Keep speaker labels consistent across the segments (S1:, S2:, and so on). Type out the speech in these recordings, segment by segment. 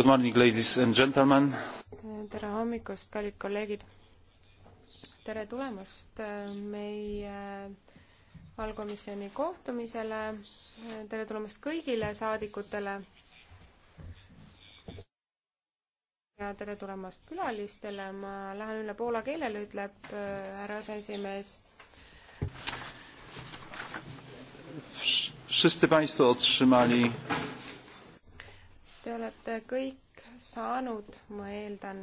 S1: Good morning, ladies and gentlemen. tere hommikust, kallid kolleegid. tere tulemast äh, meie äh, allkomisjoni kohtumisele. tere tulemast kõigile saadikutele. ja tere tulemast külalistele. ma lähen üle poola keelele, ütleb äh, härra aseesimees. Wszyscy Państwo otrzymali olete kõik saanud, ma eeldan,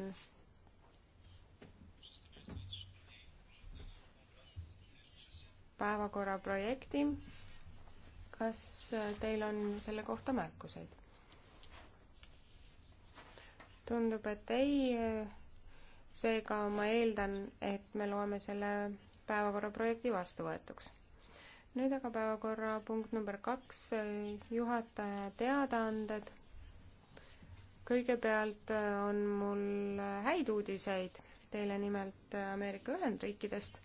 S1: päevakorra projekti. kas teil on selle kohta märkuseid? tundub, et ei. seega ma eeldan, et me loeme selle päevakorra projekti vastuvõetuks nüüd aga päevakorrapunkt number kaks, juhataja teadaanded kõigepealt äh, on mul äh, häid uudiseid teile nimelt äh, Ameerika Ühendriikidest.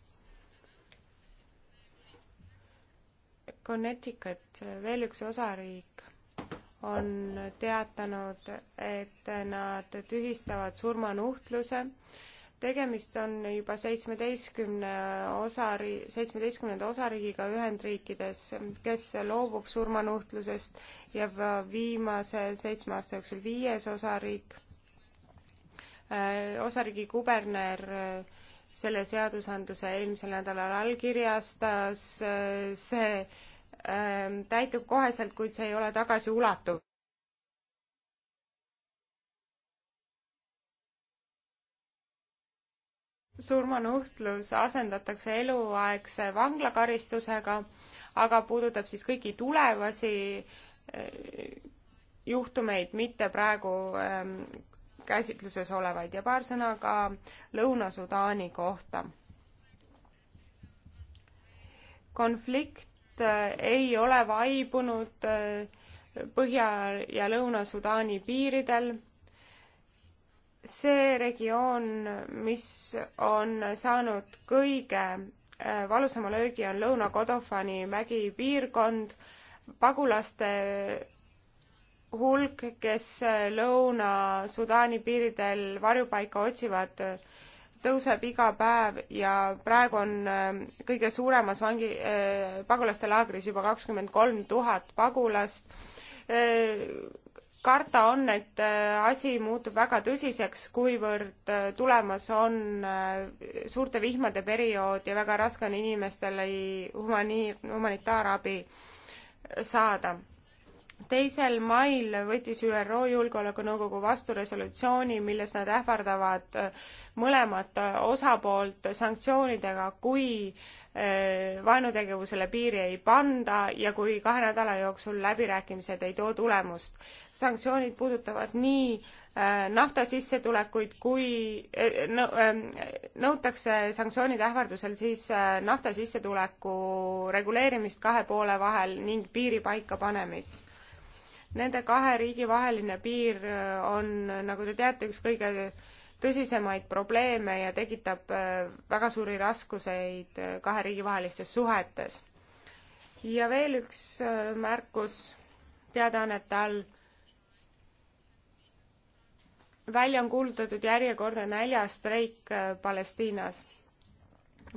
S1: Connecticut, veel üks osariik, on teatanud, et nad tühistavad surmanuhtluse äh, tegemist on juba seitsmeteistkümne osari-, seitsmeteistkümnenda osariigiga Ühendriikides, kes loobub surmanuhtlusest ja viimase seitsme aasta jooksul viies osariik, äh, osariigi kuberner äh, selle seadusandluse eelmisel nädalal allkirjastas, äh, see ähm, täitub koheselt, kuid see ei ole tagasiulatuv surmanuhtlus asendatakse eluaegse vanglakaristusega, aga puudutab siis kõiki tulevasi eh, juhtumeid, mitte praegu ehm, käsitluses olevaid ja paar sõna ka Lõuna-Sudaani kohta. konflikt eh, ei ole vaibunud eh, Põhja- ja Lõuna-Sudaani piiridel see regioon, mis on saanud kõige äh, valusama löögi, on Lõuna-Kodofani mägipiirkond, pagulaste hulk, kes äh, Lõuna-Sudaani piiridel varjupaika otsivad, tõuseb iga päev ja praegu on äh, kõige suuremas vangi, pagulaste laagris juba kakskümmend kolm tuhat pagulast karta on, et äh, asi muutub väga tõsiseks, kuivõrd äh, tulemas on äh, suurte vihmade periood ja väga raske on inimestele humani-, humanitaarabi saada. teisel mail võttis ÜRO Julgeolekunõukogu vastu resolutsiooni, milles nad ähvardavad mõlemat osapoolt sanktsioonidega, kui äh, Äh, vaenutegevusele piiri ei panda ja kui kahe nädala jooksul läbirääkimised ei too tulemust. sanktsioonid puudutavad nii äh, nafta sissetulekuid kui äh, ähm, nõutakse sanktsioonide ähvardusel siis nafta sissetuleku reguleerimist kahe poole vahel ning piiri paikapanemist. Nende kahe riigi vaheline piir on, nagu te teate, üks kõige tõsisemaid probleeme ja tekitab äh, väga suuri raskuseid äh, kahe riigi vahelistes suhetes. ja veel üks äh, märkus teadaannete all. välja on kuulutatud järjekordne näljastreik Palestiinas.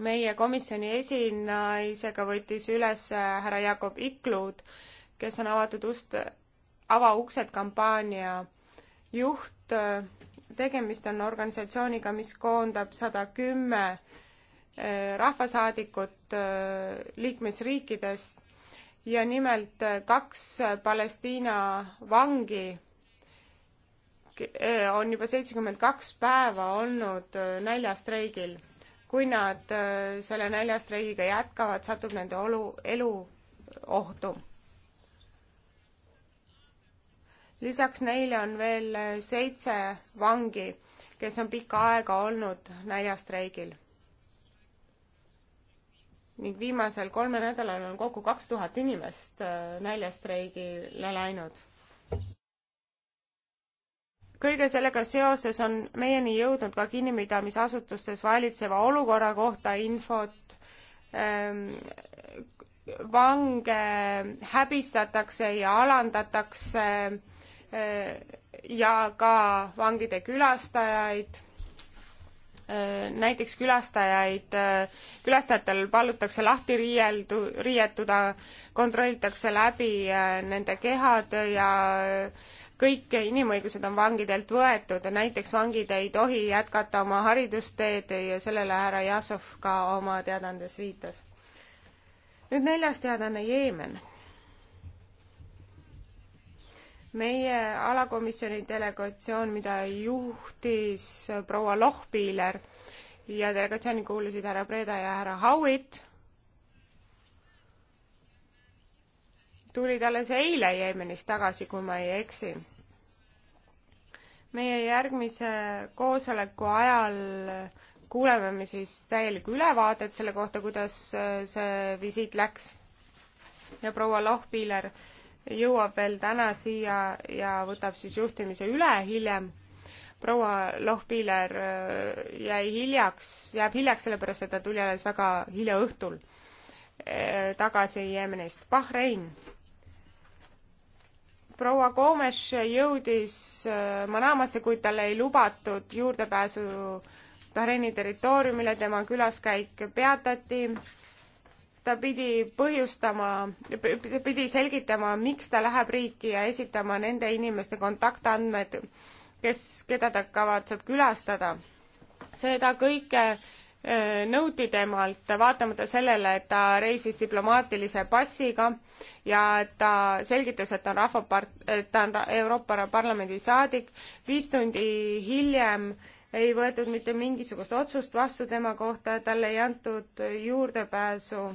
S1: meie komisjoni esinaisega võttis üles härra Jakob Iklud, kes on avatud ust, avauksed kampaania juht tegemist on organisatsiooniga, mis koondab sada kümme eh, rahvasaadikut eh, liikmesriikidest ja nimelt eh, kaks Palestiina vangi on juba seitsekümmend kaks päeva olnud näljastreigil. kui nad selle näljastreigiga jätkavad, satub nende olu, elu ohtu lisaks neile on veel seitse vangi, kes on pikka aega olnud näljastreigil. ning viimasel kolmel nädalal on kokku kaks tuhat inimest äh, näljastreigile läinud. kõige sellega seoses on meieni jõudnud ka kinnipidamisasutustes valitseva olukorra kohta infot ähm, vange häbistatakse ja alandatakse ja ka vangide külastajaid näiteks külastajaid, külastajatel palutakse lahti riieldu, riietuda, kontrollitakse läbi äh, nende kehad ja kõik inimõigused on vangidelt võetud, näiteks vangid ei tohi jätkata oma haridusteed ja sellele härra Jasov ka oma teadandes viitas. nüüd neljas teadane Jeemen meie alakomisjoni delegatsioon, mida juhtis proua Lohpiiler ja delegatsiooni kuulusid härra Breda ja härra Howitt, tulid alles eile Jeemenist tagasi, kui ma ei eksi. meie järgmise koosoleku ajal kuuleme me siis täielikku ülevaadet selle kohta, kuidas see visiit läks. ja proua Lohpiiler äh, jõuab veel täna siia ja võtab siis juhtimise üle hiljem. proua Lohpiiler äh, jäi hiljaks, jääb hiljaks sellepärast, et ta tuli alles väga hilja õhtul äh, tagasi Jeemenist. Bahrein. proua Gomes jõudis äh, Manamasse, kuid talle ei lubatud juurdepääsu Bahreini territooriumile, tema külaskäik peatati ta pidi põhjustama, pidi selgitama, miks ta läheb riiki ja esitama nende inimeste kontaktandmed, kes, keda ta kavatseb külastada. seda kõike äh, nõuti temalt, vaatamata sellele, et ta reisis diplomaatilise passiga ja ta selgitas, et ta on rahvapart-, ta on Euroopa Parlamendi saadik. viis tundi hiljem ei võetud mitte mingisugust otsust vastu tema kohta ja talle ei antud juurdepääsu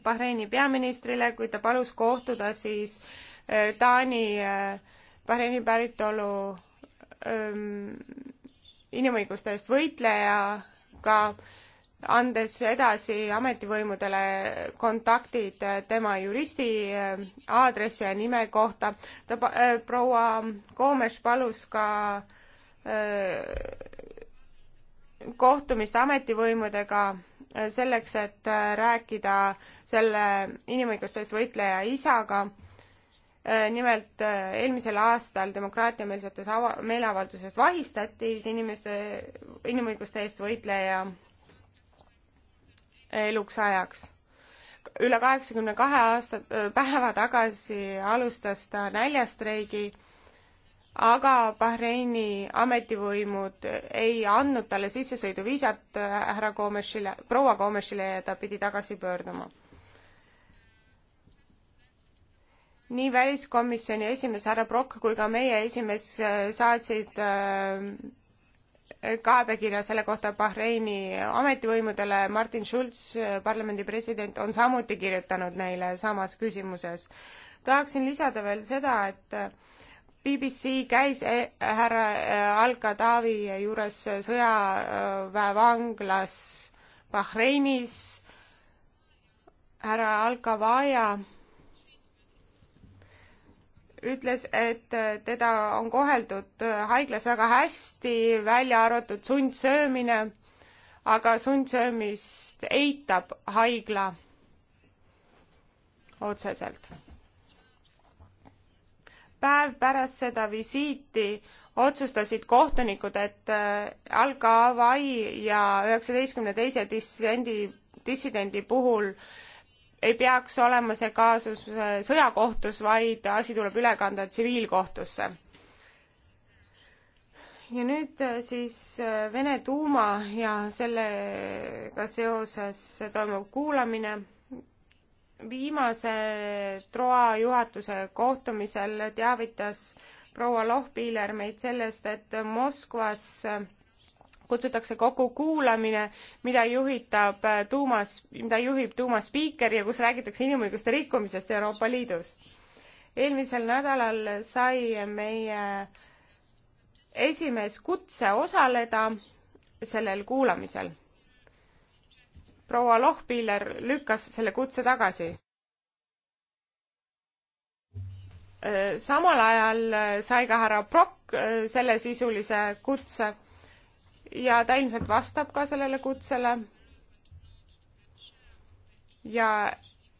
S1: Bahreini peaministrile, kui ta palus kohtuda siis äh, Taani äh, Bahreini päritolu ähm, inimõiguste eest võitlejaga, andes edasi ametivõimudele kontaktid äh, tema juristi aadressi ja nime kohta. ta, proua Koomes palus ka kohtumist ametivõimudega selleks, et äh, rääkida selle inimõiguste eest võitleja isaga. Äh, nimelt äh, eelmisel aastal demokraatiameelsetes ava-, meeleavalduses vahistati siis inimeste, inimõiguste eest võitleja eluks ajaks. üle kaheksakümne kahe aasta, päeva tagasi alustas ta näljastreigi aga Bahreini ametivõimud ei andnud talle sissesõiduviisat äh, härra Koomešile, proua Koomešile ja ta pidi tagasi pöörduma. nii väliskomisjoni esimees härra Brock kui ka meie esimees äh, saatsid äh, kaebekirja selle kohta Bahreini ametivõimudele, Martin Schulz, parlamendi president, on samuti kirjutanud neile samas küsimuses. tahaksin lisada veel seda, et BBC käis e, härra e, Al-Qadawi juures sõjaväevanglas Bahreinis, härra Al-Qawaya ütles, et teda on koheldud haiglas väga hästi, välja arvatud sundsöömine, aga sundsöömist eitab haigla otseselt päev pärast seda visiiti otsustasid kohtunikud, et äh, Al-Kawai ja üheksateistkümne teise dissendi, dissidendi puhul ei peaks olema see kaasus äh, sõjakohtus, vaid asi tuleb üle kanda tsiviilkohtusse. ja nüüd äh, siis Vene Duuma ja sellega seoses toimub kuulamine viimase Troa juhatuse kohtumisel teavitas proua Lohpiiler meid sellest, et Moskvas kutsutakse kokku kuulamine, mida juhitab tuumas, mida juhib tuumaspiiker ja kus räägitakse inimõiguste rikkumisest Euroopa Liidus. eelmisel nädalal sai meie esimees kutse osaleda sellel kuulamisel proua Lohpiller lükkas selle kutse tagasi. samal ajal sai ka härra Brock äh, sellesisulise kutse ja ta ilmselt vastab ka sellele kutsele ja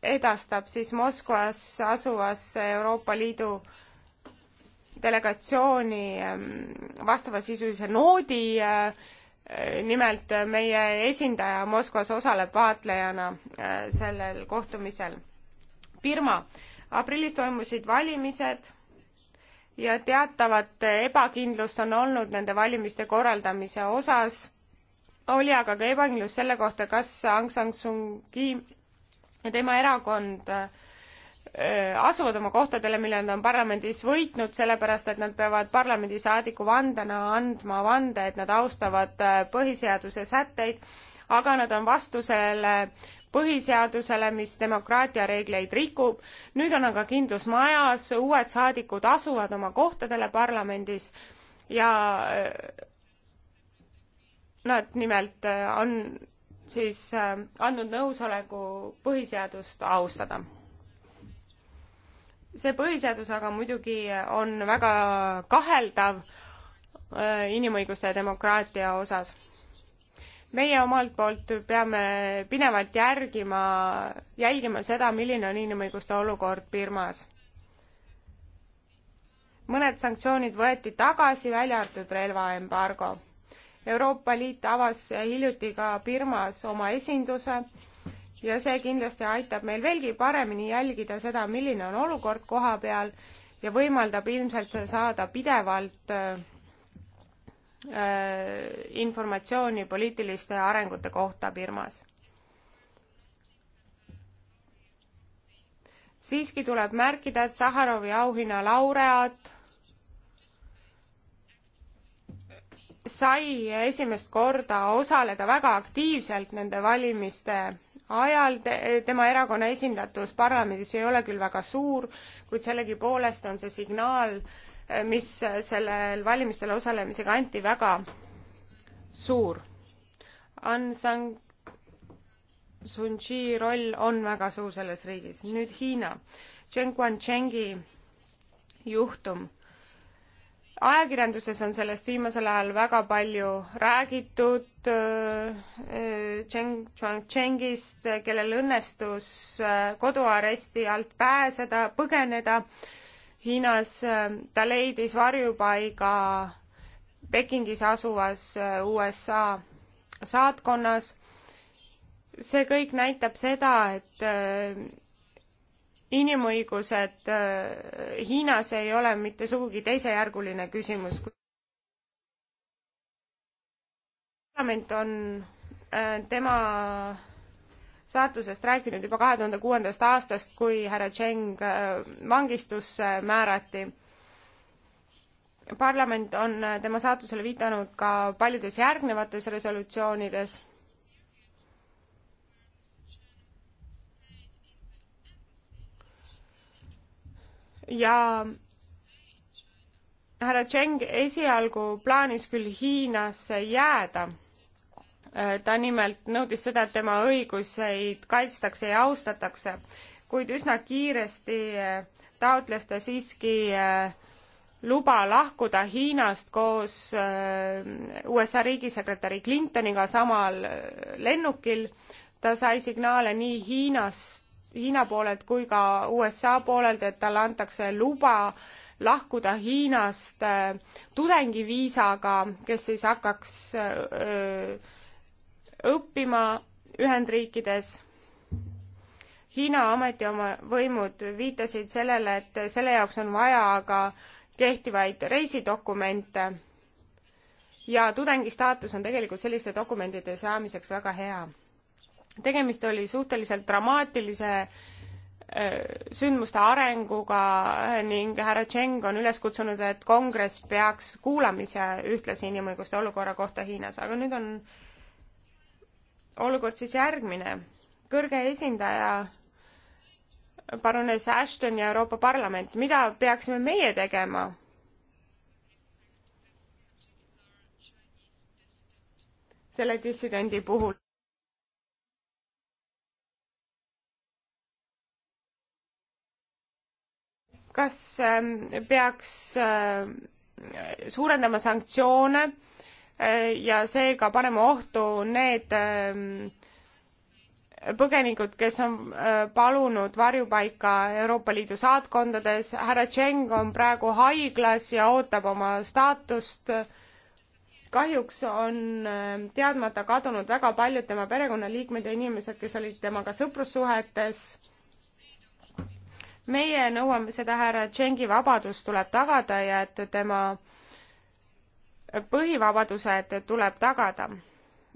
S1: edastab siis Moskvas asuvasse Euroopa Liidu delegatsiooni ähm, vastavasisulise noodi äh, nimelt meie esindaja Moskvas osaleb vaatlejana äh, sellel kohtumisel. Birma, aprillis toimusid valimised ja teatavat ebakindlust on olnud nende valimiste korraldamise osas. oli aga ka ebakindlus selle kohta, kas Aung San Suu Kyi ja tema erakond äh, asuvad oma kohtadele, mille nad on parlamendis võitnud, sellepärast et nad peavad parlamendisaadiku vandena andma vande, et nad austavad põhiseaduse sätteid, aga nad on vastu sellele põhiseadusele, mis demokraatia reegleid rikub. nüüd on aga kindlus majas, uued saadikud asuvad oma kohtadele parlamendis ja nad nimelt on siis andnud nõusoleku põhiseadust austada see põhiseadus aga muidugi on väga kaheldav äh, inimõiguste ja demokraatia osas. meie omalt poolt peame pidevalt järgima, jälgima seda, milline on inimõiguste olukord Birmas. mõned sanktsioonid võeti tagasi, välja arvatud relvaembargo. Euroopa Liit avas hiljuti ka Birmas oma esinduse ja see kindlasti aitab meil veelgi paremini jälgida seda, milline on olukord koha peal ja võimaldab ilmselt saada pidevalt äh, äh, informatsiooni poliitiliste arengute kohta Birmas. siiski tuleb märkida, et Saharovi auhinna laureaat sai esimest korda osaleda väga aktiivselt nende valimiste ajal te, tema erakonna esindatus parlamendis ei ole küll väga suur, kuid sellegipoolest on see signaal, mis sellel valimistel osalemisega anti, väga suur. Aung San Suu Kyi roll on väga suur selles riigis. nüüd Hiina. Chen Guangchengi juhtum ajakirjanduses on sellest viimasel ajal väga palju räägitud äh, Cheng Chengist, kellel õnnestus äh, koduaresti alt pääseda, põgeneda Hiinas. Äh, ta leidis varjupaiga Pekingis asuvas USA saatkonnas. see kõik näitab seda, et inimõigused äh, Hiinas ei ole mitte sugugi teisejärguline küsimus. parlament on äh, tema saatusest rääkinud juba kahe tuhande kuuendast aastast, kui härra Cheng äh, vangistusse määrati. parlament on tema saatusele viidanud ka paljudes järgnevates resolutsioonides ja härra Cheng esialgu plaanis küll Hiinasse jääda. Äh, ta nimelt nõudis seda, et tema õiguseid kaitstakse ja austatakse, kuid üsna kiiresti äh, taotles ta siiski äh, luba lahkuda Hiinast koos USA riigisekretäri Clintoniga samal lennukil. ta sai signaale nii Hiinast Hiina poolelt kui ka USA poolelt, et talle antakse luba lahkuda Hiinast äh, tudengiviisaga, kes siis hakkaks öö, äh, äh, õppima Ühendriikides Hiina ametivõimud viitasid sellele, et selle jaoks on vaja aga kehtivaid reisidokumente ja tudengi staatus on tegelikult selliste dokumentide saamiseks väga hea tegemist oli suhteliselt dramaatilise äh, sündmuste arenguga ning härra Cheng on üles kutsunud, et kongress peaks kuulamise ühtlasi inimõiguste olukorra kohta Hiinas, aga nüüd on olukord siis järgmine. kõrge esindaja parunes Ashton ja Euroopa Parlament, mida peaksime meie tegema? selle dissidendi puhul kas ähm, peaks äh, suurendama sanktsioone äh, ja seega panema ohtu need ähm, põgenikud, kes on äh, palunud varjupaika Euroopa Liidu saatkondades. härra Tšeng on praegu haiglas ja ootab oma staatust. kahjuks on ähm, teadmata kadunud väga paljud tema perekonnaliikmed ja inimesed, kes olid temaga sõprussuhetes meie nõuame seda, härra Tšengi vabadus tuleb tagada ja et tema põhivabadused tuleb tagada.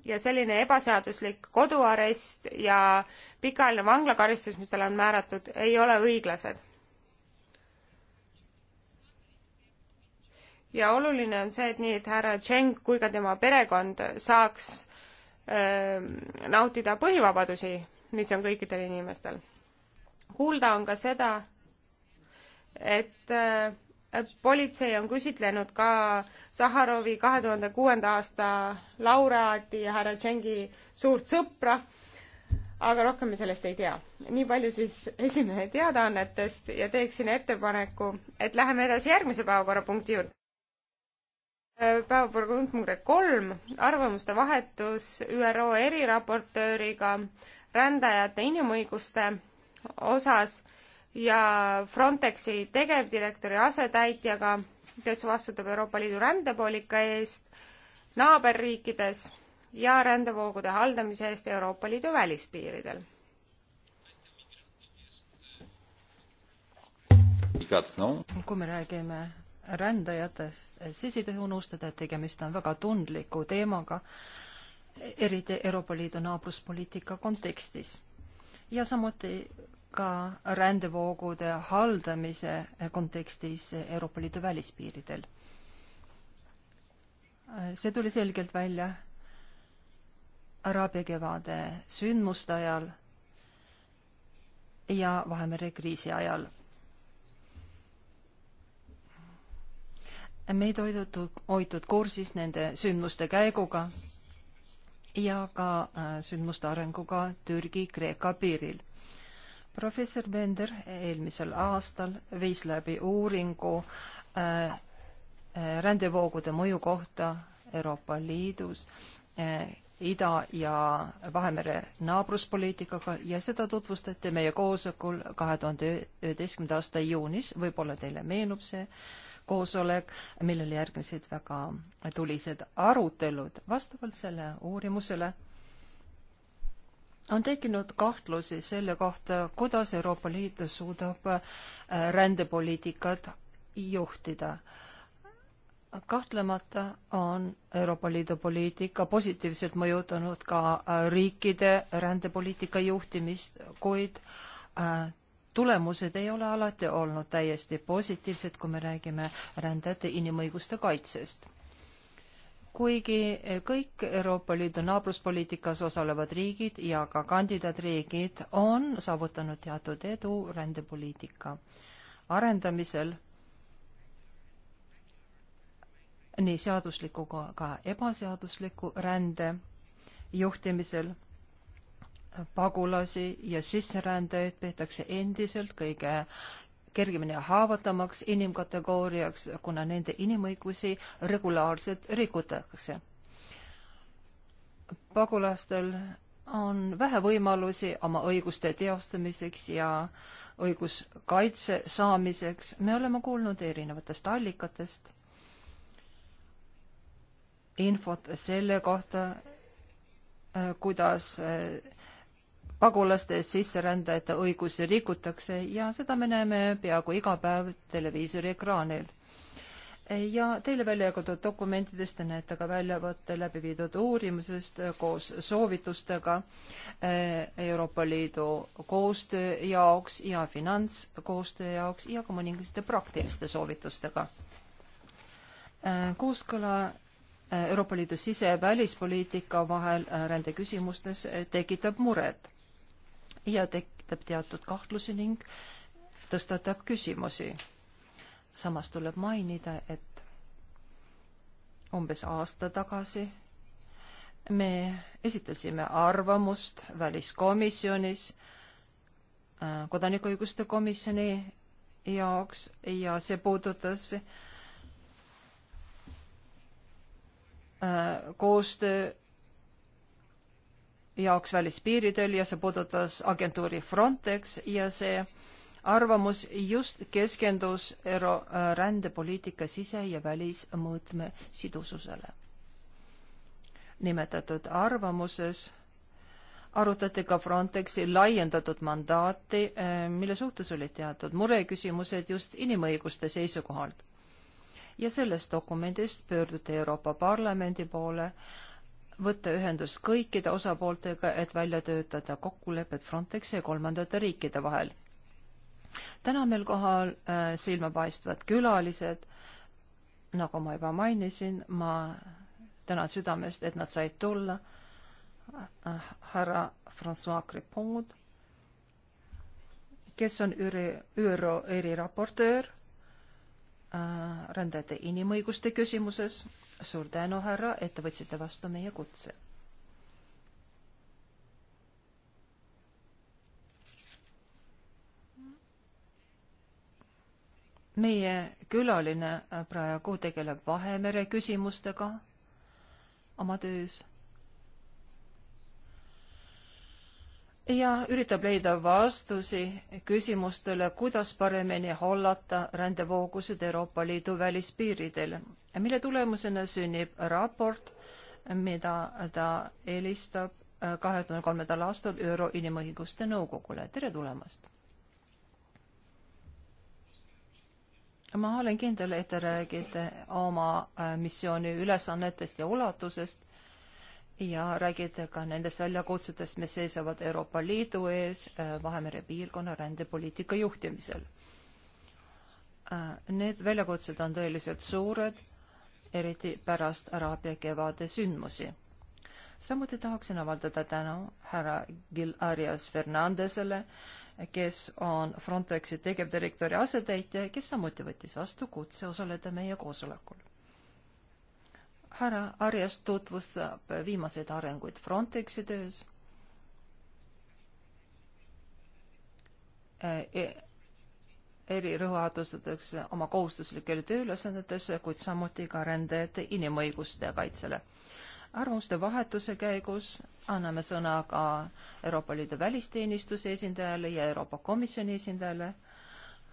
S1: ja selline ebaseaduslik koduarest ja pikaajaline vanglakaristus, mis talle on määratud, ei ole õiglased. ja oluline on see, et nii, et härra Tšeng kui ka tema perekond saaks öö, ähm, nautida põhivabadusi, mis on kõikidel inimestel kuulda on ka seda, et äh, politsei on küsitlenud ka Saharovi kahe tuhande kuuenda aasta laureaati ja härra Tšengi suurt sõpra, aga rohkem me sellest ei tea. nii palju siis esimehe teadaannetest ja teeksin ettepaneku, et läheme edasi järgmise päevakorrapunkti juurde äh, päevakorrapunkt number kolm, arvamuste vahetus ÜRO eriraportööriga rändajate inimõiguste osas ja Frontexi tegevdirektori asetäitjaga, kes vastutab Euroopa Liidu rändepoliitika eest naaberriikides ja rändevoogude haldamise eest Euroopa Liidu välispiiridel.
S2: kui me räägime rändajatest, siis ei tohi unustada, et tegemist on väga tundliku teemaga, eriti Euroopa Liidu naabruspoliitika kontekstis. ja samuti ka rändevoogude haldamise kontekstis Euroopa Liidu välispiiridel. see tuli selgelt välja Araabia kevade sündmuste ajal ja Vahemere kriisi ajal. meid hoidutud, hoitud kursis nende sündmuste käiguga ja ka äh, sündmuste arenguga Türgi-Kreeka piiril professor Bender eelmisel aastal viis läbi uuringu äh, äh, rändevoogude mõju kohta Euroopa Liidus äh, Ida- ja Vahemere naabruspoliitikaga ja seda tutvustati meie koosolekul kahe tuhande üheteistkümnenda aasta juunis, võib-olla teile meenub see koosolek, millele järgnesid väga tulised arutelud vastavalt selle uurimusele on tekkinud kahtlusi selle kohta, kuidas Euroopa Liit suudab äh, rändepoliitikat juhtida. kahtlemata on Euroopa Liidu poliitika positiivselt mõjutanud ka äh, riikide rändepoliitika juhtimist, kuid äh, tulemused ei ole alati olnud täiesti positiivsed, kui me räägime rändajate inimõiguste kaitsest kuigi kõik Euroopa Liidu naabruspoliitikas osalevad riigid ja ka kandidaatriigid on saavutanud teatud edu rändepoliitika arendamisel nii seadusliku kui ka ebaseadusliku rände juhtimisel pagulasi ja sisserändajaid peetakse endiselt kõige kergemini haavatavaks inimkategooriaks, kuna nende inimõigusi regulaarselt rikutakse. pagulastel on vähe võimalusi oma õiguste teostamiseks ja õiguskaitse saamiseks. me oleme kuulnud erinevatest allikatest infot selle kohta, kuidas pagulaste, sisserändajate õigusi rikutakse ja seda me näeme peaaegu iga päev televiisori ekraanil. ja teile välja jagatud dokumentidest te näete ka väljavõtte läbi viidud uurimusest koos soovitustega eh, Euroopa Liidu koostöö jaoks ja finantskoostöö jaoks ja ka mõningaste praktiliste soovitustega. Eh, kooskõla eh, Euroopa Liidu sise- ja välispoliitika vahel rändeküsimustes tekitab muret ja tekitab teatud kahtlusi ning tõstatab küsimusi. samas tuleb mainida, et umbes aasta tagasi me esitasime arvamust väliskomisjonis äh, kodanikuõiguste komisjoni jaoks ja see puudutas äh, koostöö jaoks välispiiridel ja see puudutas agentuuri Frontex ja see arvamus just keskendus äh, rändepoliitika sise- ja välismõõtme sidususele. nimetatud arvamuses arutati ka Frontexi laiendatud mandaati, äh, mille suhtes olid teatud mureküsimused just inimõiguste seisukohalt. ja sellest dokumendist pöörduti Euroopa Parlamendi poole võtta ühendust kõikide osapooltega, et välja töötada kokkulepped Frontexi ja kolmandate riikide vahel. täna meil kohal äh, silmapaistvad külalised, nagu ma juba mainisin, ma tänan südamest, et nad said tulla äh,, härra Francois Crepond, kes on ÜRO eriraportöör äh, rändajate inimõiguste küsimuses suur tänu, härra, et te võtsite vastu meie kutse. meie külaline praegu tegeleb Vahemere küsimustega oma töös ja üritab leida vastusi küsimustele, kuidas paremini hallata rändevoogusid Euroopa Liidu välispiiridel, mille tulemusena sünnib raport, mida ta helistab äh, kahe tuhande kolmandal aastal ÜRO Inimõiguste Nõukogule. tere tulemast! ma olen kindel, et te räägite oma äh, missiooni ülesannetest ja ulatusest ja räägite ka nendest väljakutsetest, mis seisavad Euroopa Liidu ees äh, Vahemere piirkonna rändepoliitika juhtimisel. Äh, need väljakutsed on tõeliselt suured, eriti pärast Araabia kevade sündmusi samuti tahaksin avaldada tänu härra Gil Arias Fernandesele, kes on Frontexi tegevdirektori asetäitja, kes samuti võttis vastu kutse osaleda meie koosolekul härra Arjas tutvustab äh, viimaseid arenguid Frontexi töös äh, e. erirõhu adustatakse oma kohustuslikele tööülesannetesse, kuid samuti ka rändajate inimõiguste kaitsele. arvamuste vahetuse käigus anname sõna ka Euroopa Liidu välisteenistuse esindajale ja Euroopa Komisjoni esindajale.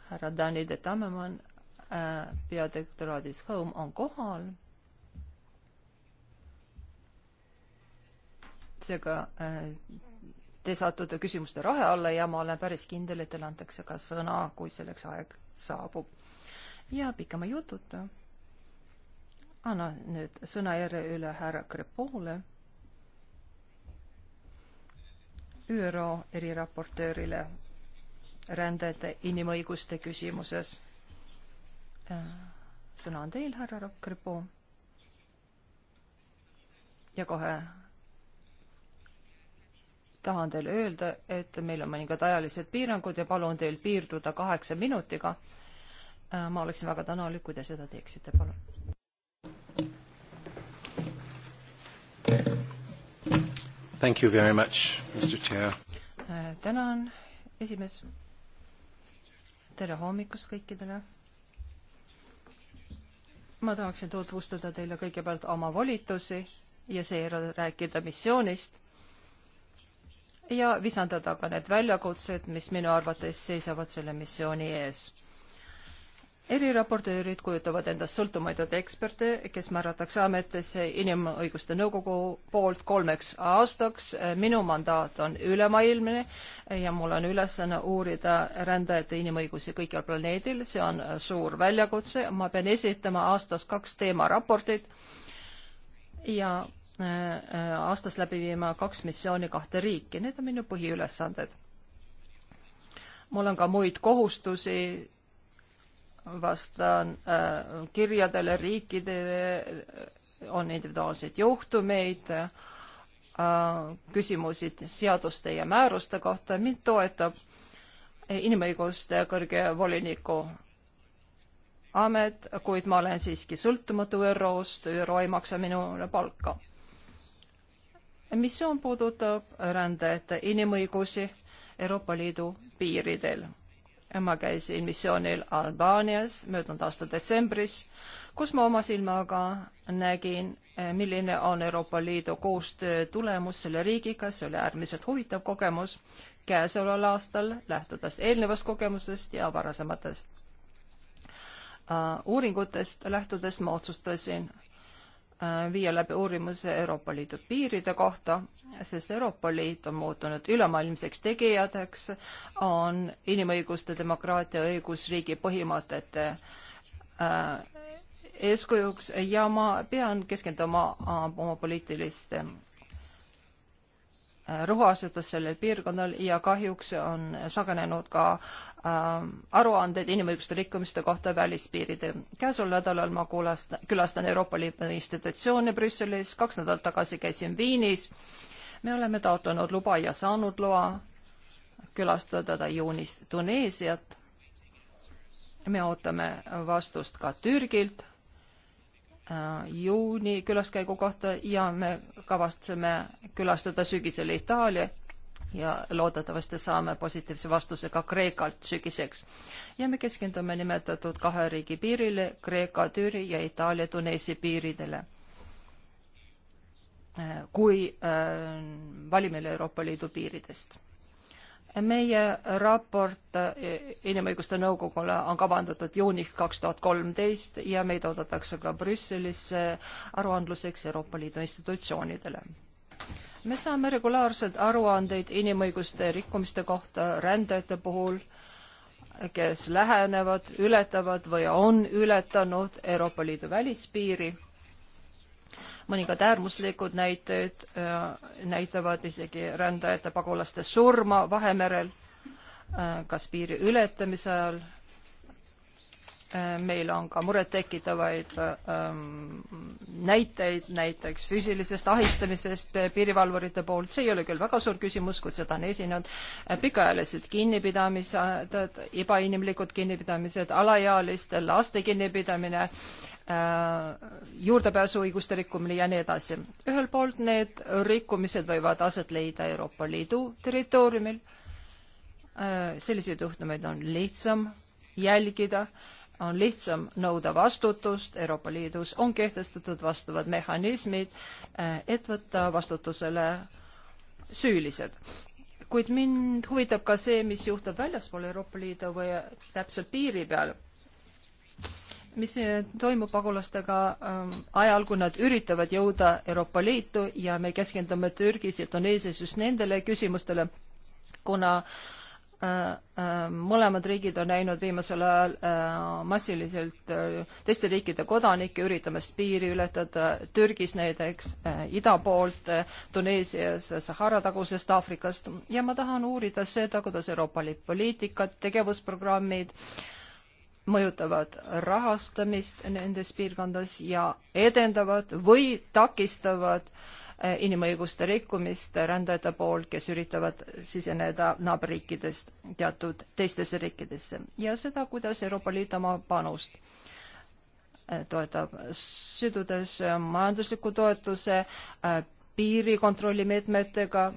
S2: härra Dani de Tammemann äh, peadirektoraadis Home on kohal seega äh, te satute küsimuste rahe alla ja ma olen päris kindel, et teile antakse ka sõna, kui selleks aeg saabub. ja pikema jututa annan nüüd sõnajärje üle härra Krepole, ÜRO eriraportöörile rändajate inimõiguste küsimuses. Äh, sõna on teil, härra Krepo. ja kohe tahan teile öelda, et meil on mõningad ajalised piirangud ja palun teil piirduda kaheksa minutiga. Äh, ma oleksin väga tänulik, kui te seda teeksite, palun.
S1: Thank you very much,
S3: Mr Chair.
S2: Äh, tänan, esimees. tere hommikust kõikidele. ma tahaksin tutvustada teile kõigepealt oma volitusi ja seejärel rääkida missioonist ja visandada ka need väljakutsed, mis minu arvates seisavad selle missiooni ees. eriraportöörid kujutavad endast sõltumatud eksperte, kes määratakse ametisse Inimõiguste Nõukogu poolt kolmeks aastaks. minu mandaat on ülemaailmne ja mul on ülesanne uurida rändajate inimõigusi kõikjal planeedil, see on suur väljakutse, ma pean esitama aastas kaks teemaraportit ja Äh, äh, aastas läbi viima kaks missiooni kahte riiki, need on minu põhiülesanded. mul on ka muid kohustusi, vastan äh, kirjadele, riikidele, äh, on individuaalseid juhtumeid äh,, küsimusi seaduste ja määruste kohta, mind toetab inimõiguste kõrge voliniku amet, kuid ma olen siiski sõltumatu ÜRO-st, ÜRO ei maksa minule palka missioon puudutab rändajate inimõigusi Euroopa Liidu piiridel. ma käisin missioonil Albaanias möödunud aasta detsembris, kus ma oma silmaga nägin, milline on Euroopa Liidu koostöö tulemus selle riigiga, see oli äärmiselt huvitav kogemus käesoleval aastal, lähtudes eelnevast kogemusest ja varasematest uh, uuringutest lähtudes ma otsustasin Äh, viia läbi uurimuse Euroopa Liidu piiride kohta, sest Euroopa Liit on muutunud ülemaailmseks tegijateks, on inimõiguste, demokraatia, õigusriigi põhimõtete äh, eeskujuks ja ma pean keskenduma äh, oma poliitiliste Äh, rõhuasetus sellel piirkonnal ja kahjuks on sagenenud ka äh, aruanded inimõiguste rikkumiste kohta välispiiridel. käesoleval nädalal ma kuulastan, külastan Euroopa Liidu institutsioone Brüsselis, kaks nädalat tagasi käisin Viinis. me oleme taotlenud luba ja saanud loa külastada juunis Tuneesiat. me ootame vastust ka Türgilt Äh, juuni külaskäigu kohta ja me kavatseme külastada sügisel Itaalia ja loodetavasti saame positiivse vastuse ka Kreekalt sügiseks. ja me keskendume nimetatud kahe riigi piirile, Kreeka, Türi ja Itaalia, Tuneesi piiridele. Äh, kui äh, valimine Euroopa Liidu piiridest meie raport e, Inimõiguste Nõukogule on kavandatud juuniks kaks tuhat kolmteist ja meid oodatakse ka Brüsselisse aruandluseks Euroopa Liidu institutsioonidele. me saame regulaarselt aruandeid inimõiguste rikkumiste kohta rändajate puhul, kes lähenevad, ületavad või on ületanud Euroopa Liidu välispiiri mõningad äärmuslikud näited äh, näitavad isegi rändajate pagulaste surma Vahemerel, äh, kas piiri ületamise ajal. Äh, meil on ka murettekitavaid ähm, näiteid näiteks füüsilisest ahistamisest piirivalvurite poolt, see ei ole küll väga suur küsimus, kuid seda on esinenud, pikaajalised kinnipidamised, ebainimlikud kinnipidamised, alaealiste laste kinnipidamine äh,, Äh, juurdepääsuõiguste rikkumine ja nii edasi. ühelt poolt need rikkumised võivad aset leida Euroopa Liidu territooriumil, äh, selliseid juhtumeid on lihtsam jälgida, on lihtsam nõuda vastutust, Euroopa Liidus on kehtestatud vastavad mehhanismid, äh, et võtta vastutusele süülised kuid mind huvitab ka see, mis juhtub väljaspool Euroopa Liidu või täpselt piiri peal mis eh, toimub pagulastega ähm, ajal, kui nad üritavad jõuda Euroopa Liitu ja me keskendume Türgis ja Tuneesias just nendele küsimustele, kuna äh, äh, mõlemad riigid on näinud viimasel ajal äh, massiliselt äh, teiste riikide kodanikke üritamas piiri ületada, Türgis näiteks äh, ida poolt, äh, Tuneesias Sahara tagusest Aafrikast ja ma tahan uurida seda, kuidas Euroopa Liit poliitikat, tegevusprogrammid äh, mõjutavad rahastamist nendes piirkondades ja edendavad või takistavad eh, inimõiguste rikkumist rändajate poolt, kes üritavad siseneda naaberriikidest teatud teistesse riikidesse ja seda, kuidas Euroopa Liit oma panust eh, toetab, sidudes eh, majandusliku toetuse piirikontrolli meetmetega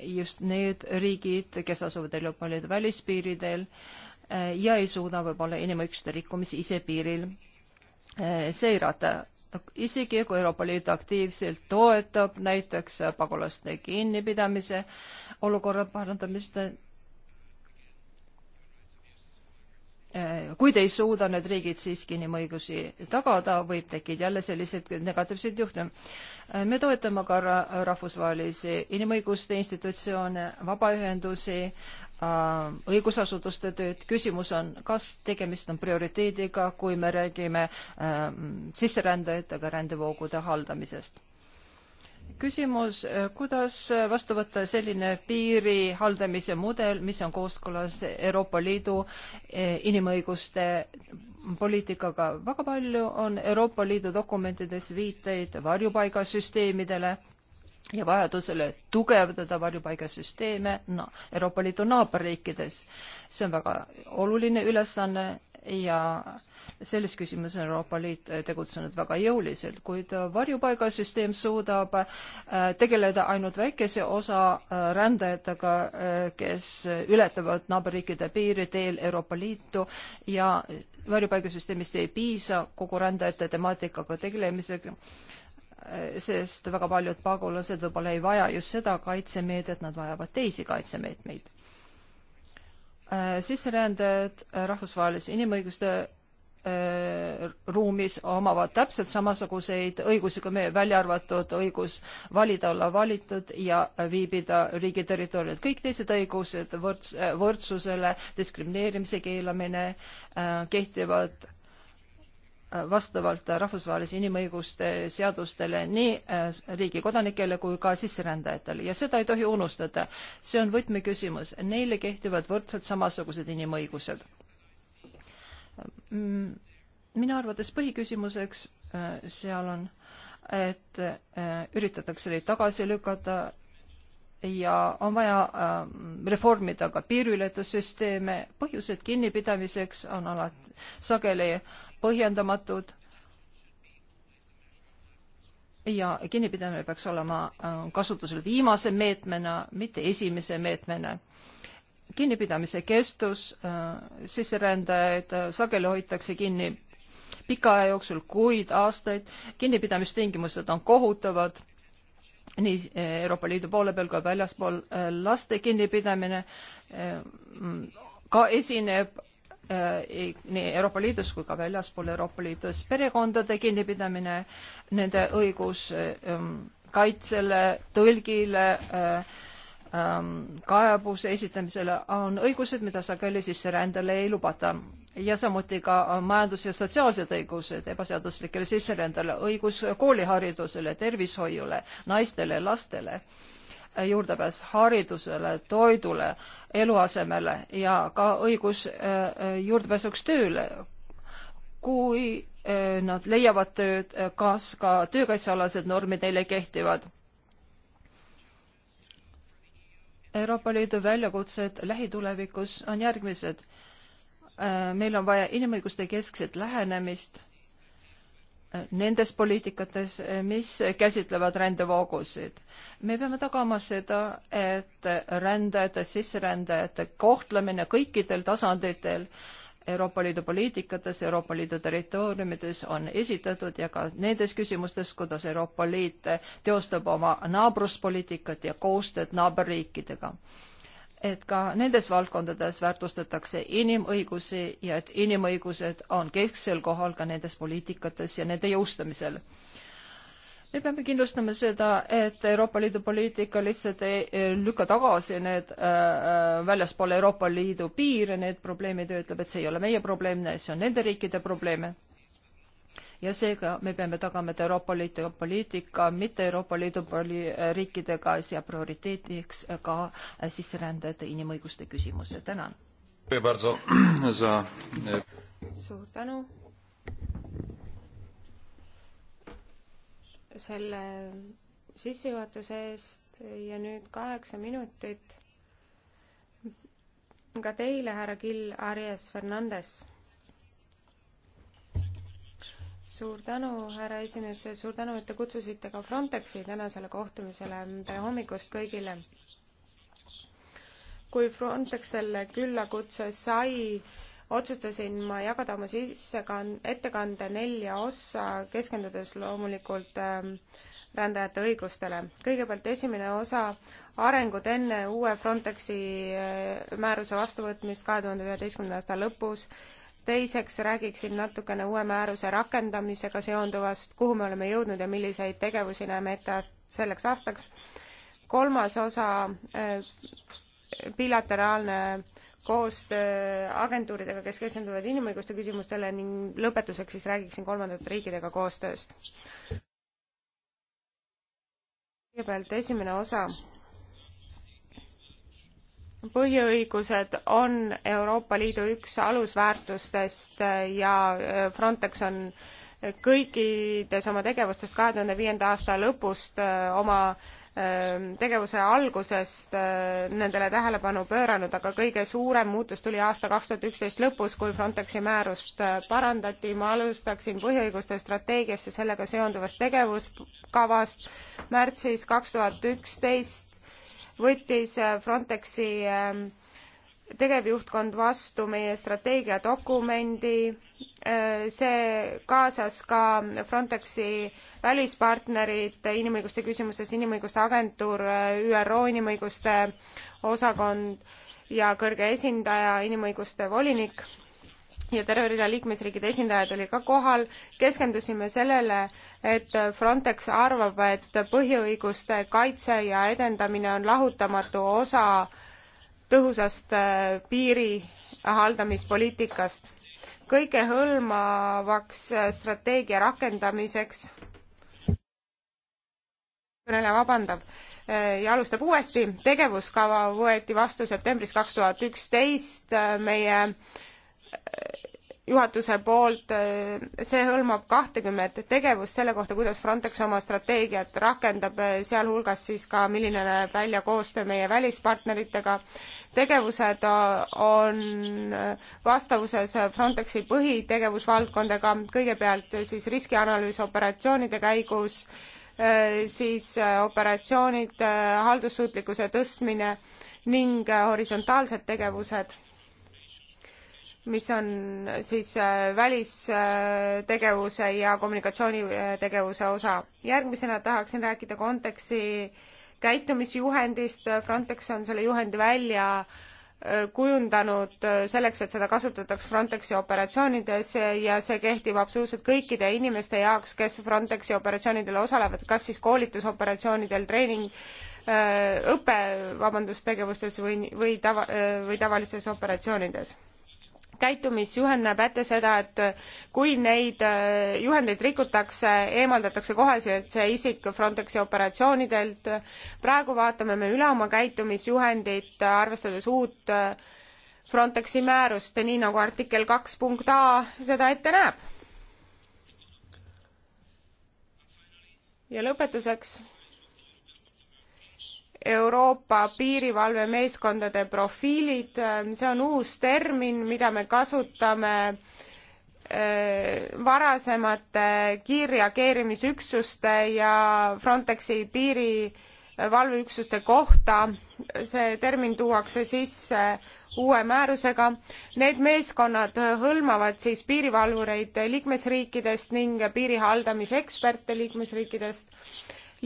S2: just need riigid, kes asuvad Euroopa Liidu välispiiridel äh, ja ei suuda võib-olla inimõiguste rikkumisi ise piiril eh, seirata. isegi kui Euroopa Liit aktiivselt toetab näiteks pagulaste kinnipidamise olukorra parandamist, eh, kuid ei suuda need riigid siiski inimõigusi tagada, võib tekkida jälle sellised negatiivsed juhtumid. Eh, me toetame ka rahvusvahelisi inimõiguste institutsioone, vabaühendusi, Äh, õigusasutuste tööd. küsimus on, kas tegemist on prioriteediga, kui me räägime äh, sisserändajatega rändevoogude haldamisest. küsimus, äh, kuidas vastu võtta selline piiri haldamise mudel, mis on kooskõlas Euroopa Liidu äh, inimõiguste poliitikaga. väga palju on Euroopa Liidu dokumentides viiteid varjupaigasüsteemidele ja vajadusele tugevdada varjupaigasüsteeme no, Euroopa Liidu naaberriikides. see on väga oluline ülesanne ja selles küsimuses on Euroopa Liit äh, tegutsenud väga jõuliselt, kuid äh, varjupaigasüsteem suudab äh, tegeleda ainult väikese osa rändajatega, kes ületavad naaberriikide piiri teel Euroopa Liitu ja varjupaigasüsteemist ei piisa kogu rändajate temaatikaga tegelemisega sest väga paljud pagulased võib-olla ei vaja just seda kaitsemeedet, nad vajavad teisi kaitsemeetmeid. sisserändajad rahvusvahelise inimõiguste äh, ruumis omavad täpselt samasuguseid õigusi kui meie, välja arvatud õigus valida, olla valitud ja viibida riigi territooriumil. kõik teised õigused, võrds-, võrdsusele, diskrimineerimise keelamine äh, kehtivad vastavalt rahvusvahelise inimõiguste seadustele nii äh, riigi kodanikele kui ka sisserändajatele ja seda ei tohi unustada. see on võtmeküsimus, neile kehtivad võrdselt samasugused inimõigused. Mm, minu arvates põhiküsimuseks äh, seal on, et äh, üritatakse neid tagasi lükata ja on vaja äh, reformida ka piiriületussüsteeme. põhjused kinnipidamiseks on alati sageli äh, põhjendamatud ja kinnipidamine peaks olema äh, kasutusel viimase meetmena, mitte esimese meetmena. kinnipidamise kestus äh,, sisserändajaid äh, sageli hoitakse kinni pika aja jooksul, kuid aastaid, kinnipidamistingimused on kohutavad, nii äh, Euroopa Liidu poole peal kui väljaspool, äh, laste kinnipidamine äh, mm, ka esineb Äh, nii Euroopa Liidus kui ka väljaspool Euroopa Liidus, perekondade kinnipidamine, nende õigus äh, ähm, kaitsele, tõlgile, äh, ähm, kaebuse esitamisele on õigused, mida sageli sisserändele ei lubata ja samuti ka majandus- ja sotsiaalsed õigused ebaseaduslikele sisserändajale, õigus kooliharidusele, tervishoiule, naistele, lastele juurdepääs haridusele, toidule, eluasemele ja ka õigus äh, äh, juurdepääsuks tööle, kui äh, nad leiavad tööd, kas ka töökaitsealased normid neile kehtivad. Euroopa Liidu väljakutsed lähitulevikus on järgmised. meil on vaja inimõiguste keskset lähenemist nendes poliitikates, mis käsitlevad rändevoogusid. me peame tagama seda, et rändajate, sisserändajate kohtlemine kõikidel tasanditel Euroopa Liidu poliitikates, Euroopa Liidu territooriumides on esitatud ja ka nendes küsimustes, kuidas Euroopa Liit teostab oma naabruspoliitikat ja koostööd naaberriikidega et ka nendes valdkondades väärtustatakse inimõigusi ja et inimõigused on kesksel kohal ka nendes poliitikates ja nende jõustamisel. me peame kindlustama seda, et Euroopa Liidu poliitika lihtsalt ei lükka tagasi need äh, äh, väljaspool Euroopa Liidu piire, need probleemid ja ütleb, et see ei ole meie probleem, see on nende riikide probleem ja seega me peame tagama, et Euroopa Liidu poliitika mitte Euroopa Liidu poli äh, riikidega siia prioriteediks äh, ka äh, sisserändajate inimõiguste küsimuse. tänan.
S1: E, suur tänu. selle sissejuhatuse eest ja nüüd kaheksa minutit ka teile, härra Gil Arias Fernandes suur tänu, härra esimees, suur tänu, et te kutsusite ka Frontexi tänasele kohtumisele. tere hommikust kõigile! kui Frontex selle küllakutse sai, otsustasin ma jagada oma sissekan-, ettekande nelja ossa, keskendudes loomulikult ähm, rändajate õigustele. kõigepealt esimene osa, arengud enne uue Frontexi äh, määruse vastuvõtmist kahe tuhande üheteistkümnenda aasta lõpus teiseks räägiksin natukene uue määruse rakendamisega seonduvast, kuhu me oleme jõudnud ja milliseid tegevusi näeme ette selleks aastaks. kolmas osa, äh, bilateraalne koostöö agentuuridega, kes keskenduvad inimõiguste küsimustele ning lõpetuseks siis räägiksin kolmandate riikidega koostööst. kõigepealt esimene osa põhiõigused on Euroopa Liidu üks alusväärtustest ja äh, Frontex on kõikides oma tegevustes kahe tuhande viienda aasta lõpust äh, oma ähm, tegevuse algusest äh, nendele tähelepanu pööranud, aga kõige suurem muutus tuli aasta kaks tuhat üksteist lõpus, kui Frontexi määrust parandati. ma alustaksin põhiõiguste strateegiast ja sellega seonduvast tegevuskavast. märtsis kaks tuhat üksteist võttis äh, Frontexi ähm, tegevjuhtkond vastu meie strateegiadokumendi, äh, see kaasas ka Frontexi välispartnerid inimõiguste küsimuses, Inimõiguste Agentuur, äh, ÜRO inimõiguste osakond ja kõrge esindaja, inimõiguste volinik ja terve rida liikmesriikide esindajad oli ka kohal, keskendusime sellele, et Frontex arvab, et põhiõiguste kaitse ja edendamine on lahutamatu osa tõhusast äh, piiri haldamispoliitikast. kõikehõlmavaks äh, strateegia rakendamiseks kõneleja vabandab äh, ja alustab uuesti. tegevuskava võeti vastu septembris kaks tuhat üksteist meie juhatuse poolt, eh, see hõlmab kahtekümmet tegevust selle kohta, kuidas Frontex oma strateegiat rakendab, eh, sealhulgas siis ka, milline näeb välja koostöö meie välispartneritega. tegevused eh, on vastavuses Frontexi põhitegevusvaldkondadega, kõigepealt siis riskianalüüs operatsioonide käigus, siis operatsioonid, haldussuutlikkuse tõstmine ning horisontaalsed tegevused mis on siis äh, välistegevuse ja kommunikatsioonitegevuse osa. järgmisena tahaksin rääkida Contexi käitumisjuhendist, Frontex on selle juhendi välja äh, kujundanud äh, selleks, et seda kasutataks Frontexi operatsioonides ja see kehtib absoluutselt kõikide inimeste jaoks, kes Frontexi operatsioonidel osalevad, kas siis koolitusoperatsioonidel, treening, õpe, vabandust, tegevustes või, või tava, või tavalistes operatsioonides käitumisjuhend näeb ette seda, et kui neid äh, juhendeid rikutakse, eemaldatakse koheselt see isik Frontexi operatsioonidelt. praegu vaatame me üle oma käitumisjuhendit, arvestades uut äh, Frontexi määrust, nii nagu artikkel kaks punkt A seda ette näeb. ja lõpetuseks Euroopa piirivalvemeeskondade profiilid, see on uus termin, mida me kasutame äh, varasemate kiirreageerimisüksuste ja Frontexi piirivalveüksuste kohta. see termin tuuakse sisse uue määrusega. Need meeskonnad hõlmavad siis piirivalvureid liikmesriikidest ning piiri haldamise eksperte liikmesriikidest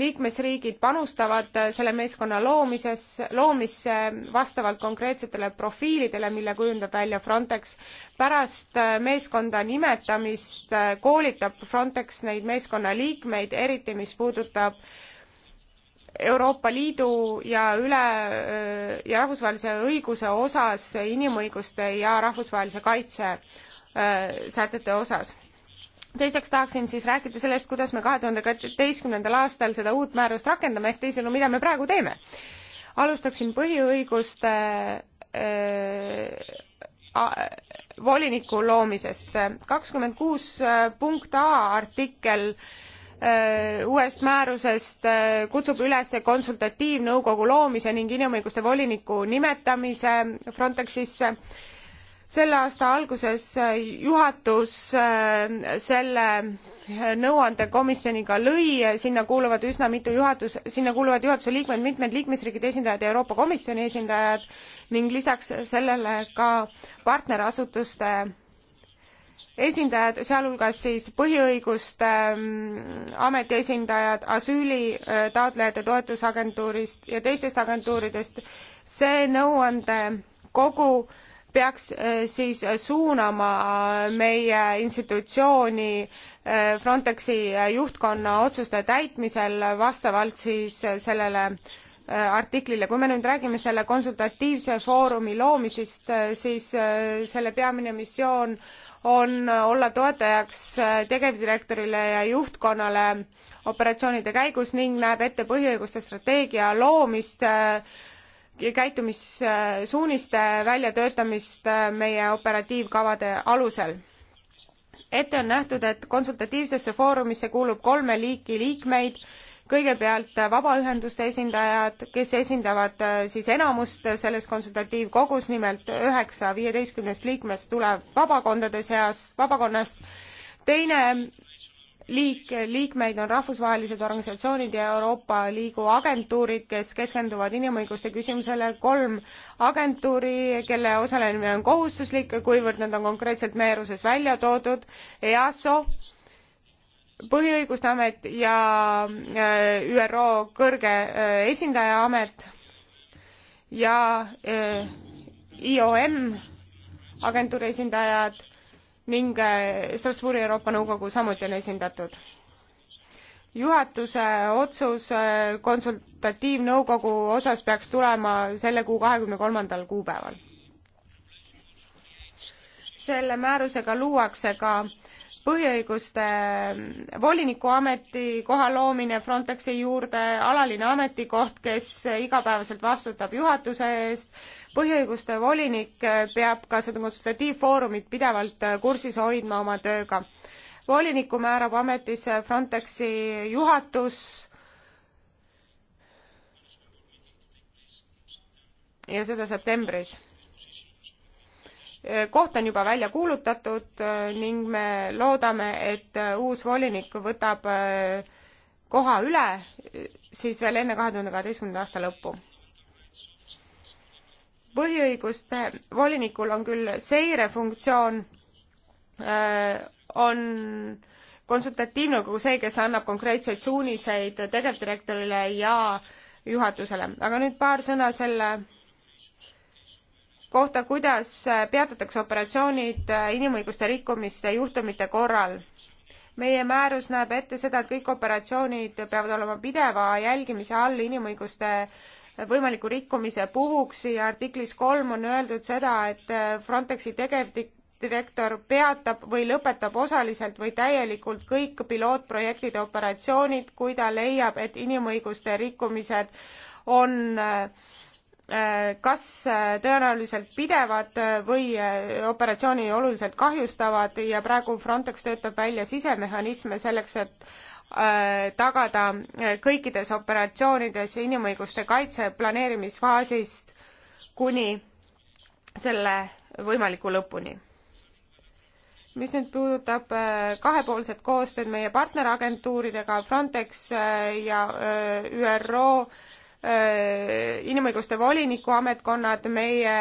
S1: liikmesriigid panustavad äh, selle meeskonna loomises, loomisse vastavalt konkreetsetele profiilidele, mille kujundab välja Frontex. pärast äh, meeskonda nimetamist äh, koolitab Frontex neid meeskonna liikmeid, eriti mis puudutab Euroopa Liidu ja üle ja rahvusvahelise õiguse osas inimõiguste ja rahvusvahelise kaitse sätete osas teiseks tahaksin siis rääkida sellest, kuidas me kahe tuhande kaheteistkümnendal aastal seda uut määrust rakendame, ehk teisisõnu, mida me praegu teeme. alustaksin põhiõiguste äh, äh, voliniku loomisest. kakskümmend kuus äh, punkt A artikkel äh, uuest määrusest äh, kutsub üles konsultatiivnõukogu loomise ning inimõiguste voliniku nimetamise Frontexisse selle aasta alguses äh, juhatus äh, selle äh, nõuandekomisjoniga lõi, sinna kuuluvad üsna mitu juhatus, sinna kuuluvad juhatuse liikmed, mitmed liikmesriikide esindajad ja Euroopa Komisjoni esindajad ning lisaks sellele ka partnerasutuste esindajad, sealhulgas siis põhiõiguste mm, ameti esindajad, asüülitaotlejate toetusagentuurist ja teistest agentuuridest. see nõuandekogu no peaks äh, siis äh, suunama äh, meie institutsiooni Frontexi juhtkonna otsuste täitmisel vastavalt siis sellele artiklile. kui me nüüd räägime selle konsultatiivse foorumi loomisest, siis selle peamine missioon on olla toetajaks tegevdirektorile ja juhtkonnale operatsioonide käigus ning näeb ette põhiõiguste strateegia loomist käitumissuuniste väljatöötamist meie operatiivkavade alusel. ette on nähtud, et konsultatiivsesse foorumisse kuulub kolme liiki liikmeid, kõigepealt vabaühenduste esindajad, kes esindavad äh, siis enamust selles konsultatiivkogus, nimelt üheksa viieteistkümnest liikmest tulev vabakondade seas, vabakonnast, teine liik, liikmeid on rahvusvahelised organisatsioonid ja Euroopa Liidu agentuurid, kes keskenduvad inimõiguste küsimusele, kolm agentuuri, kelle osalemine on kohustuslik, kuivõrd nad on konkreetselt määruses välja toodud, EASO, Põhiõiguste Amet ja äh, ÜRO kõrge äh, esindaja amet ja äh, IOM agentuuri esindajad ning äh, Strasbourgi Euroopa Nõukogu samuti on esindatud. juhatuse otsus äh, konsultatiivnõukogu osas peaks tulema selle kuu kahekümne kolmandal kuupäeval. selle määrusega luuakse ka põhiõiguste voliniku ametikoha loomine Frontexi juurde, alaline ametikoht, kes igapäevaselt vastutab juhatuse eest, põhiõiguste volinik peab ka seda konsultatiivfoorumit pidevalt kursis hoidma oma tööga. voliniku määrab ametisse Frontexi juhatus ja seda septembris koht on juba välja kuulutatud äh, ning me loodame, et äh, uus volinik võtab äh, koha üle siis veel enne kahe tuhande kaheteistkümnenda aasta lõppu. põhiõiguste volinikul on küll seirefunktsioon, on konsultatiivne kogu see, kes annab konkreetseid suuniseid tegevdirektorile ja juhatusele, aga nüüd paar sõna selle kohta, kuidas peatatakse operatsioonid inimõiguste rikkumiste juhtumite korral. meie määrus näeb ette seda, et kõik operatsioonid peavad olema pideva jälgimise all inimõiguste võimaliku rikkumise puhuks ja artiklis kolm on öeldud seda, et Frontexi tegevdirektor peatab või lõpetab osaliselt või täielikult kõik pilootprojektide operatsioonid, kui ta leiab, et inimõiguste rikkumised on äh, Äh, kas äh, tõenäoliselt pidevad äh, või operatsiooni oluliselt kahjustavad ja praegu Frontex töötab välja sisemehhanisme selleks, et tagada kõikides operatsioonides inimõiguste kaitse planeerimisfaasist kuni selle võimaliku lõpuni. mis nüüd puudutab kahepoolset koostööd meie partneragentuuridega Frontex ja ÜRO, Äh, inimõiguste voliniku ametkonnad, meie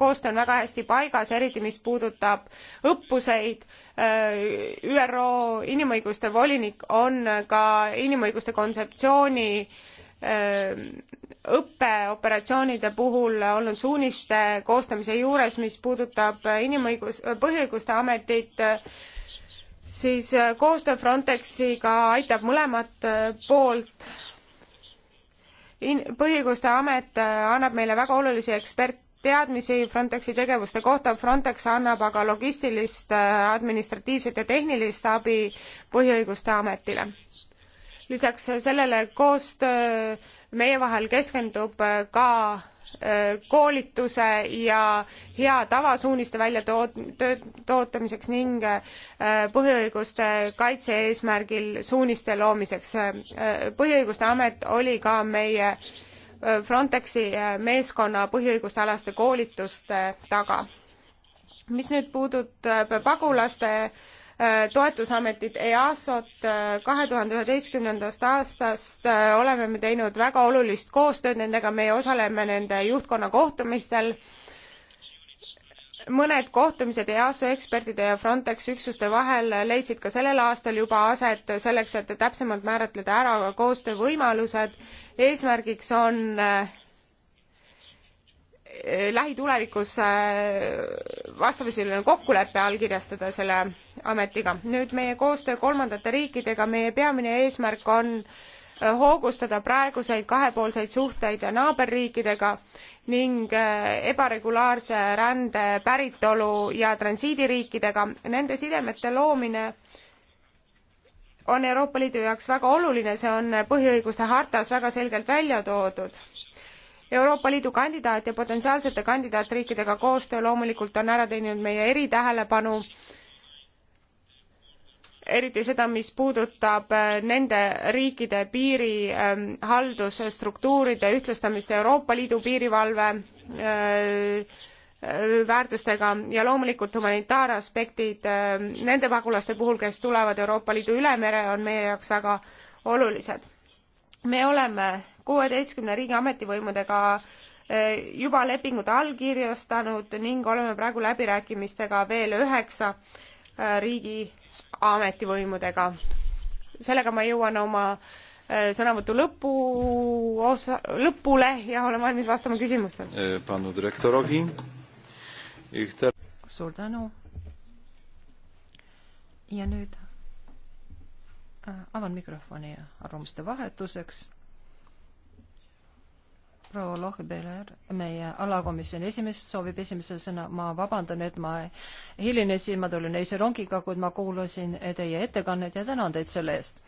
S1: koostöö on väga hästi paigas, eriti mis puudutab õppuseid. Äh, ÜRO inimõiguste volinik on ka inimõiguste kontseptsiooni äh, õppeoperatsioonide puhul olnud suuniste koostamise juures, mis puudutab inimõigus, põhiõiguste ametit siis koostöö Frontexiga aitab mõlemat poolt põhiõiguste amet äh, annab meile väga olulisi ekspertteadmisi Frontexi tegevuste kohta, Frontex annab aga logistilist, äh, administratiivset ja tehnilist abi põhiõiguste ametile. lisaks sellele koostöö meie vahel keskendub äh, ka Äh, koolituse ja hea tavasuuniste väljatootmiseks ning äh, põhiõiguste kaitse eesmärgil suuniste loomiseks. Äh, põhiõiguste amet oli ka meie Frontexi meeskonna põhiõiguste alaste koolituste taga. mis nüüd puudutab pagulaste Äh, toetusametit EASO-t äh, kahe tuhande üheteistkümnendast aastast äh, oleme me teinud väga olulist koostööd nendega, meie osaleme nende juhtkonna kohtumistel. mõned kohtumised EASO ekspertide ja Frontex üksuste vahel leidsid ka sellel aastal juba aset selleks, et täpsemalt määratleda ära koostöövõimalused. eesmärgiks on lähitulevikus äh, vastavasisuline kokkulepe allkirjastada selle ametiga. nüüd meie koostöö kolmandate riikidega, meie peamine eesmärk on äh, hoogustada praeguseid kahepoolseid suhteid naaberriikidega ning äh, ebaregulaarse rände päritolu ja transiidiriikidega. Nende sidemete loomine on Euroopa Liidu jaoks väga oluline, see on põhiõiguste hartas väga selgelt välja toodud Euroopa Liidu kandidaat ja potentsiaalsete kandidaatriikidega koostöö loomulikult on ära teeninud meie eritähelepanu, eriti seda, mis puudutab äh, nende riikide piirihaldusstruktuuride ähm, ühtlustamist Euroopa Liidu piirivalve äh, äh, väärtustega ja loomulikult humanitaaraspektid nende pagulaste puhul, kes tulevad Euroopa Liidu üle mere, on meie jaoks väga olulised. me oleme kuueteistkümne riigi ametivõimudega eh, juba lepingud allkirjastanud ning oleme praegu läbirääkimistega veel üheksa eh, riigi ametivõimudega. sellega ma jõuan oma eh, sõnavõtu lõpu osa, lõpule ja olen valmis vastama küsimustele. panu direktorovi. suur tänu.
S2: ja nüüd äh, avan mikrofoni arvamuste vahetuseks proua Lohbeler, meie alakomisjoni esimees, soovib esimese sõna. ma vabandan, et ma hilinesin, ma tulin öise rongiga, kuid ma kuulasin teie ettekannet ja tänan teid selle eest.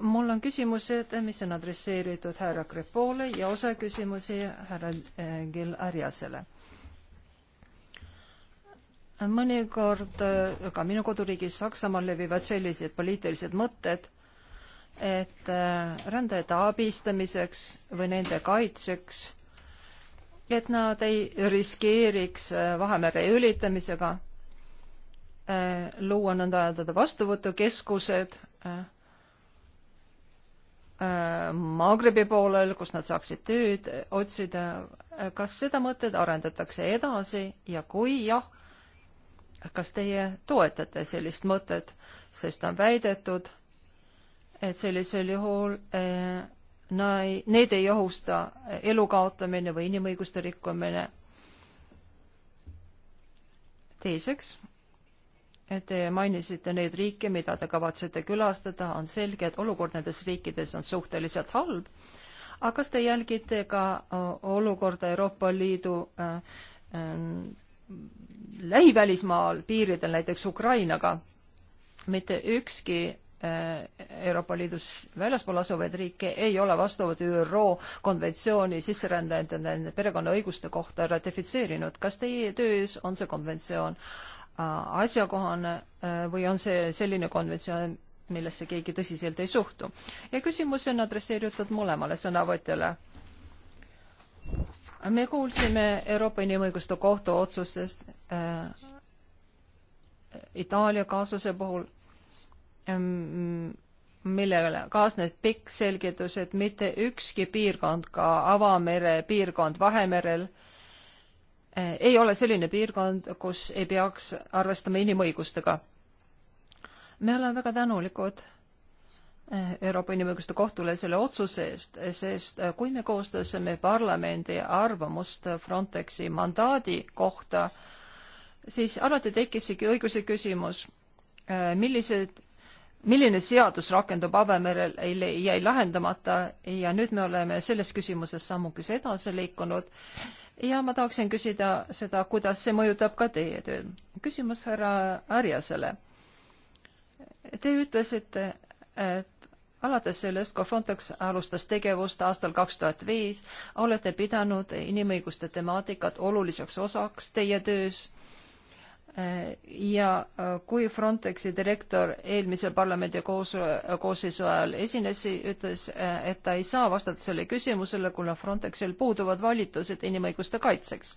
S2: mul on küsimused, mis on adresseeritud härra Krepole ja osa küsimusi härra eh, Gil Arjasele. mõnikord eh, ka minu koduriigis Saksamaal levivad sellised poliitilised mõtted et äh, rändajate abistamiseks või nende kaitseks, et nad ei riskeeriks äh, Vahemere ülitamisega, äh, luua nõnda öelda vastuvõtukeskused Maagrebi poolel, kus nad saaksid tööd otsida. kas seda mõtet arendatakse edasi ja kui jah, kas teie toetate sellist mõtet, sest on väidetud, et sellisel juhul äh, nai-, neid ei ohusta eh, elu kaotamine või inimõiguste rikkumine. teiseks, et te mainisite neid riike, mida te kavatsete külastada, on selge, et olukord nendes riikides on suhteliselt halb, aga kas te jälgite ka eh, olukorda Euroopa Liidu äh, äh, lähivälismaal, piiridel näiteks Ukrainaga, mitte ükski Äh, Euroopa Liidus väljaspool asuvaid riike ei ole vastavat ÜRO konventsiooni sisserändajate perekonnaõiguste kohta ratifitseerinud. kas teie töös on see konventsioon äh, asjakohane äh, või on see selline konventsioon, millesse keegi tõsiselt ei suhtu? ja küsimus on adresseeritud mõlemale sõnavõtjale. me kuulsime Euroopa Inimõiguste Kohtu otsusest äh, Itaalia kaasuse puhul millele kaasneb pikk selgitus, et mitte ükski piirkond, ka avamere piirkond Vahemerel, eh, ei ole selline piirkond, kus ei peaks arvestama inimõigustega. me oleme väga tänulikud eh, Euroopa Inimõiguste Kohtule selle otsuse eest, sest eh, kui me koostasime parlamendi arvamust Frontexi mandaadi kohta, siis alati tekkisigi õiguse küsimus, millised milline seadus rakendub avamerel, ei, jäi lahendamata ja nüüd me oleme selles küsimuses sammukese edasi liikunud. ja ma tahaksin küsida seda, kuidas see mõjutab ka teie tööd. küsimus härra Arjasele. Te ütlesite, et alates sellest, kui Frontex alustas tegevust aastal kaks tuhat viis, olete pidanud inimõiguste temaatikat oluliseks osaks teie töös ja äh, kui Frontexi direktor eelmise parlamendi koos, koosseisu ajal esines, ütles, äh, et ta ei saa vastata sellele küsimusele, kuna Frontexil puuduvad volitused inimõiguste kaitseks.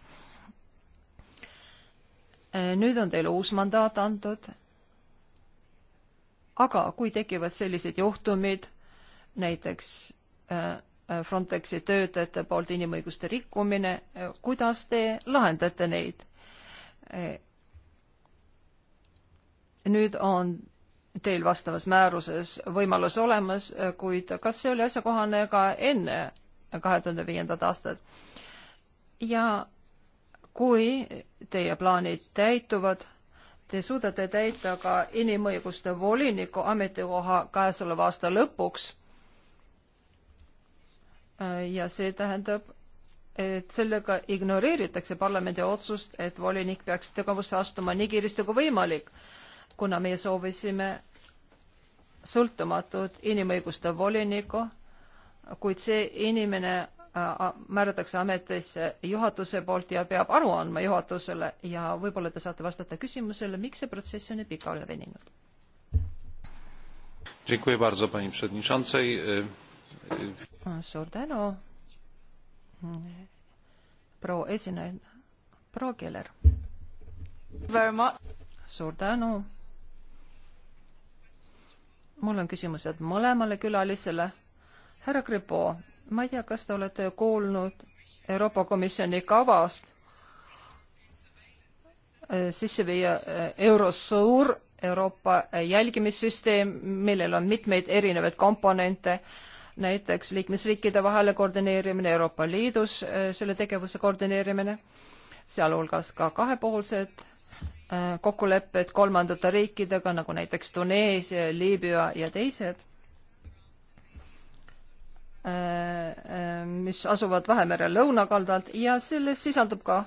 S2: Äh, nüüd on teile uus mandaat antud. aga kui tekivad sellised juhtumid, näiteks Frontexi töötajate poolt inimõiguste rikkumine, kuidas te lahendate neid? nüüd on teil vastavas määruses võimalus olemas, kuid kas see oli asjakohane ka enne kahe tuhande viiendat aastat? ja kui teie plaanid täituvad, te suudate täita ka inimõiguste voliniku ametikoha käesoleva aasta lõpuks. ja see tähendab, et sellega ignoreeritakse parlamendi otsust, et volinik peaks tegevusse astuma nii kiiresti kui võimalik kuna meie soovisime sõltumatut inimõiguste volinikku, kuid see inimene äh, määratakse ametisse juhatuse poolt ja peab aru andma juhatusele ja võib-olla te saate vastata küsimusele, miks see protsess on nii pikale veninud. Äh, äh, suur tänu, proua esineja, proua Keller. suur tänu mul on küsimused mõlemale külalisele. härra Kripo, ma ei tea, kas te olete kuulnud Euroopa Komisjoni kavast eh, sisse viia eh, Eurosuur, Euroopa jälgimissüsteem, millel on mitmeid erinevaid komponente, näiteks liikmesriikide vahele koordineerimine, Euroopa Liidus eh, selle tegevuse koordineerimine, sealhulgas ka kahepoolsed kokkulepped kolmandate riikidega, nagu näiteks Tuneesia, Liibüa ja teised, mis asuvad Vahemere lõunakaldalt ja selles sisaldub ka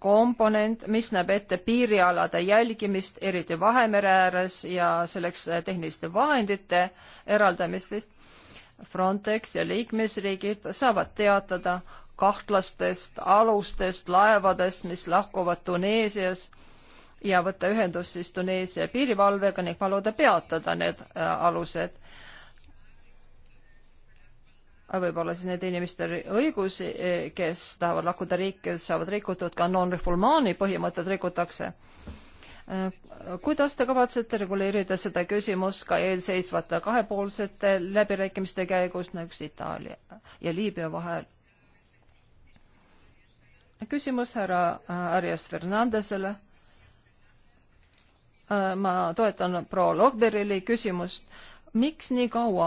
S2: komponent, mis näeb ette piirialade jälgimist, eriti Vahemere ääres ja selleks tehniliste vahendite eraldamist. Frontex ja liikmesriigid saavad teatada kahtlastest alustest, laevadest, mis lahkuvad Tuneesias ja võtta ühendust siis Tuneesia piirivalvega ning paluda peatada need äh, alused. võib-olla siis need inimeste õigusi, äh, kes tahavad lahkuda riiki, saavad rikutud ka non-refulmaani põhimõtted rikutakse äh, kuidas te kavatsete reguleerida seda küsimust ka eelseisvate kahepoolsete läbirääkimiste käigus näiteks Itaalia ja Liibüa vahel küsimus härra äh, Arias Fernandesele. Äh, ma toetan proua Logberili küsimust. miks nii kaua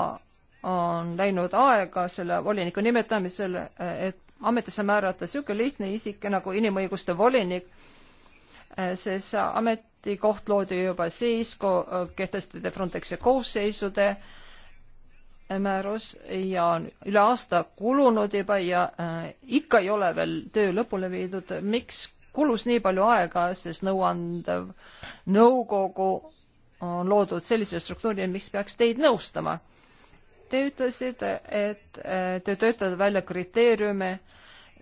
S2: on läinud aega selle voliniku nimetamisel, äh, et ametisse määrata niisugune lihtne isik nagu inimõiguste volinik, sest ametikoht loodi juba siis, kui kehtestati Frontexi koosseisude äh, määrus ja on üle aasta kulunud juba ja äh, ikka ei ole veel töö lõpule viidud. miks kulus nii palju aega, sest nõuandev nõukogu on loodud sellise struktuuri, mis peaks teid nõustama? Te ütlesite, et äh, te töötate välja kriteeriume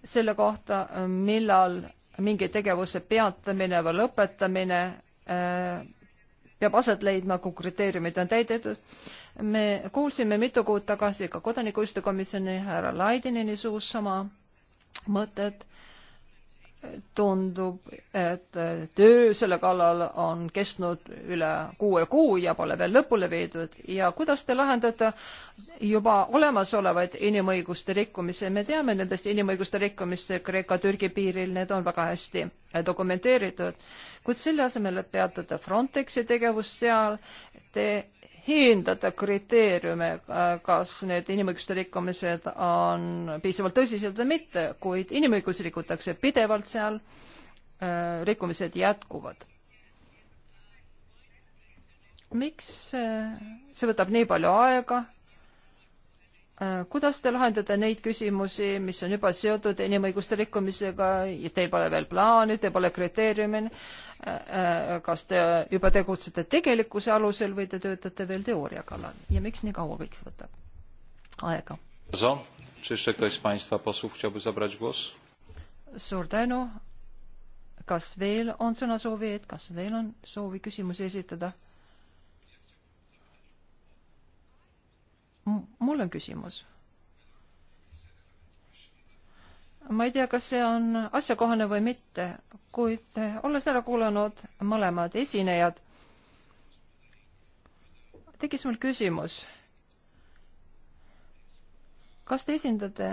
S2: selle kohta, millal mingi tegevuse peatamine või lõpetamine äh, peab aset leidma, kui kriteeriumid on täidetud. me kuulsime mitu kuud tagasi ka kodanikuühiste komisjoni härra Laidineni suust sama mõtet. tundub, et töö selle kallal on kestnud üle kuue kuu ja pole veel lõpule viidud ja kuidas te lahendate juba olemasolevaid inimõiguste rikkumisi, me teame nendest inimõiguste rikkumiste Kreeka-Türgi piiril, need on väga hästi dokumenteeritud, kuid selle asemel, et peatada Frontexi tegevus seal, te hindate kriteeriume, kas need inimõiguste rikkumised on piisavalt tõsised või mitte, kuid inimõigusi rikutakse pidevalt seal, äh, rikkumised jätkuvad. miks äh, see võtab nii palju aega Äh, kuidas te lahendate neid küsimusi, mis on juba seotud inimõiguste rikkumisega, teil pole veel plaani, teil pole kriteeriumi, äh, äh, kas te juba tegutsete tegelikkuse alusel või te töötate veel teooria kallal ja miks nii kaua kõik see võtab aega? suur tänu, kas veel on sõnasoovijaid, kas veel on soovi küsimusi esitada? mul on küsimus. ma ei tea, kas see on asjakohane või mitte, kuid olles ära kuulanud mõlemad esinejad, tekkis mul küsimus. kas te esindate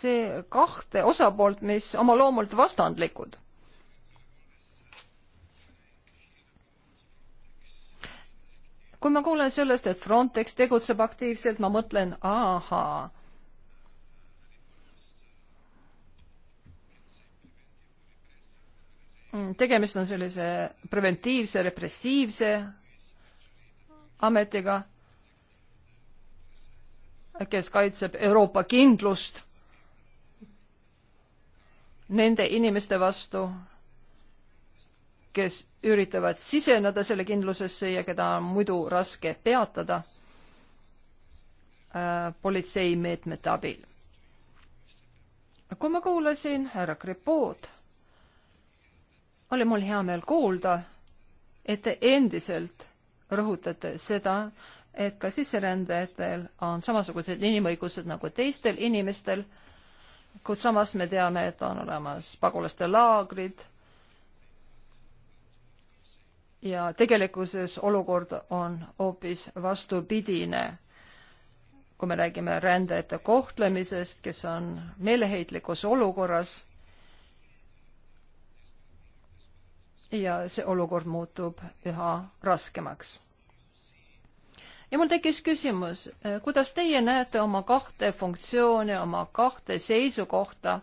S2: see kahte osapoolt, mis oma loomult vastandlikud kui ma kuulen sellest, et Frontex tegutseb aktiivselt, ma mõtlen, ahaa tegemist on sellise preventiivse, repressiivse ametiga, kes kaitseb Euroopa kindlust nende inimeste vastu, kes üritavad siseneda selle kindlusesse ja keda on muidu raske peatada äh, politseimeetmete abil. kui ma kuulasin härra Kripood, oli mul hea meel kuulda, et te endiselt rõhutate seda, et ka sisserändajatel on samasugused inimõigused nagu teistel inimestel, kuid samas me teame, et on olemas pagulaste laagrid ja tegelikkuses olukord on hoopis vastupidine. kui me räägime rändajate kohtlemisest, kes on meeleheitlikus olukorras ja see olukord muutub üha raskemaks. ja mul tekkis küsimus, kuidas teie näete oma kahte funktsiooni, oma kahte seisukohta,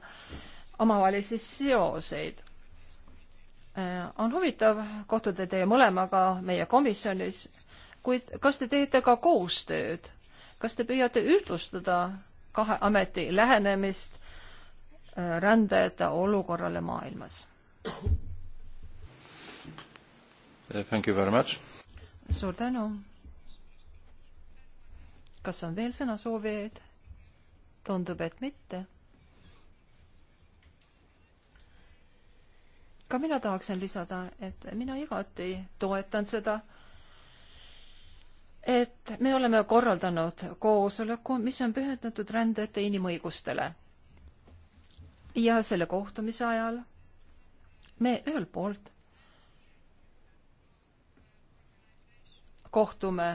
S2: omavahelisi seoseid? Äh, on huvitav kohtuda teie mõlemaga meie komisjonis, kuid kas te teete ka koostööd? kas te püüate ühtlustada kahe ameti lähenemist äh, rändajate olukorrale maailmas? Uh, thank you very much. suur tänu. kas on veel sõnasoovijaid? tundub, et mitte ka mina tahaksin lisada, et mina igati toetan seda, et me oleme korraldanud koosoleku, mis on pühendatud rändajate inimõigustele. ja selle kohtumise ajal me ühelt poolt kohtume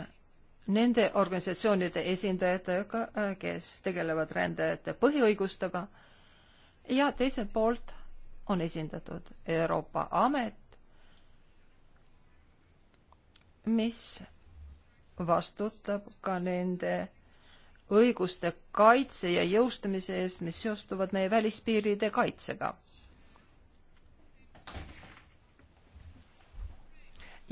S2: nende organisatsioonide esindajatega, kes tegelevad rändajate põhiõigustega ja teiselt poolt on esindatud Euroopa Amet, mis vastutab ka nende õiguste kaitse ja jõustamise eest, mis seostuvad meie välispiiride kaitsega.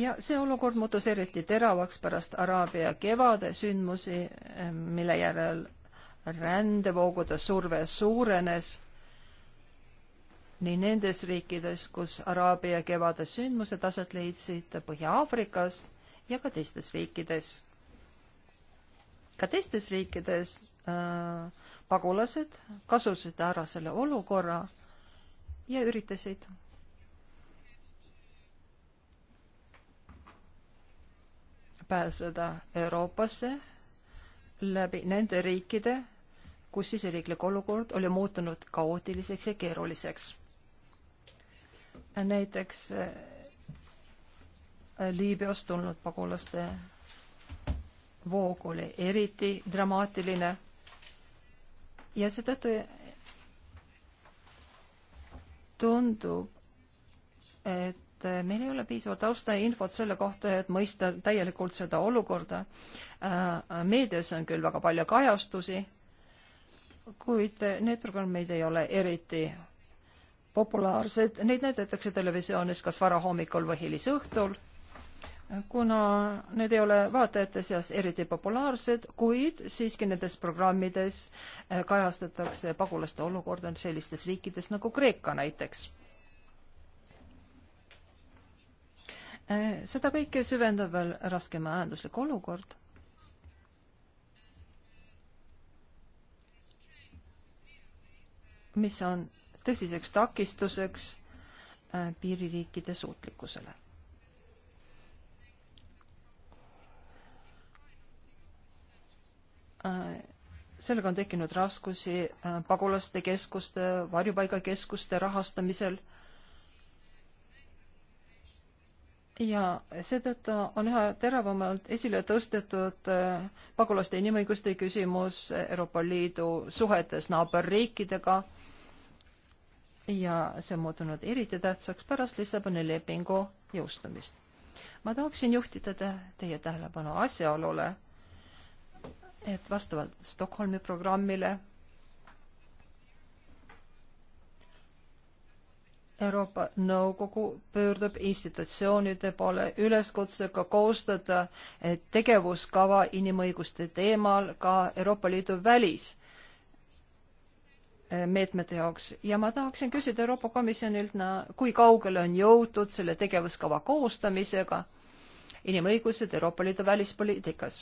S2: ja see olukord muutus eriti teravaks pärast Araabia kevade sündmusi, mille järel rändevoogude surve suurenes nii nendes riikides, kus Araabia kevade sündmused aset leidsid Põhja-Aafrikas ja ka teistes riikides. ka teistes riikides äh, pagulased kasusid ära selle olukorra ja üritasid pääseda Euroopasse läbi nende riikide, kus siseriiklik olukord oli muutunud kaootiliseks ja keeruliseks näiteks äh, Liibüast tulnud pagulaste voog oli eriti dramaatiline ja seetõttu tundub, et meil ei ole piisavalt taustainfot selle kohta, et mõista täielikult seda olukorda. Äh, meedias on küll väga palju kajastusi, kuid need programmid ei ole eriti populaarsed, neid näidatakse televisioonis kas varahommikul või hilisõhtul, kuna need ei ole vaatajate seas eriti populaarsed, kuid siiski nendes programmides eh, kajastatakse pagulaste olukorda sellistes riikides nagu Kreeka näiteks eh, seda kõike süvendab veel raske majanduslik olukord. mis on tõsiseks takistuseks äh, piiririikide suutlikkusele. Äh, sellega on tekkinud raskusi äh, pagulaste keskuste, varjupaigakeskuste rahastamisel ja seetõttu on üha teravamalt esile tõstetud pagulaste inimõiguste küsimus Euroopa Liidu suhetes naaberriikidega ja see on muutunud eriti tähtsaks pärast Lissaboni lepingu jõustumist. ma tahaksin juhtida te, teie tähelepanu asjaolule, et vastavalt Stockholmi programmile Euroopa Nõukogu pöördub institutsioonide poole üleskutsega koostada eh, tegevuskava inimõiguste teemal ka Euroopa Liidu välis meetmete jaoks ja ma tahaksin küsida Euroopa Komisjonilt, kui kaugele on jõutud selle tegevuskava koostamisega inimõigused Euroopa Liidu välispoliitikas.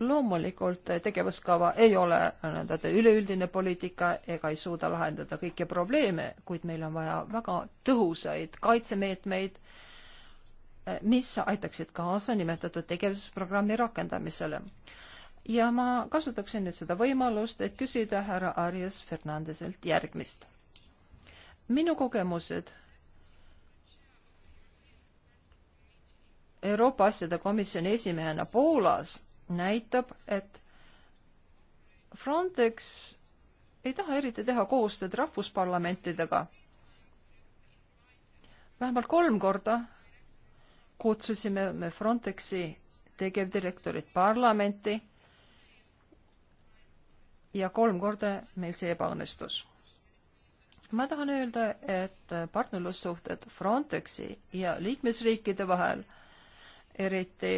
S2: loomulikult eh, tegevuskava ei ole eh, nii-öelda üleüldine poliitika ega ei suuda lahendada kõiki probleeme, kuid meil on vaja väga tõhusaid kaitsemeetmeid, eh, mis aitaksid kaasa nimetatud tegevusprogrammi rakendamisele ja ma kasutaksin nüüd seda võimalust, et küsida härra Arias Fernandeselt järgmist. minu kogemused Euroopa asjade komisjoni esimehena Poolas näitab, et Frontex ei taha eriti teha koostööd rahvusparlamentidega. vähemalt kolm korda kutsusime me Frontexi tegevdirektorit parlamenti ja kolm korda meil see ebaõnnestus. ma tahan öelda, et partnerlussuhted Frontexi ja liikmesriikide vahel, eriti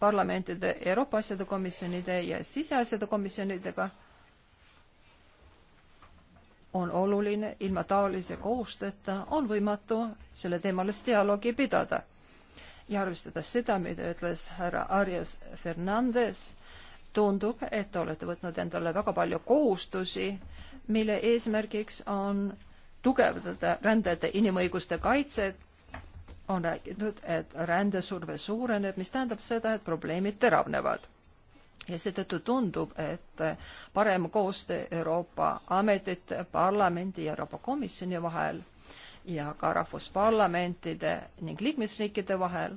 S2: parlamentide Euroopa asjade komisjonide ja siseasjade komisjonidega, on oluline, ilma taolise koostööta on võimatu selle teemalist dialoogi pidada. ja arvestades seda, mida ütles härra Arias Fernandes äh, tundub, et te olete võtnud endale väga palju kohustusi, mille eesmärgiks on tugevdada rändajate inimõiguste kaitset, on räägitud, et rändesurve suureneb, mis tähendab seda, et probleemid teravnevad. ja seetõttu tundub, et parem koostöö Euroopa ametite, parlamendi ja Euroopa Komisjoni vahel ja ka rahvusparlamentide ning liikmesriikide vahel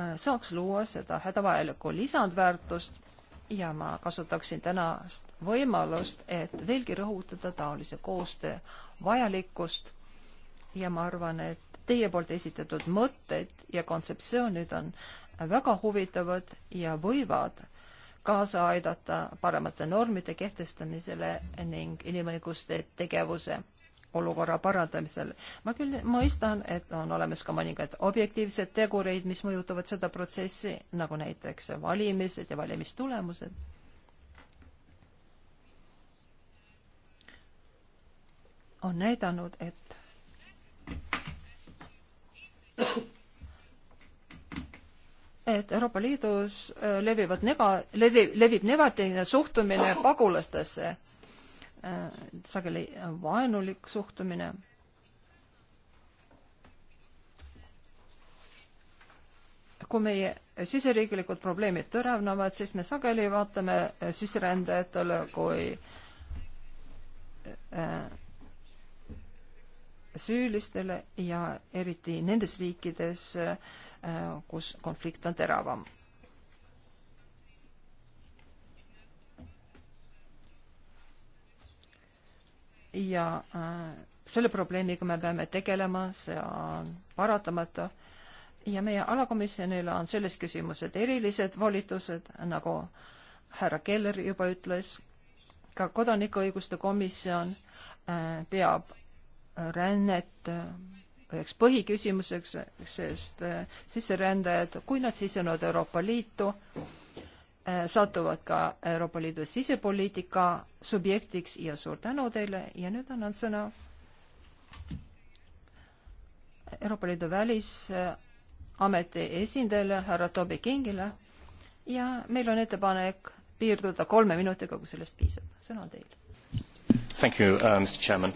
S2: Äh, saaks luua seda hädavajalikku lisandväärtust ja ma kasutaksin tänast võimalust, et veelgi rõhutada taolise koostöö vajalikkust ja ma arvan, et teie poolt esitatud mõtted ja kontseptsioonid on väga huvitavad ja võivad kaasa aidata paremate normide kehtestamisele ning inimõiguste tegevuse olukorra parandamisel. ma küll mõistan, et on olemas ka mõningaid objektiivseid tegureid, mis mõjutavad seda protsessi, nagu näiteks valimised ja valimistulemused. on näidanud, et et Euroopa Liidus levivad nega, levi, levib negatiivne suhtumine pagulastesse Äh, sageli äh, vaenulik suhtumine. kui meie siseriiklikud probleemid teravnevad, siis me sageli vaatame äh, sisserändajatele kui süülistele ja eriti nendes riikides, kus konflikt on teravam ja äh, selle probleemiga me peame tegelema, see on paratamatu. ja meie alakomisjonil on selles küsimuses erilised volitused, nagu härra Keller juba ütles, ka Kodanikuõiguste Komisjon äh, peab rännet äh, üheks põhiküsimuseks, sest sisserändajad, kui nad sisenevad Euroopa Liitu, Äh, satuvad ka Euroopa Liidu sisepoliitika subjektiks ja suur tänu teile ja nüüd annan sõna Euroopa Liidu välisameti esindajale härra Tobi Kingile ja meil on ettepanek piirduda kolme minutiga, kui sellest piisab. sõna on teil. Thank you uh,, Mr Chairman.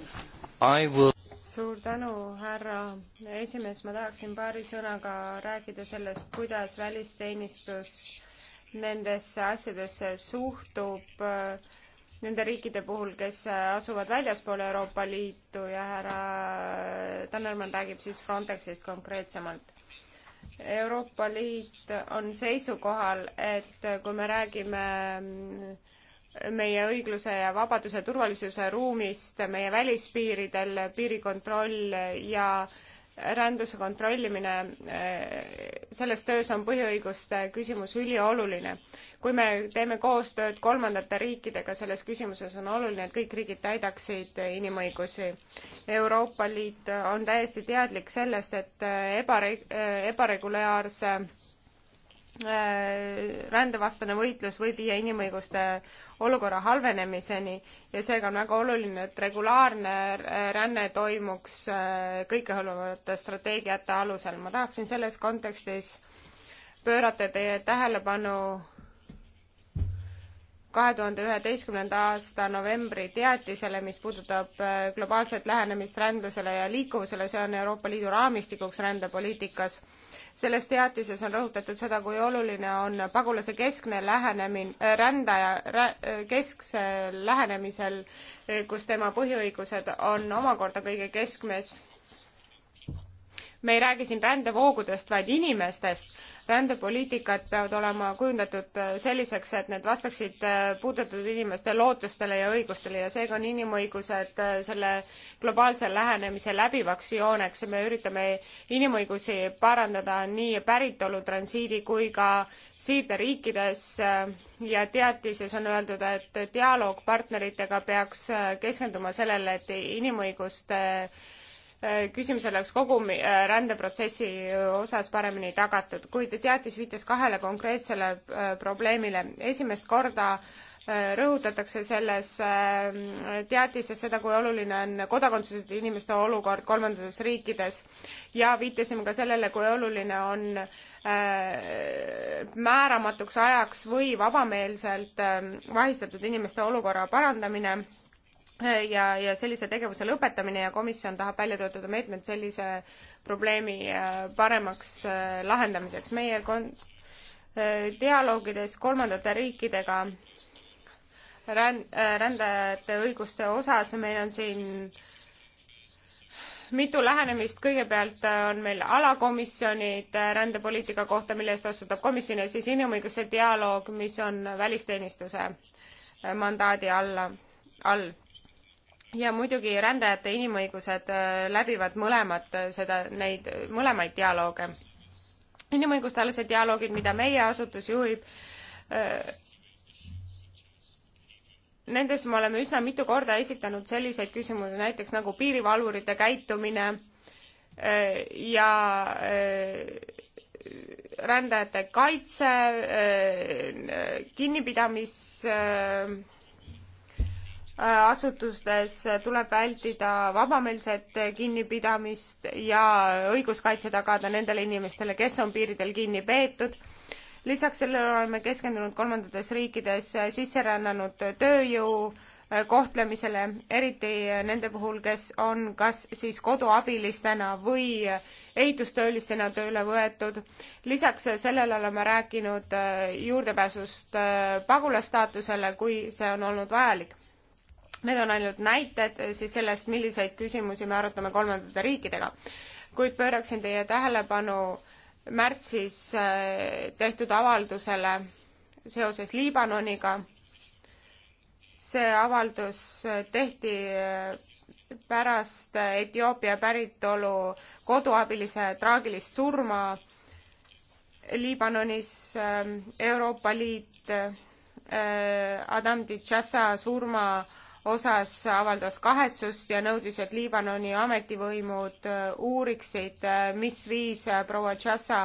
S2: I will
S1: suur tänu, härra esimees, ma tahaksin paari sõnaga rääkida sellest, kuidas välisteenistus nendesse asjadesse suhtub äh, nende riikide puhul, kes äh, asuvad väljaspool Euroopa Liitu ja härra Tannermann räägib siis Frontexist konkreetsemalt. Euroopa Liit on seisukohal, et kui me räägime mm, meie õigluse ja vabaduse turvalisuse ruumist meie välispiiridel, piirikontroll ja ränduse kontrollimine, eh, selles töös on põhiõiguste küsimus ülioluline. kui me teeme koostööd kolmandate riikidega selles küsimuses, on oluline, et kõik riigid täidaksid inimõigusi. Euroopa Liit on täiesti teadlik sellest, et ebare-, ebaregulaarse Äh, rändevastane võitlus võib viia inimõiguste olukorra halvenemiseni ja seega on väga oluline, et regulaarne ränne toimuks äh, kõikehõlmavate strateegiate alusel. ma tahaksin selles kontekstis pöörata teie tähelepanu kahe tuhande üheteistkümnenda aasta novembri teatisele, mis puudutab äh, globaalset lähenemist rändlusele ja liikuvusele, see on Euroopa Liidu raamistikuks rändepoliitikas selles teatises on rõhutatud seda, kui oluline on pagulase keskne lähenemine, äh, rändaja rä, äh, kesksel lähenemisel, äh, kus tema põhiõigused on omakorda kõige keskmes me ei räägi siin rändevoogudest, vaid inimestest. rändepoliitikad peavad olema kujundatud äh, selliseks, et need vastaksid äh, puudutatud inimeste lootustele ja õigustele ja seega on inimõigused äh, selle globaalse lähenemise läbivaks jooneks ja me üritame inimõigusi parandada nii päritolu, transiidi kui ka siirderiikides ja teatises on öeldud, et dialoog partneritega peaks keskenduma sellele, et inimõiguste Äh, küsimusel oleks kogu äh, rändeprotsessi äh, osas paremini tagatud, kuid teatis viitas kahele konkreetsele probleemile. esimest korda rõhutatakse selles teatises seda, kui oluline on kodakondsuseta inimeste olukord kolmandates riikides ja viitasime ka sellele, kui oluline on määramatuks ajaks või vabameelselt vahistatud inimeste olukorra parandamine ja, ja sellise tegevuse lõpetamine ja komisjon tahab välja töötada meetmed sellise probleemi äh, paremaks äh, lahendamiseks. meie kon-, äh, dialoogides kolmandate riikidega ränd-, rändajate õiguste osas meil on siin mitu lähenemist, kõigepealt on meil alakomisjonid rändepoliitika kohta, mille eest vastutab komisjon ja siis inimõiguste dialoog, mis on välisteenistuse mandaadi alla, all ja muidugi rändajate inimõigused äh, läbivad mõlemat äh, seda, neid mõlemaid dialoog. inimõiguste alased dialoogid, mida meie asutus juhib, äh, nendes me oleme üsna mitu korda esitanud selliseid küsimusi, näiteks nagu piirivalvurite käitumine ja rändajate kaitse, kinnipidamis asutustes tuleb vältida vabameelset kinnipidamist ja õiguskaitse tagada nendele inimestele, kes on piiridel kinni peetud. lisaks sellele oleme keskendunud kolmandates riikides sisse rännanud tööjõu eh, kohtlemisele, eriti nende puhul, kes on kas siis koduabilistena või ehitustöölistena tööle võetud. lisaks sellele oleme rääkinud eh, juurdepääsust eh, pagulastaatusele, kui see on olnud vajalik Need on ainult näited eh, siis sellest, milliseid küsimusi me arutame kolmandate riikidega. kuid pööraksin teie tähelepanu märtsis eh, tehtud avaldusele seoses Liibanoniga. see avaldus eh, tehti pärast Etioopia päritolu koduabilise traagilist surma Liibanonis Euroopa Liit Adam Dicassa surma osas avaldas kahetsust ja nõudis, et Liibanoni ametivõimud äh, uuriksid, äh, mis viis äh, proua Chassa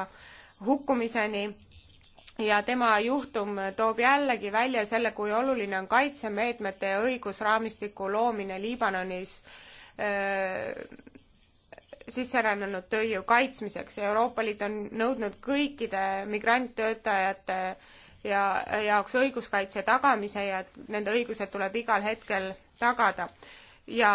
S1: hukkumiseni ja tema juhtum toob jällegi välja selle, kui oluline on kaitsemeetmete ja õigusraamistiku loomine Liibanonis sisserännanud tööjõu kaitsmiseks ja Euroopa Liit on nõudnud kõikide migranttöötajate äh, ja jaoks õiguskaitse tagamise ja nende õigused tuleb igal hetkel tagada. ja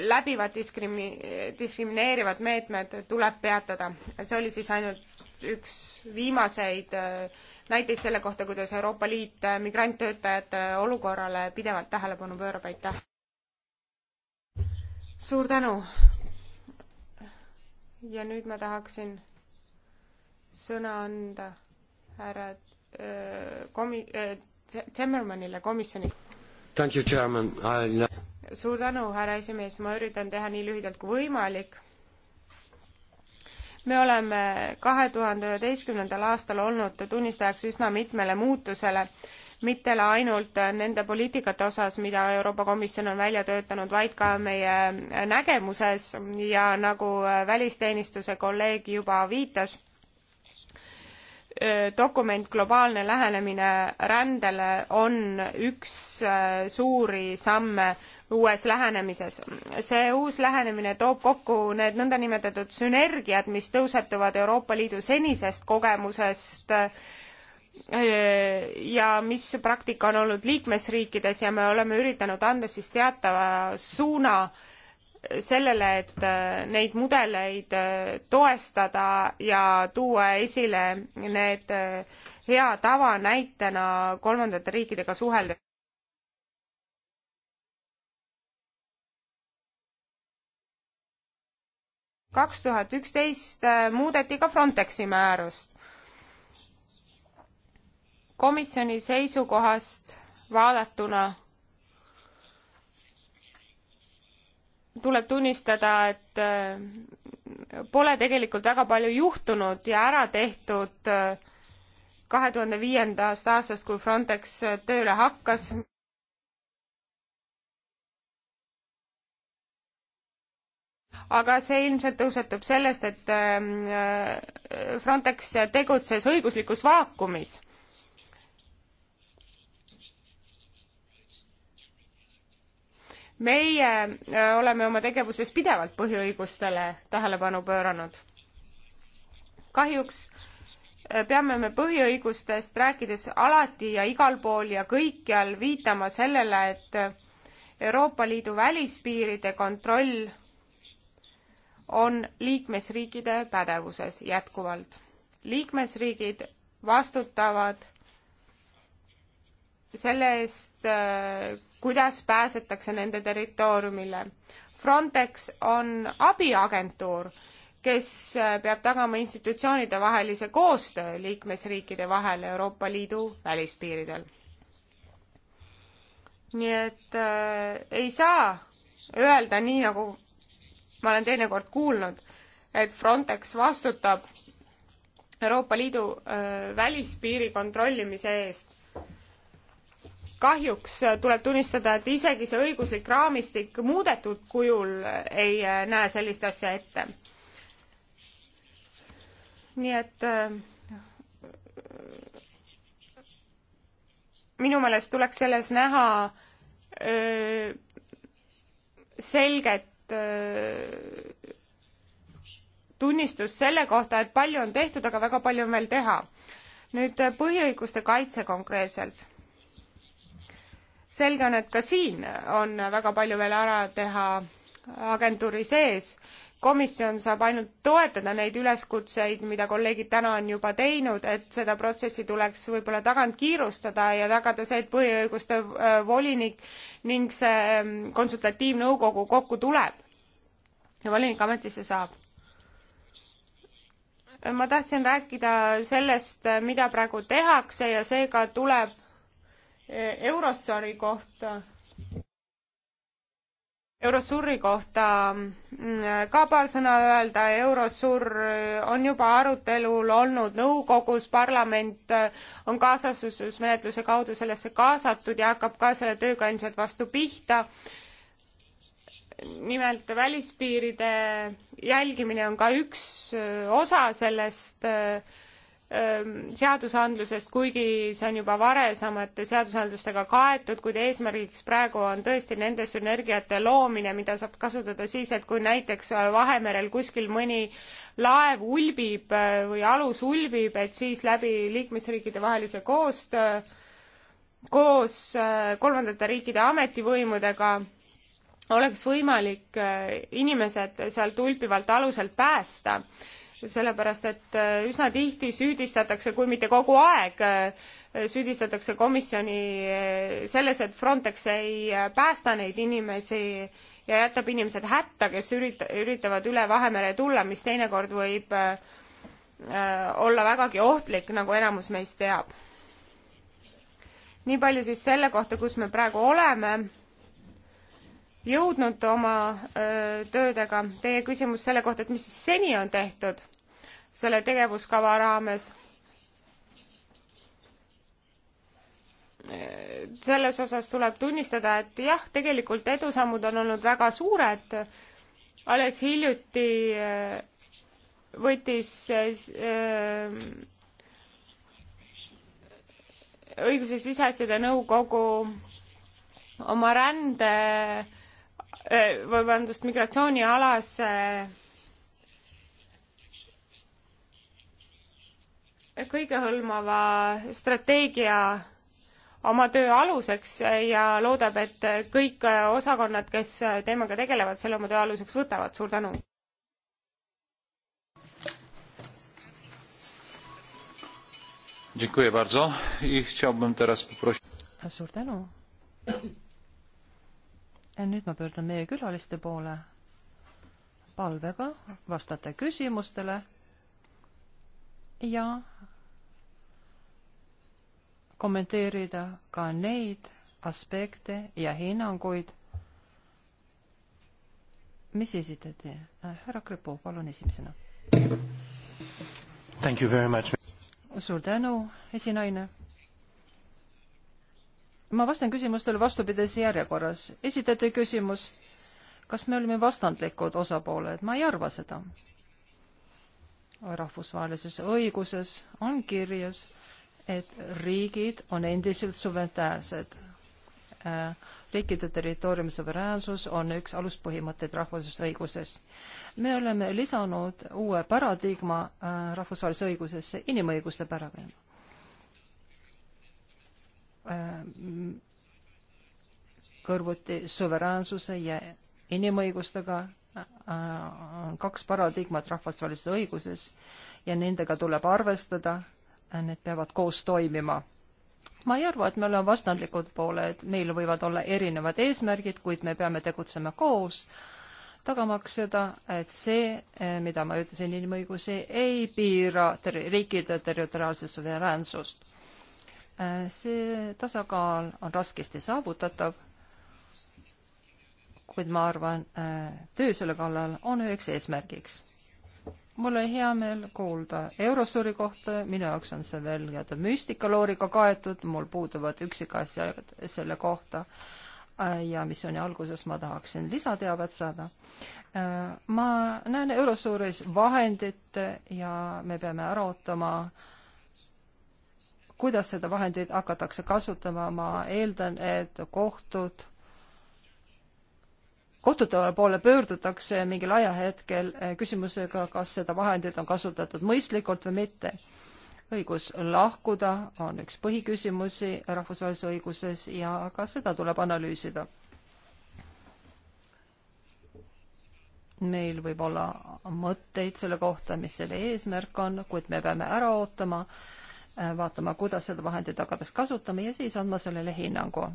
S1: läbivad diskrimi-, diskrimineerivad meetmed tuleb peatada. see oli siis ainult üks viimaseid äh, näiteid selle kohta, kuidas Euroopa Liit äh, migranttöötajate äh, olukorrale pidevalt tähelepanu pöörab, aitäh! suur tänu! ja nüüd ma tahaksin sõna anda härra komi-, äh, Timmermanile komisjonist. suur tänu, härra esimees, ma üritan teha nii lühidalt kui võimalik. me oleme kahe tuhande üheteistkümnendal aastal olnud tunnistajaks üsna mitmele muutusele, mitte ainult nende poliitikate osas, mida Euroopa Komisjon on välja töötanud, vaid ka meie nägemuses ja nagu välisteenistuse kolleeg juba viitas Äh, dokument Globaalne lähenemine rändele on üks äh, suuri samme uues lähenemises. see uus lähenemine toob kokku need nõndanimetatud sünergiad, mis tõusetuvad Euroopa Liidu senisest kogemusest äh, ja mis praktika on olnud liikmesriikides ja me oleme üritanud anda siis teatava suuna äh, sellele, et äh, neid mudeleid äh, toestada ja tuua esile need äh, hea tava näitena kolmandate riikidega suheldes. kaks tuhat üksteist muudeti ka Frontexi määrust. komisjoni seisukohast vaadatuna tuleb tunnistada, et äh, pole tegelikult väga palju juhtunud ja ära tehtud äh, kahe tuhande viiendast aastast, kui Frontex äh, tööle hakkas. aga see ilmselt tõusetub sellest, et ähm, Frontex tegutses õiguslikus vaakumis meie äh, oleme oma tegevuses pidevalt põhiõigustele tähelepanu pööranud. kahjuks äh, peame me põhiõigustest rääkides alati ja igal pool ja kõikjal viitama sellele, et äh, Euroopa Liidu välispiiride kontroll on liikmesriikide pädevuses jätkuvalt. liikmesriigid vastutavad selle eest, äh, kuidas pääsetakse nende territooriumile. Frontex on abiagentuur, kes äh, peab tagama institutsioonide vahelise koostöö liikmesriikide vahel Euroopa Liidu välispiiridel. nii et äh, ei saa öelda nii, nagu ma olen teinekord kuulnud, et Frontex vastutab Euroopa Liidu äh, välispiiri kontrollimise eest kahjuks tuleb tunnistada, et isegi see õiguslik raamistik muudetud kujul ei eh, näe sellist asja ette. nii et eh, minu meelest tuleks selles näha öö, eh, selget öö, tunnistust selle kohta, et palju on tehtud, aga väga palju on veel teha. nüüd põhiõiguste kaitse konkreetselt selge on, et ka siin on väga palju veel ära teha agentuuri sees. komisjon saab ainult toetada neid üleskutseid, mida kolleegid täna on juba teinud, et seda protsessi tuleks võib-olla tagant kiirustada ja tagada see, et põhiõiguste äh, volinik ning see ähm, konsultatiivnõukogu kokku tuleb ja volinik ametisse saab ma tahtsin rääkida sellest, äh, mida praegu tehakse ja seega tuleb Eurossari kohta, Eurosuri kohta mm, ka paar sõna öelda, Eurosur on juba arutelul olnud nõukogus, parlament on kaasasusmenetluse kaudu sellesse kaasatud ja hakkab ka selle tööga ilmselt vastu pihta nimelt välispiiride jälgimine on ka üks osa sellest äh, seadusandlusest, kuigi see on juba varasemate seadusandlustega kaetud, kuid eesmärgiks praegu on tõesti nende sünergiate loomine, mida saab kasutada siis, et kui näiteks äh, Vahemerel kuskil mõni laev ulbib äh, või alus ulbib, et siis läbi liikmesriikide vahelise koostöö koos äh, kolmandate riikide ametivõimudega oleks võimalik inimesed sealt ulpivalt aluselt päästa sellepärast et äh, üsna tihti süüdistatakse, kui mitte kogu aeg, äh, süüdistatakse komisjoni äh, selles, et Frontex ei päästa neid inimesi ja jätab inimesed hätta, kes ürita-, üritavad üle Vahemere tulla, mis teinekord võib olla vägagi ohtlik, nagu enamus meist teab. nii palju siis selle kohta, kus me praegu oleme jõudnud oma öö, töödega. Teie küsimus selle kohta, et mis siis seni on tehtud selle tegevuskava raames. selles osas tuleb tunnistada, et jah, tegelikult edusammud on olnud väga suured. alles hiljuti öö, võttis öö, õiguse siseasjade nõukogu oma rände öö, Äh, vabandust, migratsioonialase äh, kõigehõlmava strateegia oma töö aluseks äh, ja loodab, et kõik osakonnad, kes teemaga tegelevad, selle oma töö aluseks võtavad. suur tänu!
S2: suur tänu! ja nüüd ma pöördun meie külaliste poole palvega vastata küsimustele ja kommenteerida ka neid aspekte ja hinnanguid, mis esitati. härra Kripo, palun esimesena. suur tänu, esinaine ma vastan küsimustele vastupidises järjekorras. esitati küsimus, kas me olime vastandlikud osapooled, ma ei arva seda. rahvusvahelises õiguses on kirjas, et riigid on endiselt suveräänsed. Äh, riikide territooriumi suveräänsus on üks aluspõhimõtteid rahvusvahelises õiguses. me oleme lisanud uue paradigma äh, rahvusvahelise õigusesse inimõiguste paradigma kõrvuti suveräänsuse ja inimõigustega äh, on kaks paradigmat rahvusvahelises õiguses ja nendega tuleb arvestada, need peavad koos toimima. ma ei arva, et me oleme vastandlikud pooled, meil võivad olla erinevad eesmärgid, kuid me peame tegutsema koos, tagamaks seda, et see, äh, mida ma ütlesin inimõigusi, ei piira ter riikide territoriaalset suveräänsust Äh, see tasakaal on raskesti saavutatav, kuid ma arvan, äh, töö selle kallal on üheks eesmärgiks. mul oli hea meel kuulda Eurosuri kohta, minu jaoks on see veel nii-öelda müstikalooriga kaetud, mul puuduvad üksikasjad selle kohta äh, ja missiooni alguses ma tahaksin lisateavet saada. ma näen Eurosuuris vahendit ja me peame ära ootama äh, kuidas seda vahendit hakatakse kasutama, ma eeldan, et kohtud, kohtute poole pöördutakse mingil ajahetkel eh, küsimusega, kas seda vahendit on kasutatud mõistlikult või mitte. õigus lahkuda on üks põhiküsimusi rahvusvahelises õiguses ja ka seda tuleb analüüsida. meil võib olla mõtteid selle kohta, mis selle eesmärk on, kuid me peame ära ootama äh, Äh, vaatama, kuidas seda vahendit hakates kasutame ja siis andma sellele hinnangu.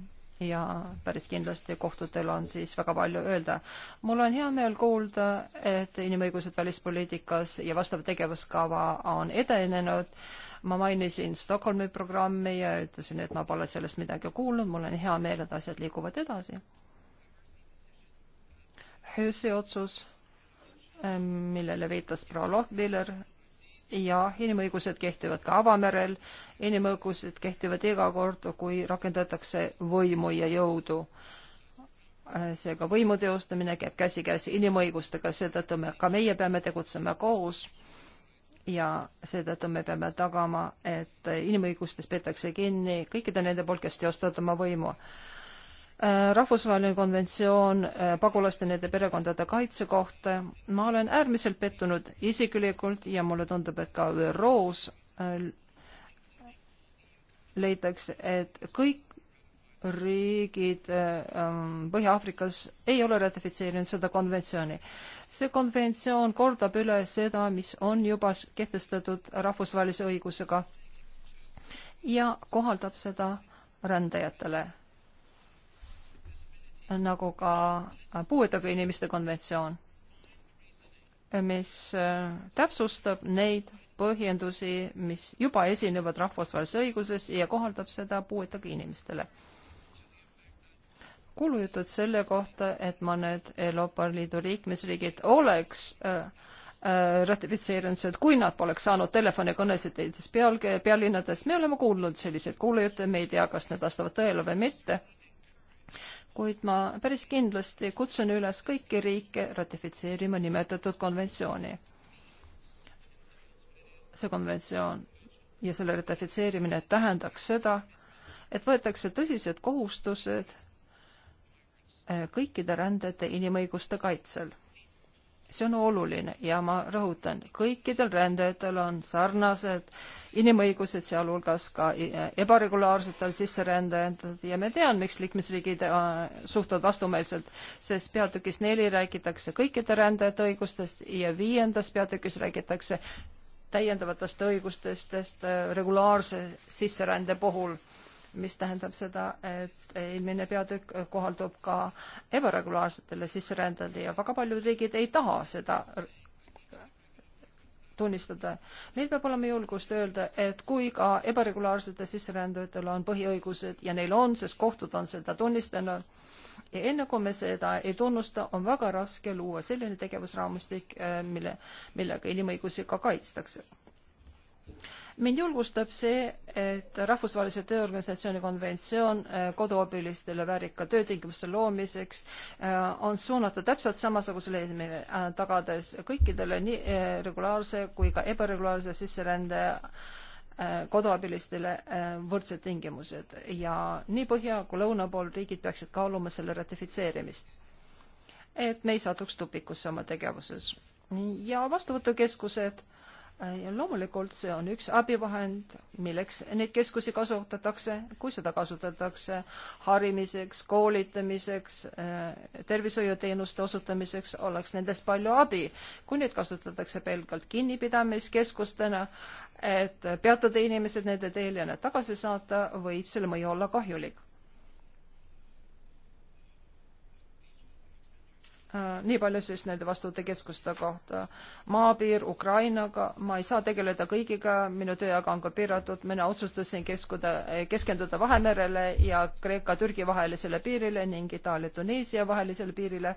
S2: ja päris kindlasti kohtutel on siis väga palju öelda. mul on hea meel kuulda, et inimõigused välispoliitikas ja vastav tegevuskava on edenenud ma mainisin Stockholmi programmi ja ütlesin, et ma pole sellest midagi kuulnud, mul on hea meel, et asjad liiguvad edasi. Hüüsi otsus, äh, millele viitas proua Lohbiller, jah, inimõigused kehtivad ka avamerel, inimõigused kehtivad iga kord, kui rakendatakse võimu ja jõudu. seega võimu teostamine käib käsikäes inimõigustega, seetõttu me, ka meie peame tegutsema koos ja seetõttu me peame tagama, et inimõigustest peetakse kinni kõikide nende poolt, kes teostavad oma võimu Äh, rahvusvaheline konventsioon äh, pagulaste nende perekondade kaitse kohta. ma olen äärmiselt pettunud isiklikult ja mulle tundub, et ka ÜRO-s äh, leitakse, et kõik riigid ähm, Põhja-Aafrikas ei ole ratifitseerinud seda konventsiooni. see konventsioon kordab üle seda, mis on juba kehtestatud rahvusvahelise õigusega ja kohaldab seda rändajatele nagu ka puuetega inimeste konventsioon, mis äh, täpsustab neid põhjendusi, mis juba esinevad rahvusvahelises õiguses ja kohaldab seda puuetega inimestele. kuulujutud selle kohta, et mõned Euroopa Liidu liikmesriigid oleks äh, äh, ratifitseerinud seda, kui nad poleks saanud telefonikõnesid teises peal, pealinnades, me oleme kuulnud selliseid kuulujutte, me ei tea, kas need vastavad tõele või mitte kuid ma päris kindlasti kutsun üles kõiki riike ratifitseerima nimetatud konventsiooni. see konventsioon ja selle ratifitseerimine tähendaks seda, et võetakse tõsised kohustused eh, kõikide rändajate inimõiguste kaitsel see on oluline ja ma rõhutan, kõikidel rändajatel on sarnased inimõigused, sealhulgas ka e-, ebaregulaarsetel sisserändajatel ja me tean, miks liikmesriigid äh, suhtuvad vastumeelselt, sest peatükis neli räägitakse kõikide rändajate õigustest ja viiendas peatükis räägitakse täiendavatest õigustest äh, regulaarse sisserände puhul mis tähendab seda, et eelmine peatükk kohaldub ka ebaregulaarsetele sisserändajatele ja väga paljud riigid ei taha seda tunnistada. meil peab olema julgust öelda, et kui ka ebaregulaarsetel sisserändajatel on põhiõigused ja neil on, sest kohtud on seda tunnistanud, ja enne kui me seda ei tunnusta, on väga raske luua selline tegevusraamistik, eh, mille, millega inimõigusi ka kaitstakse mind julgustab see, et Rahvusvahelise Tööorganisatsiooni konventsioon äh, koduabilistele väärika töötingimuste loomiseks äh, on suunatud täpselt samasugusele eesmärgile, äh, tagades kõikidele nii regulaarse kui ka ebaregulaarse sisserände koduabilistele võrdsed tingimused ja nii põhja kui lõuna pool riigid peaksid kaaluma selle ratifitseerimist. et me ei satuks tupikusse oma tegevuses. ja vastuvõtukeskused Äh, ja loomulikult see on üks abivahend, milleks neid keskusi kasutatakse, kui seda kasutatakse harimiseks, koolitamiseks, äh, tervishoiuteenuste osutamiseks, oleks nendest palju abi. kui neid kasutatakse pelgalt kinnipidamiskeskustena, et peatada inimesed nende teel ja nad tagasi saata, võib selle mõju olla kahjulik Äh, nii palju siis nende vastuvõtte keskuste kohta. maapiir Ukrainaga, ma ei saa tegeleda kõigiga, minu tööaega on ka piiratud, mina otsustasin keskuda, keskenduda Vahemerele ja Kreeka-Türgi vahelisele piirile ning Itaalia-Tuneesia vahelisele piirile.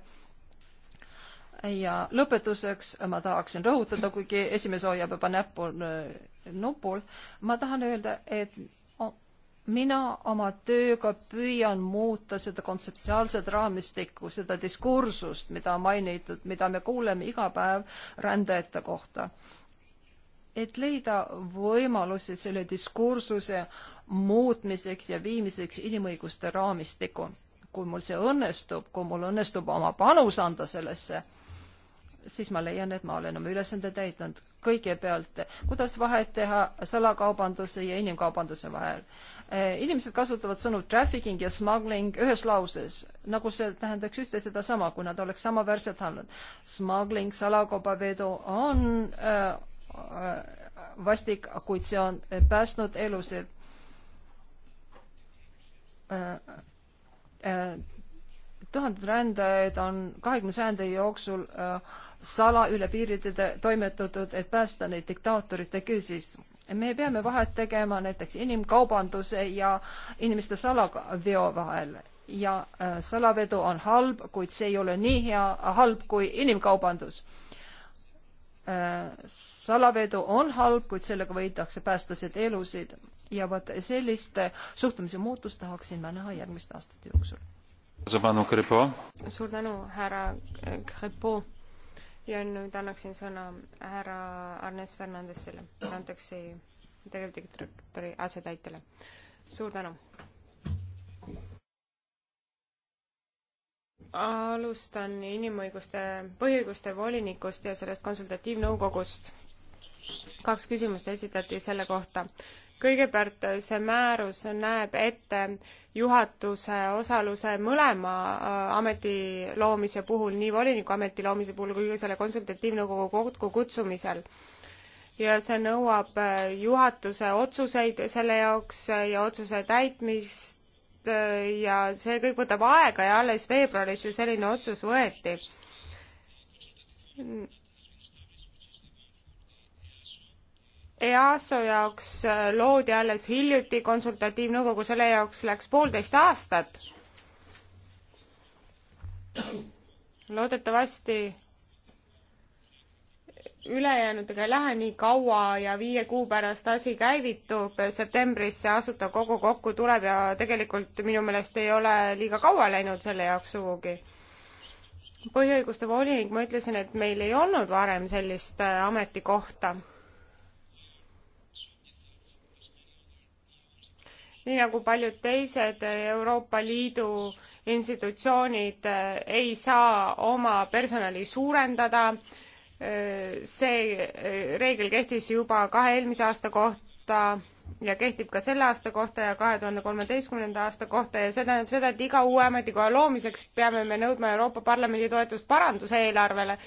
S2: ja lõpetuseks ma tahaksin rõhutada, kuigi esimees hoiab juba näppu äh, nupul, ma tahan öelda, et mina oma tööga püüan muuta seda kontseptuaalset raamistikku, seda diskursust, mida mainitud, mida me kuuleme iga päev rändajate kohta. et leida võimalusi selle diskursuse muutmiseks ja viimiseks inimõiguste raamistikku. kui mul see õnnestub, kui mul õnnestub oma panus anda sellesse siis ma leian, et ma olen oma ülesande täitnud. kõigepealt, kuidas vahet teha salakaubanduse ja inimkaubanduse vahel? Äh, inimesed kasutavad sõnu trafficking ja smuggling ühes lauses, nagu see tähendaks ühte sedasama, kui nad oleks samaväärselt andnud. Smuggling, salakaubavedu on äh, äh, vastik, kuid see on päästnud elusid äh, äh tuhanded rändajaid on kahekümne sajandi jooksul äh, sala üle piiride toimetatud, et päästa neid diktaatorite küüsist. me peame vahet tegema näiteks inimkaubanduse ja inimeste salaveo vahel ja äh, salavedu on halb, kuid see ei ole nii hea, halb kui inimkaubandus äh, salavedu on halb, kuid sellega võidakse päästlased elusid ja vot sellist suhtumise muutust tahaksin ma näha järgmiste aastate jooksul suur
S1: tänu, härra Krepo. ja nüüd annaksin sõna härra Arnes Fernandesele, Frontexi tegevdirektori asetäitjale. suur tänu alustan inimõiguste, põhiõiguste volinikust ja sellest konsultatiivnõukogust. kaks küsimust esitati selle kohta. kõigepealt see määrus näeb ette juhatuse osaluse mõlema äh, ameti loomise puhul, nii voliniku ameti loomise puhul kui ka selle konsultatiivnõukogu kokkukutsumisel. ja see nõuab äh, juhatuse otsuseid selle jaoks äh, ja otsuse täitmist ja see kõik võtab aega ja alles veebruaris ju selline otsus võeti EASO jaoks äh, loodi alles hiljuti konsultatiivnõukogu, selle jaoks läks poolteist aastat. loodetavasti ülejäänutega ei lähe nii kaua ja viie kuu pärast asi käivitub, septembris see asutav kogu kokku tuleb ja tegelikult minu meelest ei ole liiga kaua läinud selle jaoks sugugi. põhiõiguste volinik, ma ütlesin, et meil ei olnud varem sellist äh, ametikohta nii nagu paljud teised Euroopa Liidu institutsioonid eh, ei saa oma personali suurendada. Eh, see eh, reegel kehtis juba kahe eelmise aasta kohta ja kehtib ka selle aasta kohta ja kahe tuhande kolmeteistkümnenda aasta kohta ja see tähendab seda, et iga uue ametikoha loomiseks peame me nõudma Euroopa Parlamendi toetust paranduseelarvele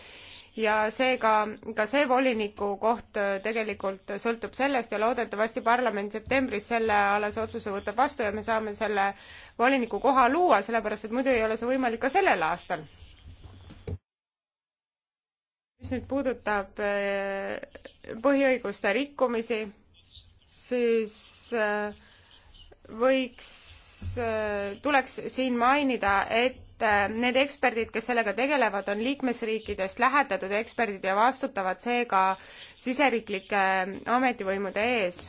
S1: ja seega ka see voliniku koht äh, tegelikult sõltub sellest ja loodetavasti parlament septembris sellealase otsuse võtab vastu ja me saame selle voliniku koha luua, sellepärast et muidu ei ole see võimalik ka sellel aastal. mis nüüd puudutab äh, põhiõiguste rikkumisi, siis äh, võiks, tuleks siin mainida, et et äh, need eksperdid, kes sellega tegelevad, on liikmesriikidest lähetatud eksperdid ja vastutavad seega siseriiklike äh, ametivõimude ees.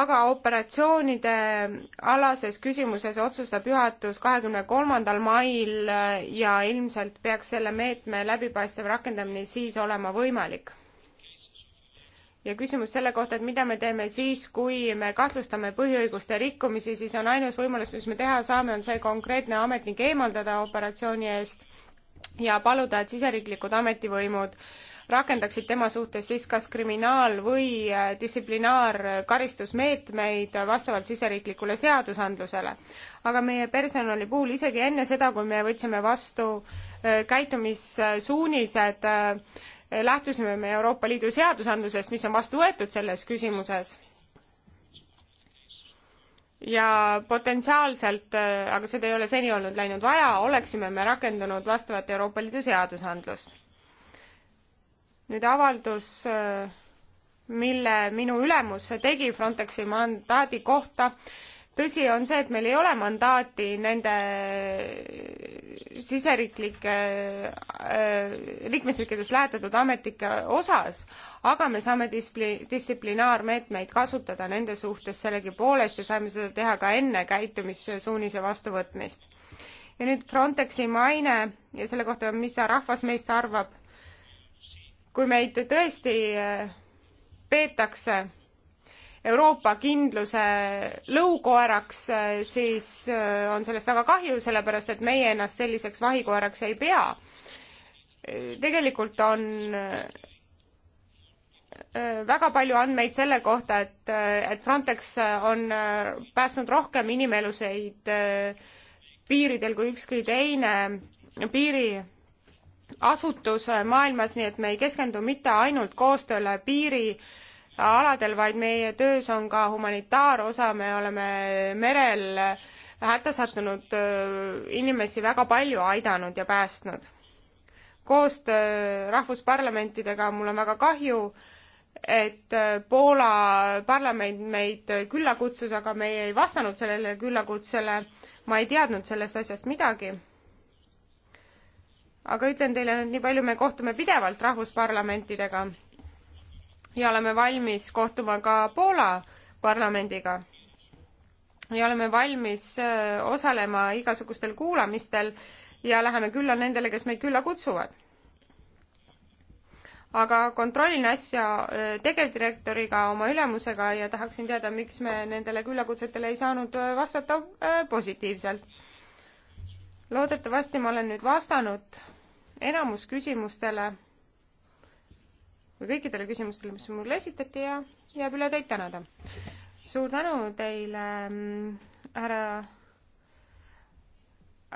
S1: aga operatsioonide äh, alases küsimuses otsustab juhatus kahekümne kolmandal mail ja ilmselt peaks selle meetme läbipaistev rakendamine siis olema võimalik ja küsimus selle kohta, et mida me teeme siis, kui me kahtlustame põhiõiguste rikkumisi, siis on ainus võimalus, mis me teha saame, on see konkreetne ametnik eemaldada operatsiooni eest ja paluda, et siseriiklikud ametivõimud rakendaksid tema suhtes siis kas kriminaal- või äh, distsiplinaarkaristusmeetmeid vastavalt siseriiklikule seadusandlusele. aga meie personali puhul isegi enne seda, kui me võtsime vastu äh, käitumissuunised äh, lähtusime me Euroopa Liidu seadusandlusest, mis on vastu võetud selles küsimuses. ja potentsiaalselt, äh, aga seda ei ole seni olnud läinud vaja, oleksime me rakendanud vastavat Euroopa Liidu seadusandlust. nüüd avaldus, äh, mille minu ülemus tegi Frontexi mandaadi kohta, tõsi on see, et meil ei ole mandaati nende siseriiklike äh,, liikmesriikides lähetatud ametnike osas, aga me saame displi-, distsiplinaarmeetmeid kasutada nende suhtes sellegipoolest ja saime seda teha ka enne käitumissuunise vastuvõtmist. ja nüüd Frontexi maine ja selle kohta, mis rahvas meist arvab, kui meid tõesti äh, peetakse Euroopa kindluse lõukoeraks, äh, siis äh, on sellest väga kahju, sellepärast et meie ennast selliseks vahikoeraks ei pea. tegelikult on äh, väga palju andmeid selle kohta, et, et Frontex on päästnud rohkem inimeluseid piiridel kui ükski teine piiriasutus maailmas, nii et me ei keskendu mitte ainult koostööle piiri äh, aladel, vaid meie töös on ka humanitaarosa, me oleme merel hätta sattunud inimesi väga palju aidanud ja päästnud. koostöö rahvusparlamentidega, mul on väga kahju, et Poola parlament meid külla kutsus, aga meie ei vastanud sellele küllakutsele. ma ei teadnud sellest asjast midagi. aga ütlen teile nüüd nii palju, me kohtume pidevalt rahvusparlamentidega ja oleme valmis kohtuma ka Poola parlamendiga. ja oleme valmis äh, osalema igasugustel kuulamistel ja läheme külla nendele, kes meid külla kutsuvad. aga kontrollin äsja äh, tegevdirektoriga, oma ülemusega ja tahaksin teada, miks me nendele küllakutsetele ei saanud äh, vastata positiivselt. loodetavasti ma olen nüüd vastanud enamus küsimustele või kõikidele küsimustele, mis mulle esitati ja jääb üle teid tänada. suur tänu teile, mm, härra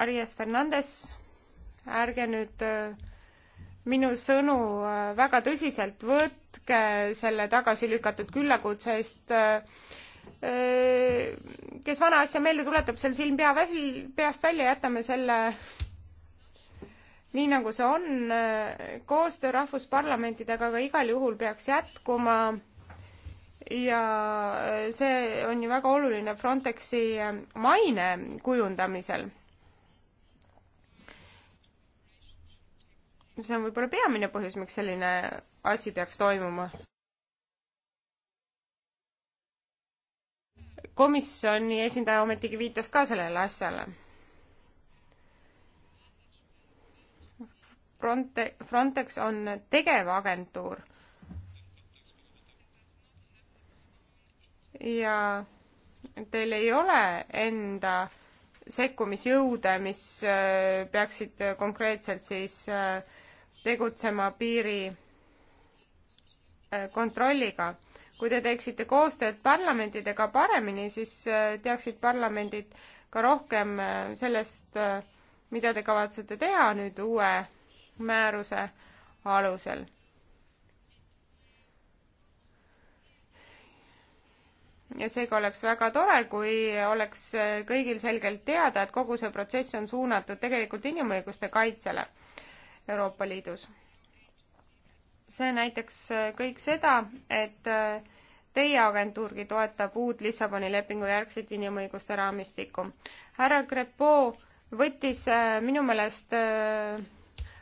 S1: Arias Fernandes, ärge nüüd äh, minu sõnu äh, väga tõsiselt võtke selle tagasi lükatud küllakutse eest äh, kes vana asja meelde tuletab, seal silm pea väsil, peast välja, jätame selle nii nagu see on, äh, koostöö rahvusparlamentidega aga igal juhul peaks jätkuma ja äh, see on ju väga oluline Frontexi äh, maine kujundamisel. see on võib-olla peamine põhjus, miks selline asi peaks toimuma. komisjoni esindaja ometigi viitas ka sellele asjale Fronte-, Frontex on tegevagentuur. ja teil ei ole enda sekkumisjõude, mis äh, peaksid konkreetselt siis äh, tegutsema piiri äh, kontrolliga. kui te teeksite koostööd parlamentidega paremini, siis teaksid parlamendid ka rohkem sellest, mida te kavatsete teha nüüd uue määruse alusel. ja seega oleks väga tore, kui oleks kõigil selgelt teada, et kogu see protsess on suunatud tegelikult inimõiguste kaitsele Euroopa Liidus. see näitaks kõik seda, et teie agentuurgi toetab uut Lissaboni lepingu järgset inimõiguste raamistikku. härra Grepo võttis minu meelest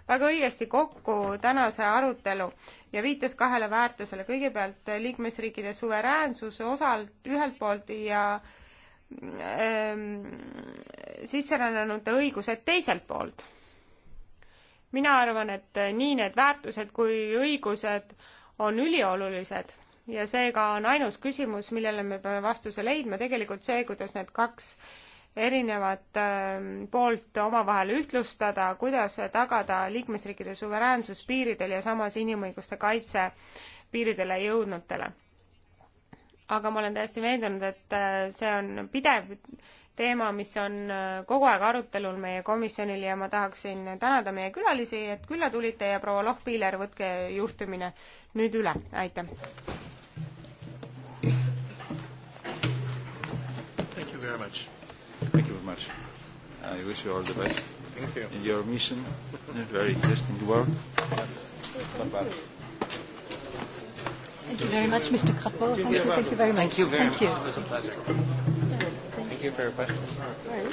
S1: väga õigesti kokku tänase arutelu ja viitas kahele väärtusele. kõigepealt äh, liikmesriikide suveräänsus osalt ühelt poolt ja ähm, sisserännanute õigused teiselt poolt. mina arvan, et äh, nii need väärtused kui õigused on üliolulised ja seega on ainus küsimus, millele me peame vastuse leidma, tegelikult see, kuidas need kaks erinevat ähm, poolt omavahel ühtlustada, kuidas tagada liikmesriikide suveräänsus piiridel ja samas inimõiguste kaitse piiridele jõudnutele. aga ma olen täiesti veendunud, et äh, see on pidev teema, mis on äh, kogu aeg arutelul meie komisjonil ja ma tahaksin tänada meie külalisi, et külla tulite ja proua Lohpiiler, võtke juhtimine nüüd üle, aitäh! Thank you very much. Thank you very much. I wish you all the best Thank you. in your mission. Very interesting work. Yes.
S2: Not bad. Thank you very much, Mr. Crapo. Thank you, thank you very much. Thank you very much. Thank you. It
S3: was a pleasure. Yeah, thank, thank you for your questions. All right.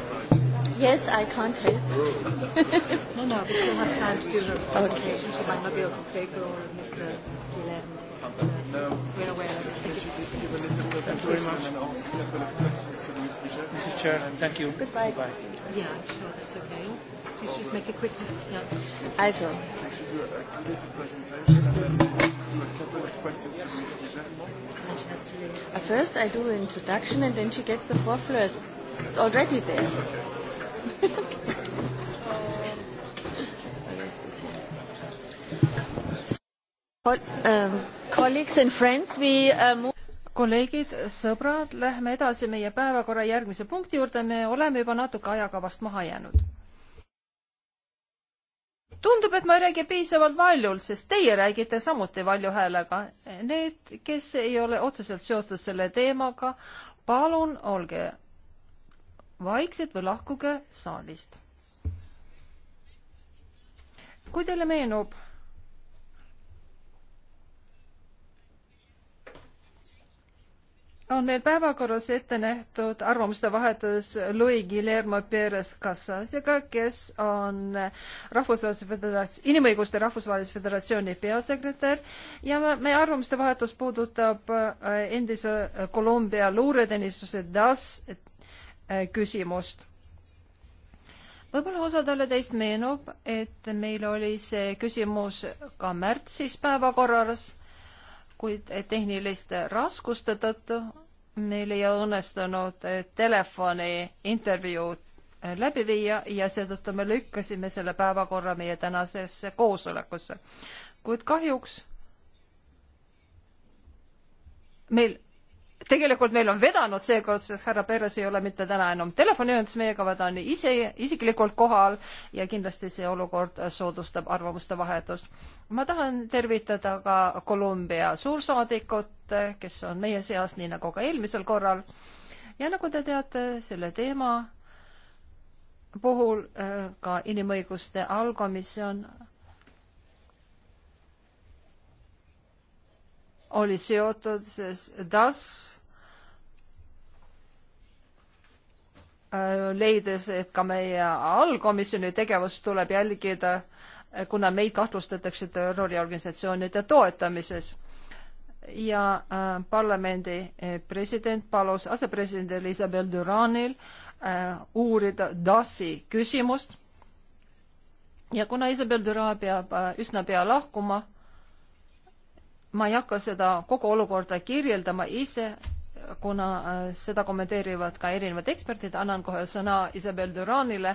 S3: Yes, I can't help. no, no, but she'll have time to do the presentation. Okay. She might not be able to stay for Mr. Gillen.
S2: No. We're aware of it. Thank you very much. Mr. Chair, thank you. Goodbye. Bye. Yeah, I'm sure that's okay. You should just make a quick...
S3: Yeah. Also. First I do introduction and then she gets the four floors. It's already there. Okay. Um, uh, kolleegid, sõbrad,
S2: lähme edasi meie päevakorra järgmise punkti juurde, me oleme juba natuke ajakavast maha jäänud. tundub, et ma ei räägi piisavalt valjult, sest teie räägite samuti valju häälega. Need, kes ei ole otseselt seotud selle teemaga, palun olge vaikselt või lahkuge saalist. kui teile meenub, on meil päevakorras ette nähtud arvamuste vahetus Louis Guillermo Perez Casasega, kes on Rahvusvahelise Föderats-, Inimõiguste Rahvusvahelise Föderatsiooni peasekretär ja meie arvamuste vahetus puudutab äh, endise Kolumbia luureteenistuse DAS Äh, küsimust. võib-olla osadele teist meenub, et meil oli see küsimus ka märtsis päevakorras, kuid tehniliste raskuste tõttu meil ei õnnestunud äh, telefoni intervjuud äh, läbi viia ja seetõttu me lükkasime selle päevakorra meie tänasesse koosolekusse. kuid kahjuks meil tegelikult meil on vedanud seekord, sest härra Peres ei ole mitte täna enam telefoniühendus meiega, vaid on ise isiklikult kohal ja kindlasti see olukord soodustab arvamuste vahetust. ma tahan tervitada ka Kolumbia suursaadikut, kes on meie seas, nii nagu ka eelmisel korral. ja nagu te teate, selle teema puhul äh, ka inimõiguste allkomisjon oli seotud siis DAS äh, leides, et ka meie allkomisjoni tegevust tuleb jälgida, äh, kuna meid kahtlustatakse terroriorganisatsioonide toetamises. ja äh, parlamendi äh, president palus asepresidendil Isabel Duranil äh, uurida DAS-i küsimust. ja kuna Isabel Duran peab äh, üsna pea lahkuma äh,, ma ei hakka seda kogu olukorda kirjeldama ise, kuna äh, seda kommenteerivad ka erinevad eksperdid, annan kohe sõna Isabel Duranile,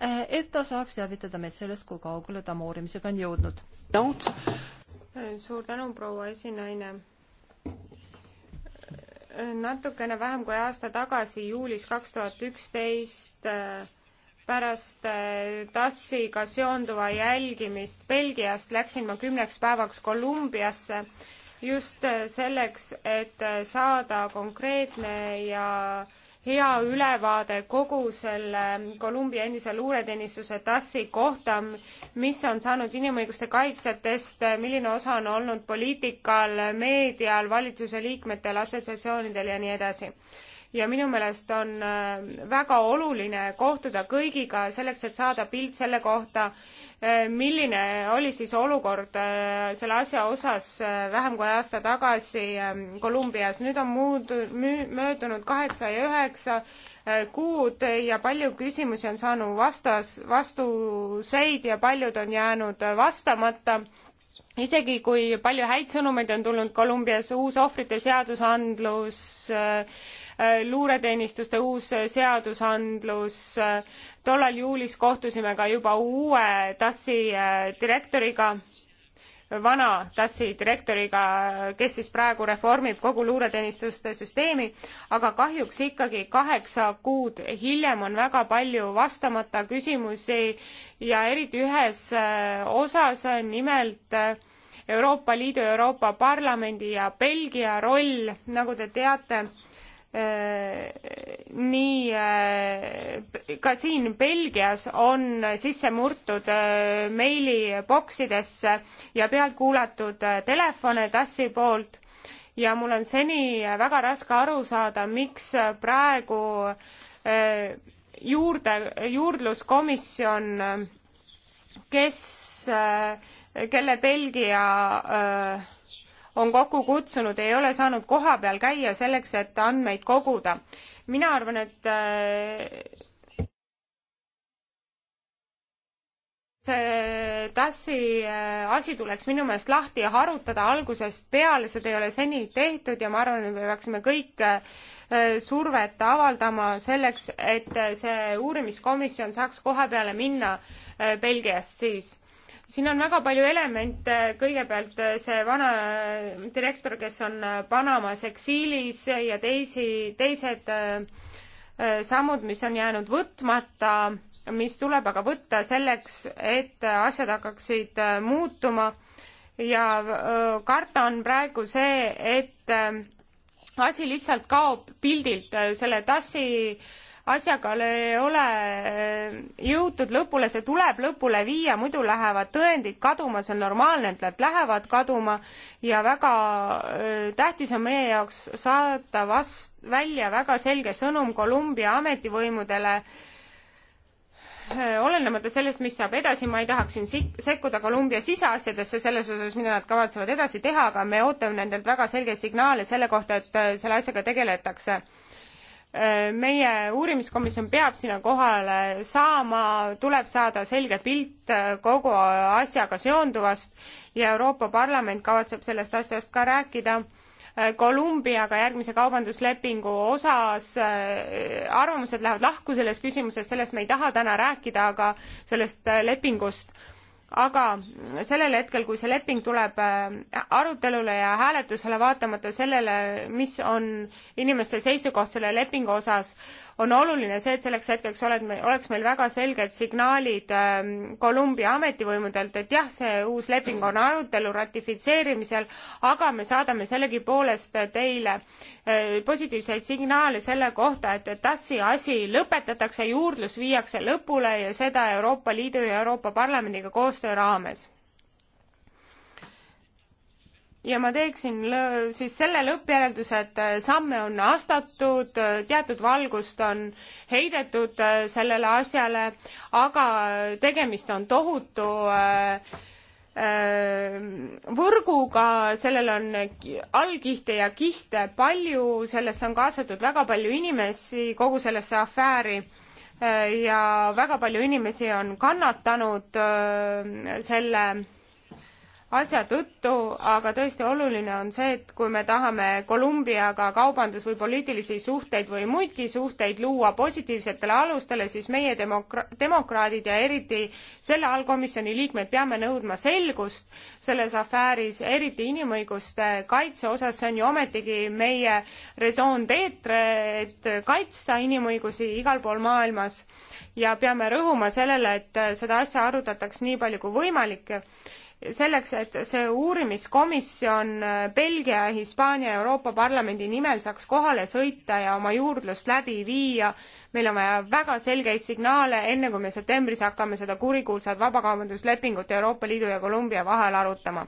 S2: äh, et ta saaks teavitada meid sellest, kui kaugele ta oma uurimisega on jõudnud.
S1: Äh, suur tänu, proua esinaine natukene vähem kui aasta tagasi, juulis kaks tuhat üksteist pärast äh, TASSiga seonduva jälgimist Belgiast läksin ma kümneks päevaks Kolumbiasse just äh, selleks, et äh, saada konkreetne ja hea ülevaade kogu selle Kolumbia endise luureteenistuse TASSi kohta, mis on saanud inimõiguste kaitsjatest, milline osa on olnud poliitikal, meedial, valitsuse liikmetel, assotsiatsioonidel ja nii edasi ja minu meelest on äh, väga oluline kohtuda kõigiga selleks, et saada pilt selle kohta, äh, milline oli siis olukord äh, selle asja osas vähem kui aasta tagasi ähm, Kolumbias. nüüd on muud, möödunud kaheksa ja üheksa kuud ja palju küsimusi on saanud vastas, vastuseid ja paljud on jäänud vastamata isegi kui palju häid sõnumeid on tulnud Kolumbias, uus ohvrite seadusandlus, Äh, luureteenistuste uus äh, seadusandlus. Äh, tollal juulis kohtusime ka juba uue TASi direktoriga, vana TASi direktoriga, kes siis praegu reformib kogu luureteenistuste süsteemi, aga kahjuks ikkagi kaheksa kuud hiljem on väga palju vastamata küsimusi ja eriti ühes osas nimelt Euroopa Liidu, Euroopa Parlamendi ja Belgia roll, nagu te teate nii äh, ka siin Belgias on sisse murtud äh, meiliboksidesse ja pealt kuulatud äh, telefone Tassi poolt ja mul on seni väga raske aru saada, miks praegu juurde, juurdluskomisjon, kes, kelle Belgia öö, on kokku kutsunud, ei ole saanud kohapeal käia selleks, et andmeid koguda. mina arvan, et äh, see TASi äh, asi tuleks minu meelest lahti harutada algusest peale, seda ei ole seni tehtud ja ma arvan, et me peaksime kõik äh, survet avaldama selleks, et see uurimiskomisjon saaks koha peale minna Belgiast siis siin on väga palju elemente, kõigepealt eh, see vana direktor, kes on eh, Panamas eksiilis ja teisi, teised eh, sammud, mis on jäänud võtmata, mis tuleb aga võtta selleks, et asjad hakkaksid muutuma ja karta on praegu see, et asi lihtsalt kaob pildilt selle tassi äh, asjaga ei ole äh, jõutud lõpule, see tuleb lõpule viia, muidu lähevad tõendid kaduma, see on normaalne, et nad lähevad kaduma ja väga äh, tähtis on meie jaoks saada vast-, välja väga selge sõnum Kolumbia ametivõimudele, äh, olenemata sellest, mis saab edasi, ma ei tahaks siin sik-, sekkuda Kolumbia siseasjadesse selles osas, mida nad kavatsevad edasi teha, aga me ootame nendelt väga selgeid signaale selle kohta, et selle asjaga tegeletakse meie uurimiskomisjon peab sinna kohale saama, tuleb saada selge pilt äh, kogu asjaga seonduvast ja Euroopa Parlament kavatseb sellest asjast ka rääkida. Äh, Kolumbiaga järgmise kaubanduslepingu osas äh, arvamused lähevad lahku selles küsimuses, sellest me ei taha täna rääkida, aga sellest lepingust aga sellel hetkel, kui see leping tuleb äh, arutelule ja hääletusele, vaatamata sellele, mis on inimeste seisukoht selle lepingu osas, on oluline see, et selleks hetkeks oled me, oleks meil väga selged signaalid äh, Kolumbia ametivõimudelt, et jah, see uus leping on arutelu ratifitseerimisel, aga me saadame sellegipoolest teile äh, positiivseid signaale selle kohta, et TASi asi lõpetatakse, juurdlus viiakse lõpule ja seda Euroopa Liidu ja Euroopa Parlamendiga koostöö raames ja ma teeksin siis selle lõppjärelduse, et äh, samme on astatud, äh, teatud valgust on heidetud äh, sellele asjale, aga tegemist on tohutu äh, võrguga, sellel on allkihte ja kihte palju, sellesse on kaasatud väga palju inimesi, kogu sellesse afääri ja väga palju inimesi on kannatanud selle asja tõttu, aga tõesti oluline on see, et kui me tahame Kolumbiaga kaubandus- või poliitilisi suhteid või muidki suhteid luua positiivsetele alustele, siis meie demokra-, demokraadid ja eriti selle allkomisjoni liikmed peame nõudma selgust selles afääris, eriti inimõiguste kaitse osas, see on ju ometigi meie raison d'etre, et kaitsta inimõigusi igal pool maailmas ja peame rõhuma sellele, et seda asja arutataks nii palju kui võimalik selleks, et see uurimiskomisjon äh, Belgia ja Hispaania Euroopa Parlamendi nimel saaks kohale sõita ja oma juurdlust läbi viia, meil on vaja väga selgeid signaale, enne kui me septembris hakkame seda kurikuulsat vabakaubanduslepingut Euroopa Liidu ja Kolumbia vahel arutama.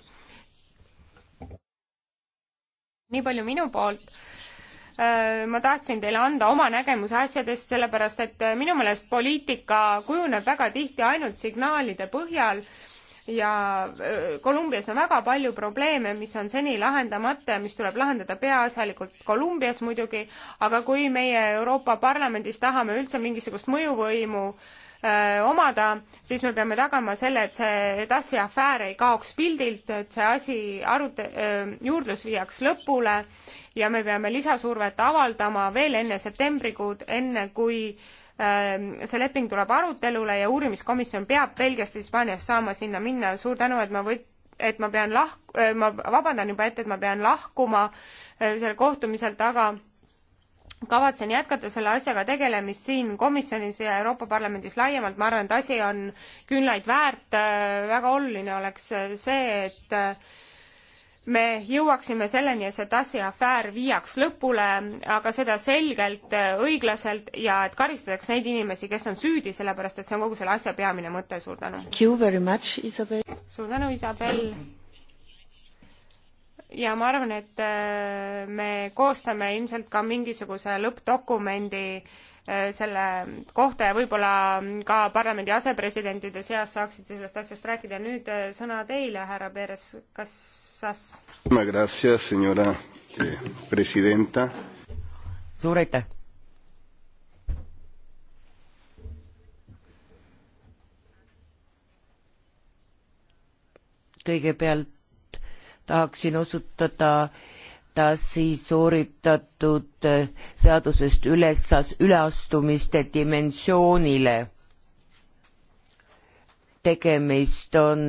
S1: nii palju minu poolt äh, ma tahtsin teile anda oma nägemuse asjadest, sellepärast et äh, minu meelest poliitika kujuneb väga tihti ainult signaalide põhjal ja Kolumbias on väga palju probleeme, mis on seni lahendamata ja mis tuleb lahendada peaasjalikult Kolumbias muidugi, aga kui meie Euroopa Parlamendis tahame üldse mingisugust mõjuvõimu öö, omada, siis me peame tagama selle, et see Tassi afäär ei kaoks pildilt, et see asi arut-, juurdlus viiaks lõpule ja me peame lisasurvet avaldama veel enne septembrikuud, enne kui öö, Ähm, see leping tuleb arutelule ja uurimiskomisjon peab Belgiast Hispaaniast saama sinna minna. suur tänu, et ma võt-, et ma pean lahk-, äh, ma vabandan juba ette, et ma pean lahkuma äh, sellel kohtumiselt, aga kavatsen jätkata selle asjaga tegelemist siin komisjonis ja Euroopa Parlamendis laiemalt, ma arvan, et asi on küünlaid väärt, äh, väga oluline oleks see, et me jõuaksime selleni, et see Tassi afäär viiaks lõpule, aga seda selgelt, õiglaselt ja et karistataks neid inimesi, kes on süüdi, sellepärast et see on kogu selle asja peamine mõte, suur tänu. suur tänu, Isabel. ja ma arvan, et äh, me koostame ilmselt ka mingisuguse lõppdokumendi äh, Äh, selle kohta ja võib-olla ka parlamendi asepresidentide seas saaksite sellest asjast rääkida. nüüd äh, sõna teile, härra Peres, kas
S3: sas? Eh, suur aitäh! kõigepealt tahaksin osutada äh, siis sooritatud eh, seadusest ülesas, üleastumiste dimensioonile. tegemist on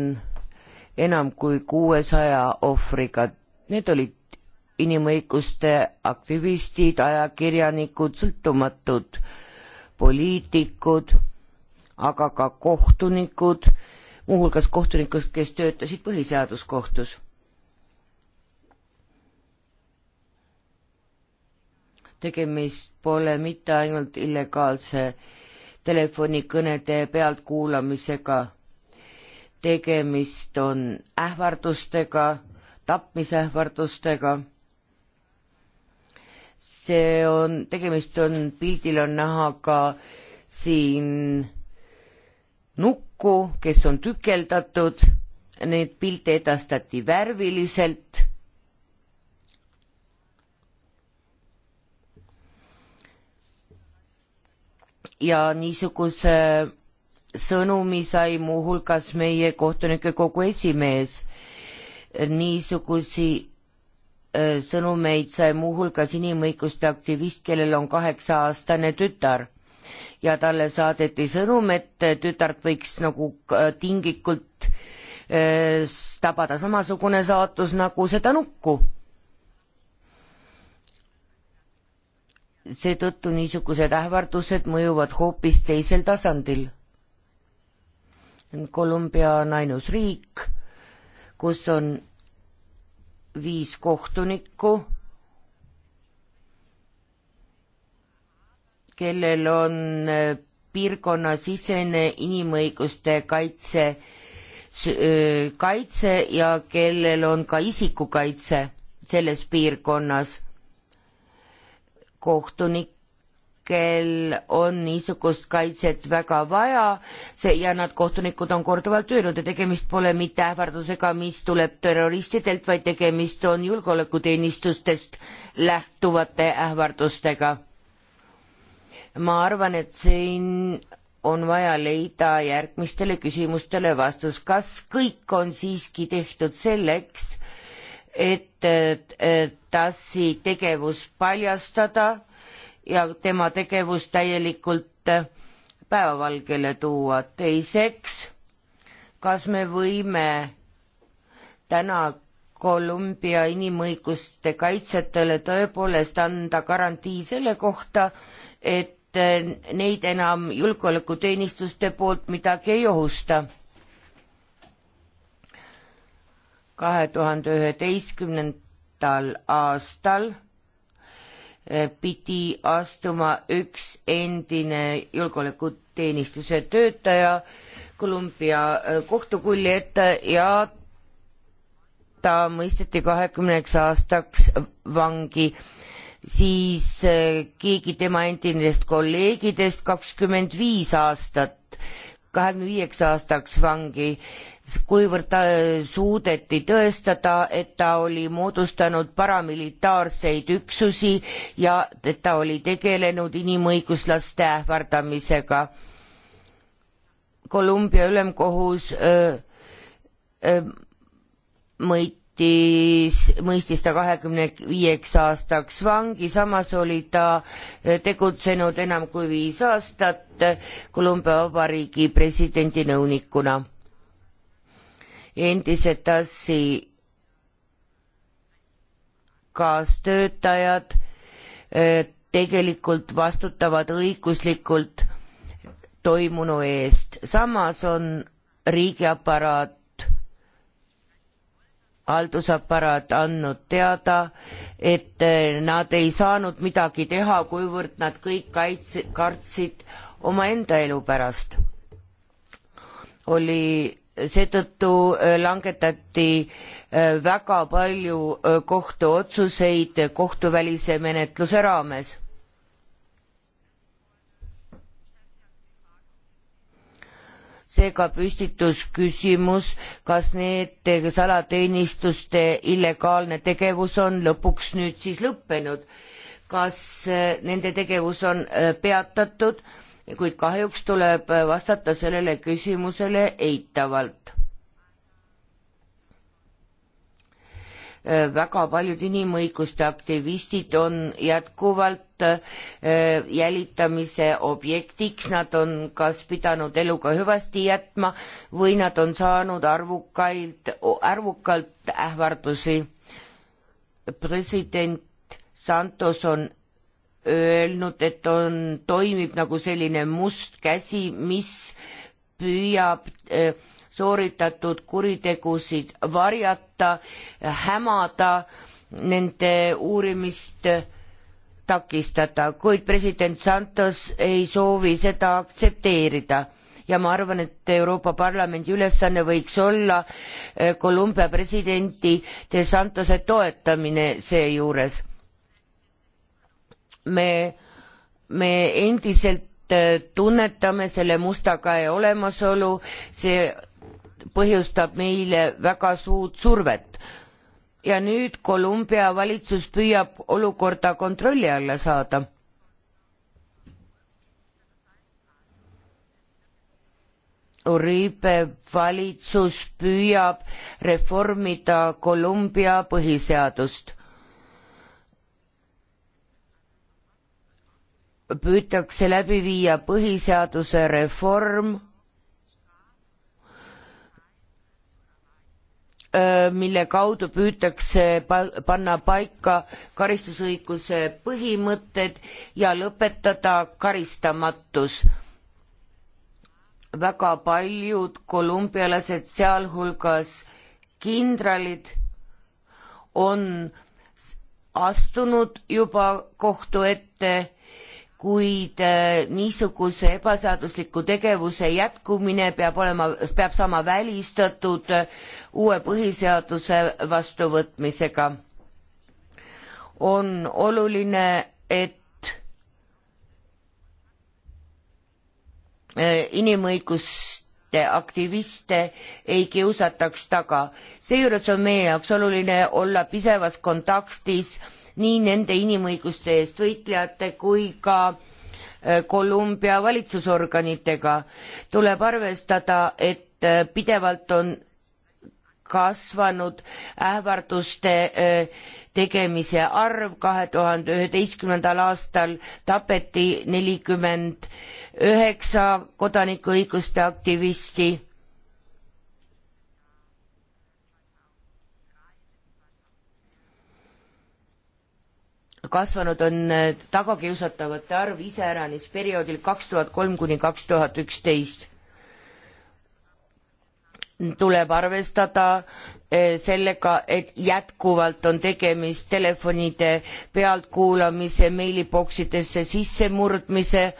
S3: enam kui kuuesaja ohvriga. Need olid inimõiguste aktivistid, ajakirjanikud, sõltumatud poliitikud, aga ka kohtunikud, muuhulgas kohtunikud, kes töötasid põhiseaduskohtus tegemist pole mitte ainult illegaalse telefonikõnede pealtkuulamisega, tegemist on ähvardustega, tapmisähvardustega, see on, tegemist on, pildil on näha ka siin nukku, kes on tükeldatud, neid pilte edastati värviliselt ja niisuguse sõnumi sai muuhulgas meie kohtunike kogu esimees. niisugusi äh, sõnumeid sai muuhulgas inimõiguste aktivist, kellel on kaheksa-aastane tütar ja talle saadeti sõnum, et äh, tütart võiks nagu äh, tinglikult tabada samasugune saatus nagu seda nukku seetõttu niisugused ähvardused mõjuvad hoopis teisel tasandil. Kolumbia on ainus riik, kus on viis kohtunikku, kellel on äh, piirkonnasisene inimõiguste kaitse, äh, kaitse ja kellel on ka isikukaitse selles piirkonnas kohtunikel on niisugust kaitset väga vaja, see ja nad, kohtunikud on korduvalt öelnud, et tegemist pole mitte ähvardusega, mis tuleb terroristidelt, vaid tegemist on julgeolekuteenistustest lähtuvate ähvardustega. ma arvan, et siin on vaja leida järgmistele küsimustele vastus, kas kõik on siiski tehtud selleks, et, et, et üritasi tegevus paljastada ja tema tegevus täielikult päevavalgele tuua. teiseks, kas me võime täna Kolumbia inimõiguste kaitsjatele tõepoolest anda garantii selle kohta, et neid enam julgeolekuteenistuste poolt midagi ei ohusta. kahe tuhande üheteistkümnenda viiendal aastal eh, pidi astuma üks endine julgeolekuteenistuse töötaja Kolumbia eh, kohtukulli ette ja ta mõisteti kahekümneks aastaks vangi. siis eh, keegi tema endinest kolleegidest kakskümmend viis aastat, kahekümne viieks aastaks vangi kuivõrd ta äh, suudeti tõestada, et ta oli moodustanud paramilitaarseid üksusi ja et ta oli tegelenud inimõiguslaste ähvardamisega. Kolumbia ülemkohus öö, äh, öö, äh, mõitis, mõistis ta kahekümne viieks aastaks vangi, samas oli ta tegutsenud enam kui viis aastat Kolumbia Vabariigi presidendi nõunikuna endised TASi kaastöötajad eh, tegelikult vastutavad õiguslikult toimunu eest. samas on riigiaparaat haldusaparaat andnud teada, et eh, nad ei saanud midagi teha, kuivõrd nad kõik kaitse, kartsid omaenda elu pärast. oli seetõttu äh, langetati äh, väga palju äh, kohtuotsuseid kohtuvälise menetluse raames. seega püstitus küsimus, kas need salateenistuste illegaalne tegevus on lõpuks nüüd siis lõppenud, kas nende tegevus on peatatud kuid kahjuks tuleb vastata sellele küsimusele eitavalt. väga paljud inimõiguste aktivistid on jätkuvalt eh, jälitamise objektiks, nad on kas pidanud eluga hüvasti jätma või nad on saanud arvukalt, arvukalt ähvardusi. president Santos on öelnud, et on, toimib nagu selline must käsi, mis püüab öö, äh, sooritatud kuritegusid varjata, hämada, nende uurimist takistada, kuid president Santos ei soovi seda aktsepteerida ja ma arvan, et Euroopa Parlamendi ülesanne võiks olla äh, Kolumbia presidenti De Santose toetamine seejuures me, me endiselt äh, tunnetame selle musta käe olemasolu, see põhjustab meile väga suurt survet. ja nüüd Kolumbia valitsus püüab olukorda kontrolli alla saada. Uribe valitsus püüab reformida Kolumbia põhiseadust püütakse läbi viia põhiseaduse reform, äh, mille kaudu püütakse pa-, panna paika karistusõiguse põhimõtted ja lõpetada karistamatus. väga paljud kolumbialased, sealhulgas kindralid, on astunud juba kohtu ette kuid eh, niisuguse ebaseadusliku tegevuse jätkumine peab olema, peab saama välistatud eh, uue põhiseaduse vastuvõtmisega. on oluline, et eh, inimõiguste aktiviste ei kiusataks taga. seejuures on meie jaoks oluline olla pisevas kontaktis äh, nii nende inimõiguste eest võitlejate kui ka äh, Kolumbia valitsusorganitega. tuleb arvestada, et äh, pidevalt on kasvanud ähvarduste äh, tegemise arv, kahe tuhande üheteistkümnendal aastal tapeti nelikümmend üheksa kodanikuõiguste aktivisti kasvanud on äh, tagakiusatavate arv iseäranis perioodil kaks tuhat kolm kuni kaks tuhat üksteist. tuleb arvestada äh, sellega, et jätkuvalt on tegemist telefonide pealtkuulamise, meiliboksidesse sissemurdmise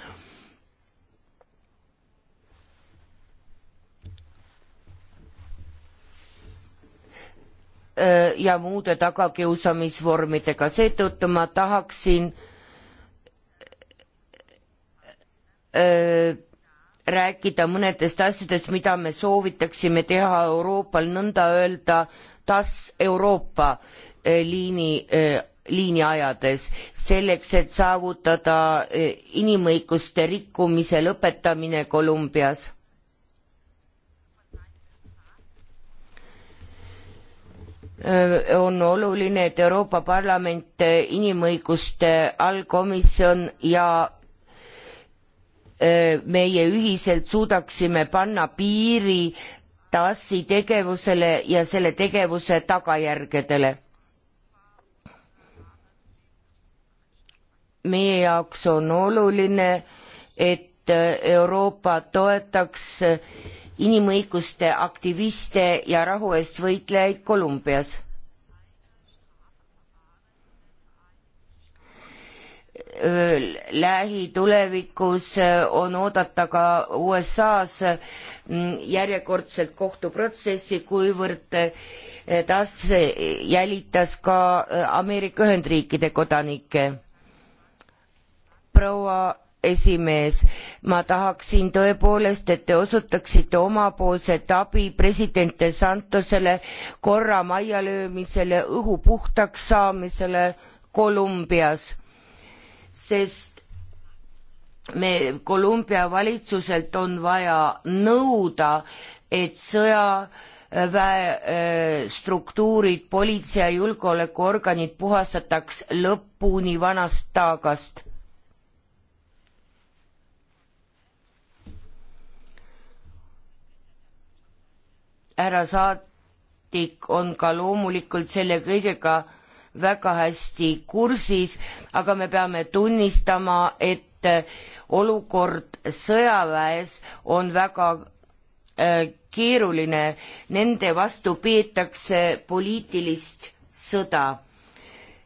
S3: Äh, ja muude tagakiusamisvormidega, seetõttu ma tahaksin äh, rääkida mõnedest asjadest, mida me soovitaksime teha Euroopal nõnda öelda TAS Euroopa äh, liini, liini ajades, selleks et saavutada inimõiguste rikkumise lõpetamine Kolumbias Äh, on oluline, et Euroopa Parlament, äh, inimõiguste allkomisjon ja äh, meie ühiselt suudaksime panna piiri TASi tegevusele ja selle tegevuse tagajärgedele. meie jaoks on oluline, et Euroopa toetaks inimõiguste aktiviste ja rahu eest võitlejaid Kolumbias. lähitulevikus on oodata ka USA-s järjekordselt kohtuprotsessi, kuivõrd tas jälitas ka Ameerika Ühendriikide kodanikke. proua esimees, ma tahaksin tõepoolest, et te osutaksite omapoolset abi president De Santosele korra majja löömisele, õhu puhtaks saamisele Kolumbias, sest me Kolumbia valitsuselt on vaja nõuda, et sõja äh, väestruktuurid, äh, politsei ja julgeolekuorganid puhastataks lõpuni vanast taagast härra saadik on ka loomulikult selle kõigega väga hästi kursis, aga me peame tunnistama, et äh, olukord sõjaväes on väga äh, keeruline, nende vastu peetakse poliitilist sõda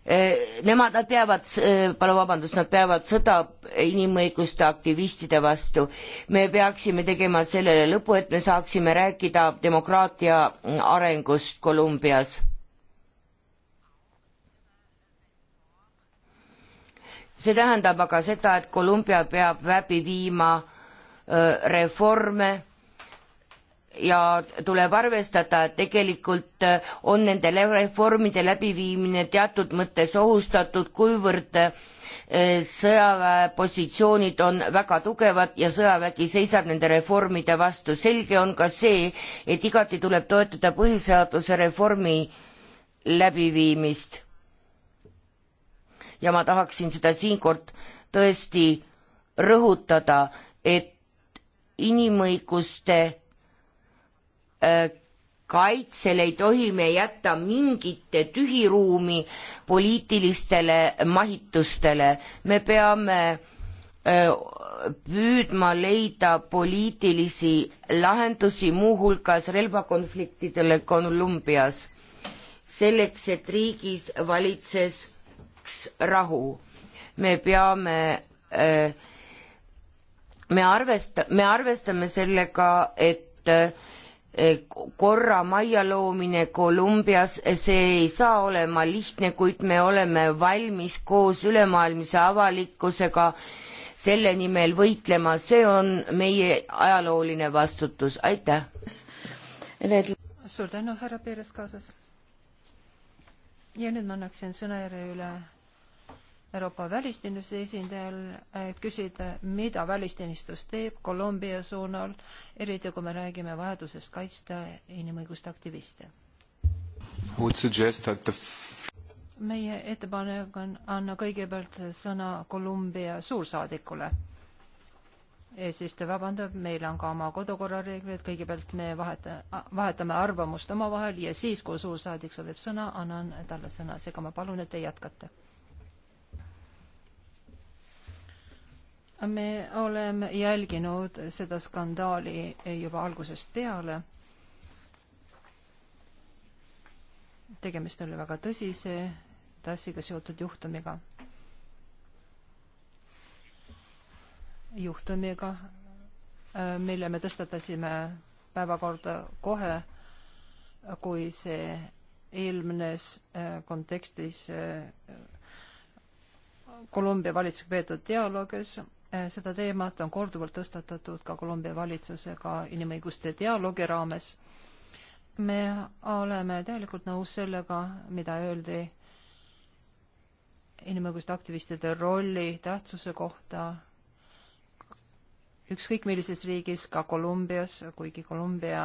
S3: Eh, nemad, nad peavad, eh, palun vabandust, nad peavad sõda inimõiguste aktivistide vastu. me peaksime tegema sellele lõpu, et me saaksime rääkida demokraatia arengust Kolumbias. see tähendab aga seda, et Kolumbia peab läbi viima eh, reforme ja tuleb arvestada, et tegelikult äh, on nende reformide läbiviimine teatud mõttes ohustatud, kuivõrd äh, sõjaväe positsioonid on väga tugevad ja sõjavägi seisab nende reformide vastu. selge on ka see, et igati tuleb toetada põhiseaduse reformi läbiviimist. ja ma tahaksin seda siinkord tõesti rõhutada, et inimõiguste Äh, kaitsel ei tohi me jätta mingit tühiruumi poliitilistele mahitustele. me peame äh, püüdma leida poliitilisi lahendusi, muuhulgas relvakonfliktidele Kolumbias, selleks et riigis valitseks rahu. me peame äh, me arvesta-, me arvestame sellega, et Eh, korra majja loomine Kolumbias, see ei saa olema lihtne, kuid me oleme valmis koos ülemaailmse avalikkusega selle nimel võitlema, see on meie ajalooline vastutus, aitäh.
S2: suur tänu, härra Peeres kaasas. ja nüüd ma annaksin sõnajärje üle Euroopa välisteenistuse esindajal küsida, mida välisteenistus teeb Kolumbia suunal, eriti kui me räägime vajadusest kaitsta inimõiguste aktiviste. meie ettepanek on anna kõigepealt sõna Kolumbia suursaadikule. eesistuja vabandab, meil on ka oma kodukorrareeglid, kõigepealt me vaheta-, vahetame arvamust omavahel ja siis, kui suursaadik soovib sõna, annan talle sõna, seega ma palun, et te jätkate me oleme jälginud seda skandaali juba algusest peale. tegemist oli väga tõsise tassiga seotud juhtumiga. juhtumiga, mille me tõstatasime päevakorda kohe, kui see ilmnes äh, kontekstis äh, Kolumbia valitsusega peetud dialoogis Eh, seda teemat on korduvalt tõstatatud ka Kolumbia valitsusega inimõiguste dialoogi raames. me oleme täielikult nõus sellega, mida öeldi inimõiguste aktivistide rolli tähtsuse kohta ükskõik millises riigis, ka Kolumbias, kuigi Kolumbia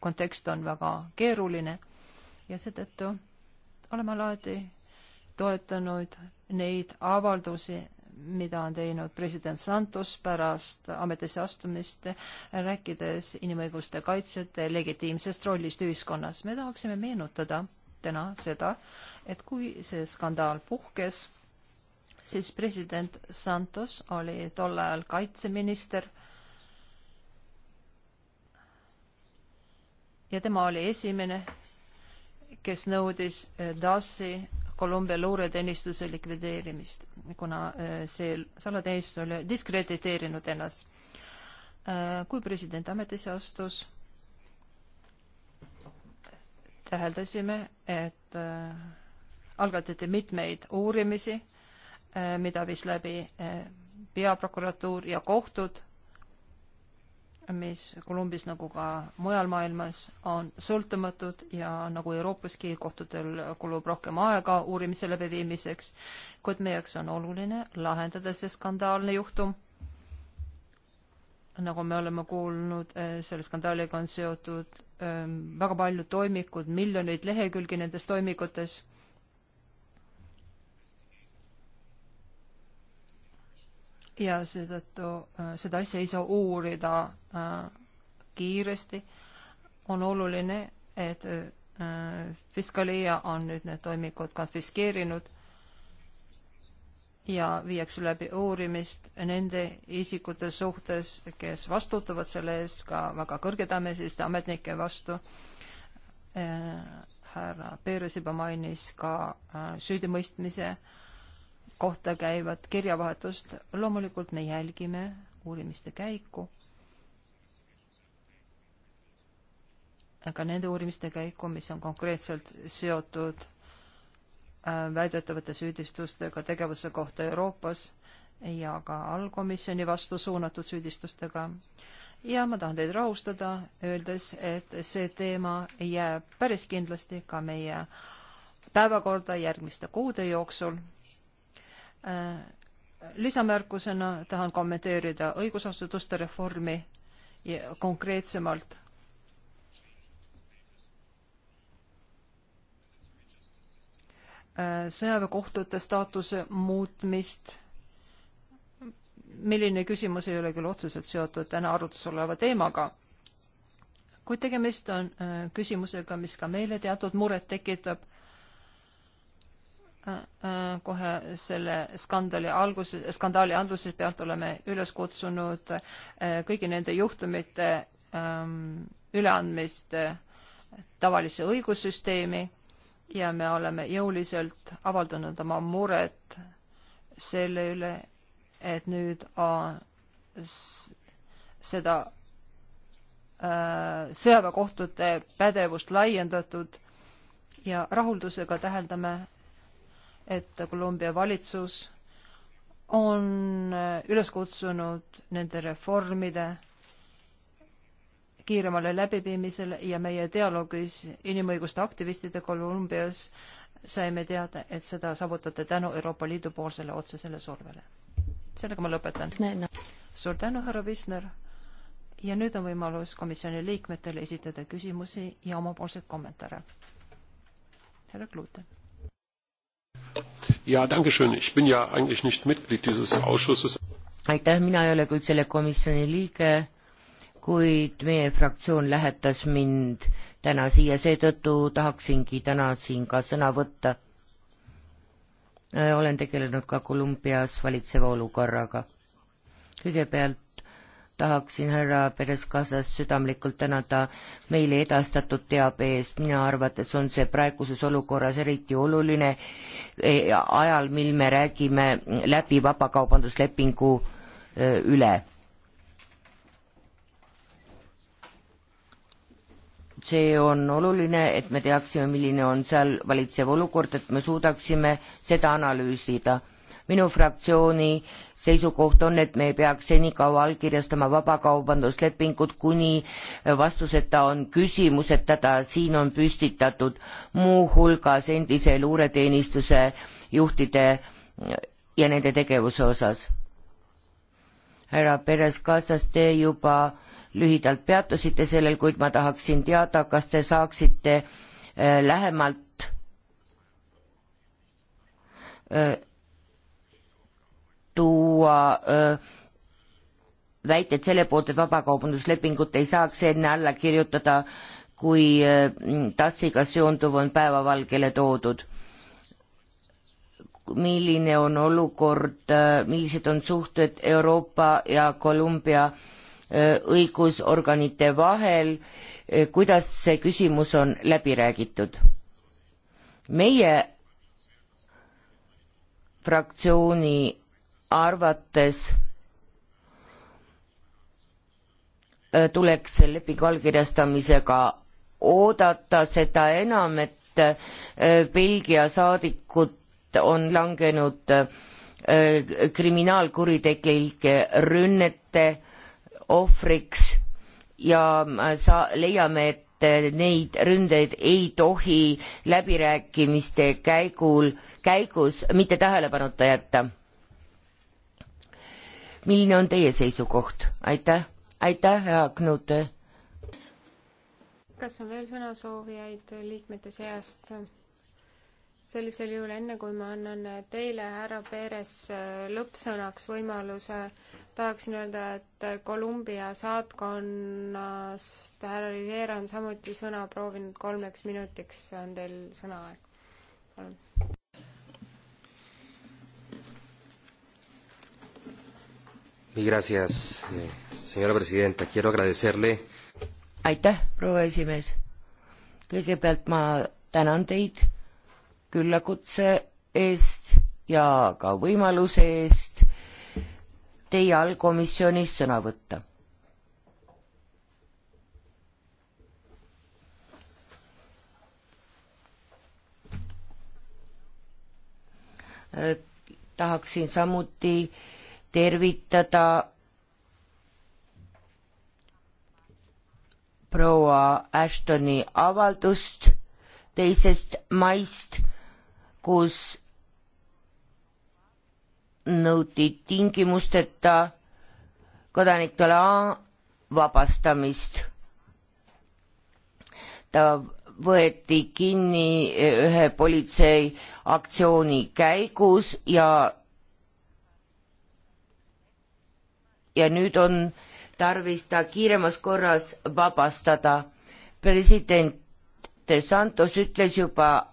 S2: kontekst on väga keeruline ja seetõttu oleme alati toetanud neid avaldusi, mida on teinud president Santos pärast ametisse astumist, rääkides inimõiguste kaitsjate legitiimsest rollist ühiskonnas. me tahaksime meenutada täna seda, et kui see skandaal puhkes, siis president Santos oli tol ajal kaitseminister ja tema oli esimene, kes nõudis DAS-i Kolumbia luureteenistuse likvideerimist, kuna äh, see salateenistus oli diskrediteerinud ennast. Äh, kui president ametisse astus, täheldasime, et äh, algatati mitmeid uurimisi, mida viis läbi peaprokuratuur ja kohtud mis Kolumbias nagu ka mujal maailmas on sõltumatud ja nagu Euroopaski kohtadel kulub rohkem aega uurimise läbiviimiseks, kuid meie jaoks on oluline lahendada see skandaalne juhtum. nagu me oleme kuulnud, eh, selle skandaaliga on seotud eh, väga paljud toimikud, miljoneid lehekülgi nendes toimikutes ja seetõttu äh, seda asja ei saa uurida äh, kiiresti. on oluline, et äh, Fiskalia on nüüd need toimikud konfiskeerinud ja viiakse läbi uurimist nende isikute suhtes, kes vastutavad selle eest ka väga kõrgetameliste ametnike vastu. härra Peeres juba mainis ka süüdimõistmise äh, kohta käivat kirjavahetust. loomulikult me jälgime uurimiste käiku, ka nende uurimiste käiku, mis on konkreetselt seotud äh, väidetavate süüdistustega tegevuse kohta Euroopas ja ka allkomisjoni vastu suunatud süüdistustega. ja ma tahan teid rahustada, öeldes, et see teema jääb päris kindlasti ka meie päevakorda järgmiste kuude jooksul Äh, lisamärkusena tahan kommenteerida õigusasutuste reformi ja konkreetsemalt äh, sõjaväekohtute staatuse muutmist, milline küsimus ei ole küll otseselt seotud täna arutluse oleva teemaga, kuid tegemist on äh, küsimusega, mis ka meile teatud muret tekitab Äh, äh, kohe selle skandali alguses, skandaali algusest pealt oleme üles kutsunud äh, kõigi nende juhtumite ähm, üleandmist tavalisse õigussüsteemi ja me oleme jõuliselt avaldanud oma muret selle üle, et nüüd on seda sõjaväekohtute pädevust laiendatud ja rahuldusega täheldame, et Kolumbia valitsus on üles kutsunud nende reformide kiiremale läbiviimisele ja meie dialoogis inimõiguste aktivistide Kolumbias saime teada, et seda saavutate tänu Euroopa Liidu poolsele otsesele survele. sellega ma lõpetan. suur tänu, härra Visner. ja nüüd on võimalus komisjoni liikmetele esitada küsimusi ja omapoolseid kommentaare. härra Kluten
S1: jaa, tänke schön, ich bin ja eigentlich nicht mitglied dieses ausschusses.
S3: aitäh, mina ei ole küll selle komisjoni liige, kuid meie fraktsioon lähetas mind täna siia, seetõttu tahaksingi täna siin ka sõna võtta. Äh, olen tegelenud ka Kolumbias valitseva olukorraga. kõigepealt tahaksin härra Pereskasas südamlikult tänada meile edastatud teabe eest, mina arvates on see praeguses olukorras eriti oluline e, ajal, mil me räägime läbi vabakaubanduslepingu e, üle. see on oluline, et me teaksime, milline on seal valitsev olukord, et me suudaksime seda analüüsida minu fraktsiooni seisukoht on, et me ei peaks senikaua allkirjastama vabakaubanduslepingut, kuni vastuseta on küsimus, et teda siin on püstitatud muuhulgas endise luureteenistuse juhtide ja nende tegevuse osas. härra Peres, kaasas te juba lühidalt peatusite sellel, kuid ma tahaksin teada, kas te saaksite äh, lähemalt äh, tuua öö, äh, väited selle poolt, et vabakaubanduslepingut ei saaks enne alla kirjutada, kui äh, TASiga seonduv on päevavalgele toodud. milline on olukord, äh, millised on suhted Euroopa ja Kolumbia õigusorganite vahel, kuidas see küsimus on läbi räägitud? meie fraktsiooni arvates äh, tuleks lepingu allkirjastamisega oodata, seda enam, et äh, Belgia saadikud on langenud äh, kriminaalkuritegelike rünnete ohvriks ja sa-, leiame, et neid ründeid ei tohi läbirääkimiste käigul, käigus mitte tähelepanuta jätta milline on teie seisukoht? aitäh, aitäh, hea Knut.
S1: kas on veel sõnasoovijaid liikmete seast? sellisel juhul, enne kui ma annan teile, härra Peeres, lõppsõnaks võimaluse, tahaksin öelda, et Kolumbia saatkonnast härra Rivera on samuti sõna proovinud kolmeks minutiks, on teil sõnaaeg?
S3: palun. Gracias, eh, señora presidenta. Quiero agradecerle. aitäh, proua esimees. kõigepealt ma tänan teid küllakutse eest ja ka võimaluse eest teie allkomisjonis sõna võtta. Äh, tahaksin samuti tervitada proua Ashtoni avaldust teisest maist, kus nõuti tingimusteta kodanik Dolan vabastamist. ta võeti kinni ühe politsei aktsiooni käigus ja ja nüüd on tarvis ta kiiremas korras vabastada. president De Santos ütles juba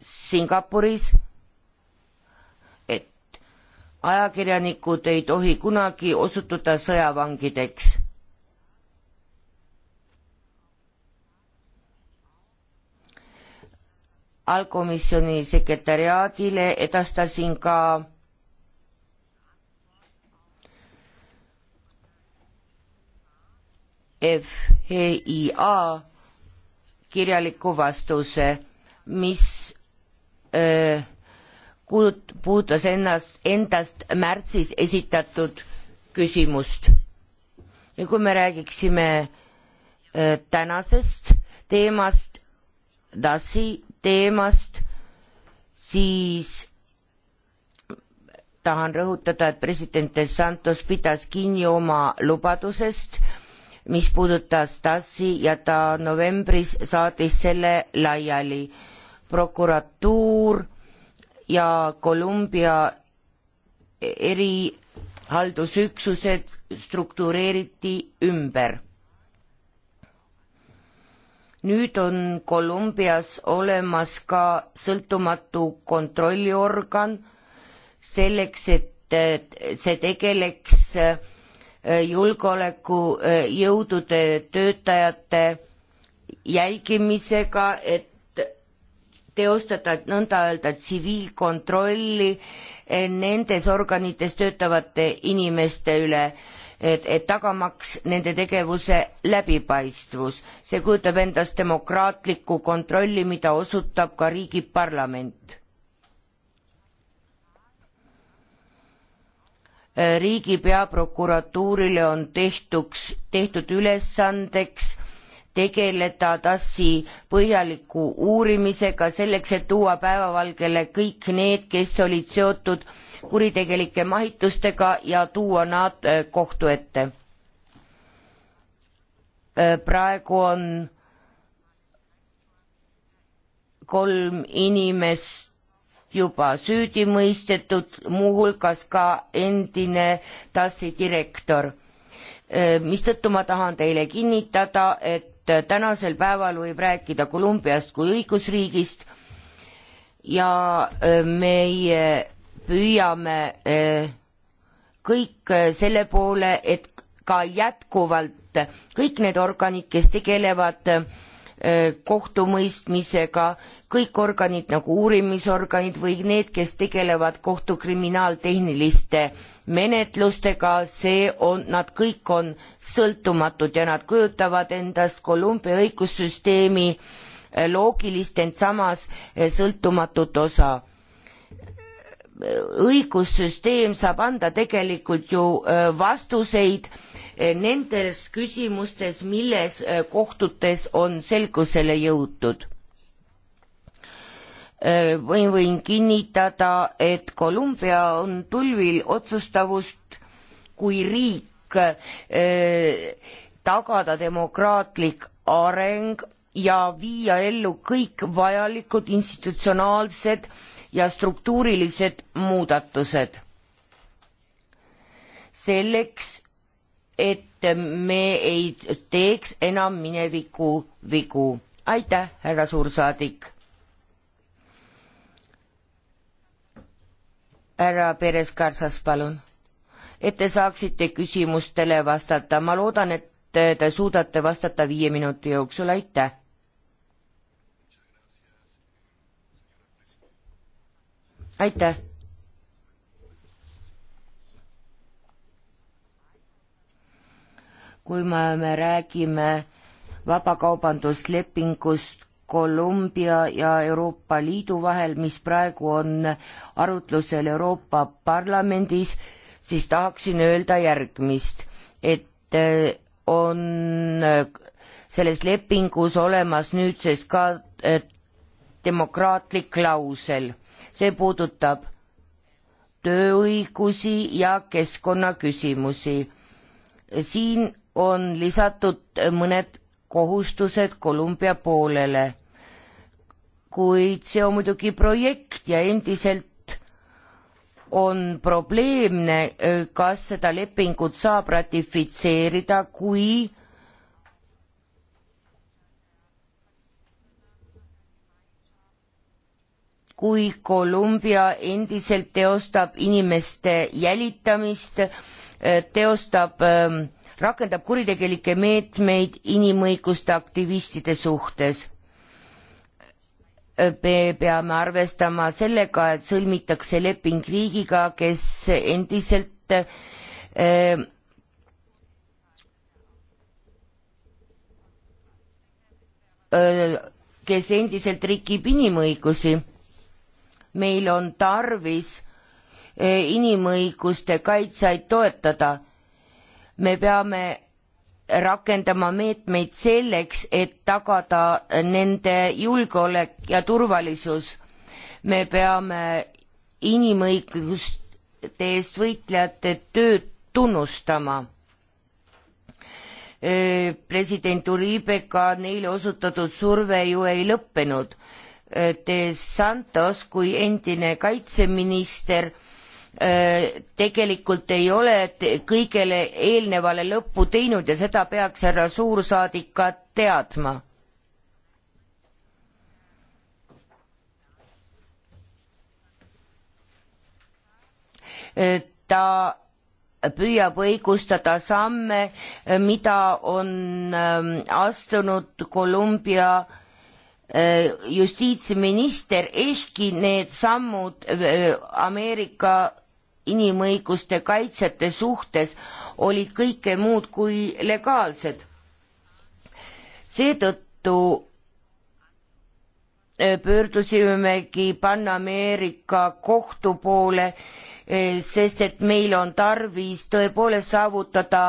S3: Singapuris, et ajakirjanikud ei tohi kunagi osutuda sõjavangideks. allkomisjoni sekretariaadile edastasin ka FHIA kirjaliku vastuse, mis öö, äh, kuut-, puudutas ennast, endast märtsis esitatud küsimust. ja kui me räägiksime öö, äh, tänasest teemast, DASi teemast, siis tahan rõhutada, et president De Santos pidas kinni oma lubadusest äh, mis puudutas TASi ja ta novembris saatis selle laiali. prokuratuur ja Kolumbia erihaldusüksused struktureeriti ümber. nüüd on Kolumbias olemas ka sõltumatu kontrolliorgan selleks, et see tegeleks Äh, julgeolekujõudude äh, töötajate jälgimisega, et teostada nõnda öelda tsiviilkontrolli äh, nendes organites töötavate inimeste üle, et, et tagamaks nende tegevuse läbipaistvus. see kujutab endast demokraatlikku kontrolli, mida osutab ka riigi parlament riigi peaprokuratuurile on tehtuks, tehtud ülesandeks tegeleda TASi põhjaliku uurimisega selleks, et tuua päevavalgele kõik need, kes olid seotud kuritegelike mahitustega ja tuua nad äh, kohtu ette. Äh, praegu on kolm inimest juba süüdi mõistetud, muuhulgas ka endine TASi direktor. Äh, mistõttu ma tahan teile kinnitada, et tänasel päeval võib rääkida Kolumbiast kui õigusriigist ja äh, meie püüame äh, kõik selle poole, et ka jätkuvalt kõik need organid, kes tegelevad äh, Eh, kohtumõistmisega, kõik organid nagu uurimisorganid või need, kes tegelevad kohtu kriminaaltehniliste menetlustega, see on, nad kõik on sõltumatud ja nad kujutavad endast Kolumbia õigussüsteemi eh, loogilist, ent samas eh, sõltumatut osa õigussüsteem saab anda tegelikult ju äh, vastuseid äh, nendes küsimustes, milles äh, kohtutes on selgusele jõutud. võin, võin kinnitada, et Kolumbia on tulvil otsustavust kui riik tagada demokraatlik areng ja viia ellu kõik vajalikud institutsionaalsed äh, ja struktuurilised muudatused. selleks, et me ei teeks enam mineviku vigu. aitäh, härra suursaadik. härra Perez-Karsas, palun, et te saaksite küsimustele vastata, ma loodan, et te suudate vastata viie minuti jooksul, aitäh aitäh! kui me, me räägime vabakaubanduslepingust Kolumbia ja Euroopa Liidu vahel, mis praegu on arutlusel Euroopa Parlamendis, siis tahaksin öelda järgmist, et eh, on eh, selles lepingus olemas nüüdsest ka eh, demokraatlik klausel see puudutab tööõigusi ja keskkonnaküsimusi. siin on lisatud mõned kohustused Kolumbia poolele. kuid see on muidugi projekt ja endiselt on probleemne, kas seda lepingut saab ratifitseerida, kui kui Kolumbia endiselt teostab inimeste jälitamist, äh, teostab, ähm, rakendab kuritegelikke meetmeid inimõiguste aktivistide suhtes. Äh, me peame arvestama sellega, et sõlmitakse leping riigiga, kes endiselt äh, äh kes endiselt rikib inimõigusi meil on tarvis eh, inimõiguste kaitsjaid toetada. me peame rakendama meetmeid selleks, et tagada nende julgeolek ja turvalisus. me peame inimõiguste eest võitlejate tööd tunnustama. Eh, president Uribeka neile osutatud surve ju ei lõppenud Äh, De Santos kui endine kaitseminister äh, tegelikult ei ole kõigele eelnevale lõppu teinud ja seda peaks härra suursaadik ka teadma. Äh, ta püüab õigustada samme, mida on ähm, astunud Kolumbia Äh, justiitsminister, ehkki need sammud äh, Ameerika inimõiguste kaitsjate suhtes olid kõike muud kui legaalsed. seetõttu äh, pöördusimegi Pan-Ameerika kohtu poole Eh, sest et meil on tarvis tõepoolest saavutada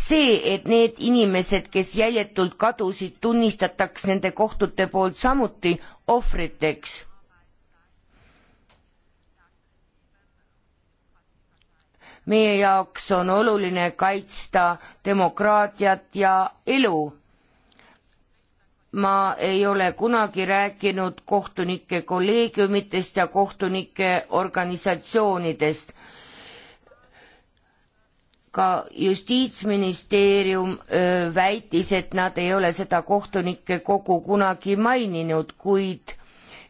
S3: see, et need inimesed, kes jäljetult kadusid, tunnistataks nende kohtute poolt samuti ohvriteks. meie jaoks on oluline kaitsta demokraatiat ja elu ma ei ole kunagi rääkinud kohtunike kolleegiumitest ja kohtunike organisatsioonidest. ka justiitsministeerium öö, väitis, et nad ei ole seda kohtunike kogu kunagi maininud, kuid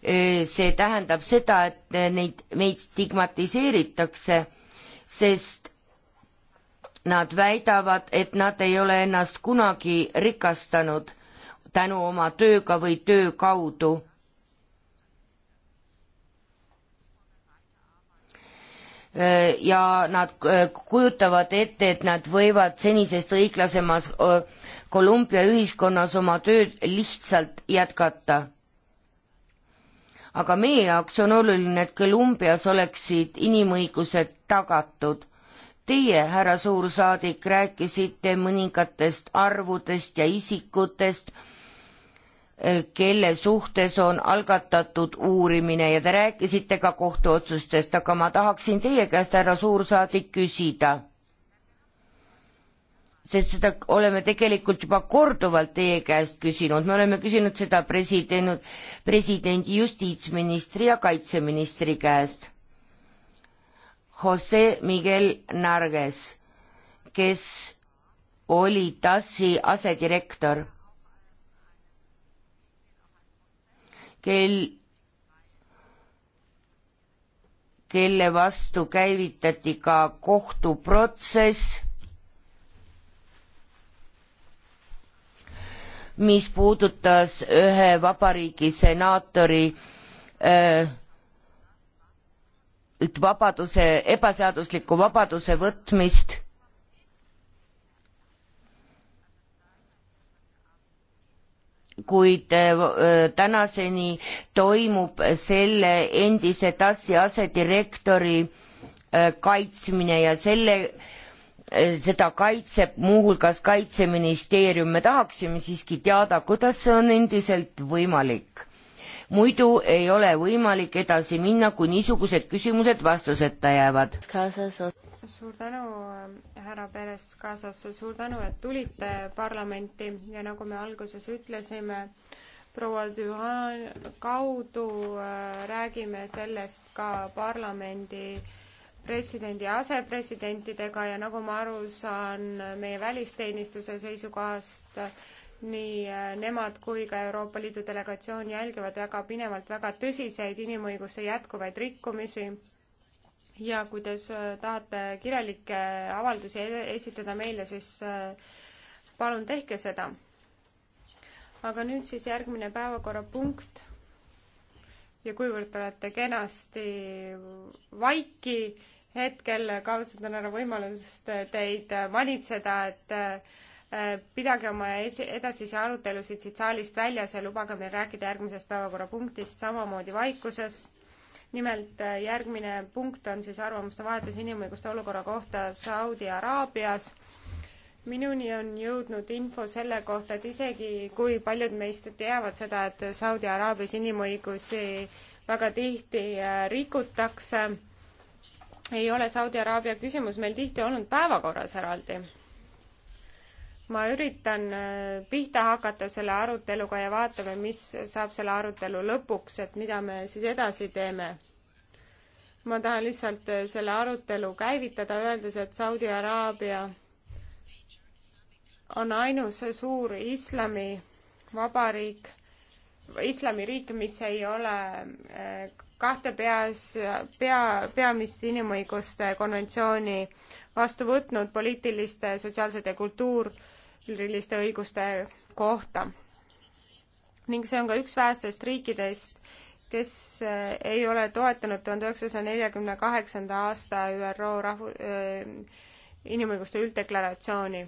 S3: öö, see tähendab seda, et neid, meid stigmatiseeritakse, sest nad väidavad, et nad ei ole ennast kunagi rikastanud tänu oma tööga või töö kaudu. ja nad äh, kujutavad ette, et nad võivad senisest õiglasemas äh, Kolumbia ühiskonnas oma tööd lihtsalt jätkata aga meie jaoks on oluline, et Kolumbias oleksid inimõigused tagatud. Teie, härra suursaadik, rääkisite mõningatest arvudest ja isikutest, Eh, kelle suhtes on algatatud uurimine ja te rääkisite ka kohtuotsustest, aga ma tahaksin teie käest, härra suursaadik, küsida. sest seda oleme tegelikult juba korduvalt teie käest küsinud, me oleme küsinud seda president, presidendi justiitsministri ja kaitseministri käest. Jose Miguel Narges, kes oli TASi asedirektor kel, kelle vastu käivitati ka kohtuprotsess, mis puudutas ühe vabariigi senaatori äh, vabaduse, ebaseadusliku vabaduse võtmist kuid äh, äh, tänaseni toimub selle endise TASi asedirektori äh, kaitsmine ja selle, seda kaitseb muuhulgas Kaitseministeerium. me tahaksime siiski teada, kuidas see on endiselt võimalik muidu ei ole võimalik edasi minna, kui niisugused küsimused vastuseta jäävad. suur tänu,
S1: härra Perest kaasas, suur tänu, et tulite parlamenti ja nagu me alguses ütlesime, proua Dühan kaudu äh, räägime sellest ka parlamendi presidendi ja asepresidentidega ja nagu ma aru saan, meie välisteenistuse seisukohast äh, nii äh, nemad kui ka Euroopa Liidu delegatsioon jälgivad väga pinevalt väga tõsiseid inimõiguste jätkuvaid rikkumisi. ja kui te äh, tahate kirjalikke avaldusi e-, esitada meile, siis äh, palun tehke seda. aga nüüd siis järgmine päevakorrapunkt. ja kuivõrd olete kenasti vaiki hetkel, kaotasin ära võimalust teid manitseda, et Äh, pidage oma edasisi arutelusid siit saalist väljas ja lubage meil rääkida järgmisest päevakorrapunktist samamoodi vaikuses. nimelt äh, järgmine punkt on siis arvamuste vahetus inimõiguste olukorra kohta Saudi Araabias. minuni on jõudnud info selle kohta, et isegi kui paljud meist teavad seda, et Saudi Araabias inimõigusi väga tihti äh, rikutakse, ei ole Saudi Araabia küsimus meil tihti olnud päevakorras eraldi ma üritan äh, pihta hakata selle aruteluga ja vaatame, mis saab selle arutelu lõpuks, et mida me siis edasi teeme. ma tahan lihtsalt äh, selle arutelu käivitada, öeldes, et Saudi Araabia on ainus suur islamivabariik, islamiriik, mis ei ole äh, kahte peas, pea, peamist inimõiguste konventsiooni vastu võtnud poliitiliste, sotsiaalsete ja kultuur- kultuuriliste õiguste kohta. ning see on ka üks vähestest riikidest, kes eh, ei ole toetanud tuhande üheksasaja neljakümne kaheksanda aasta ÜRO rahu- äh,, inimõiguste ülddeklaratsiooni,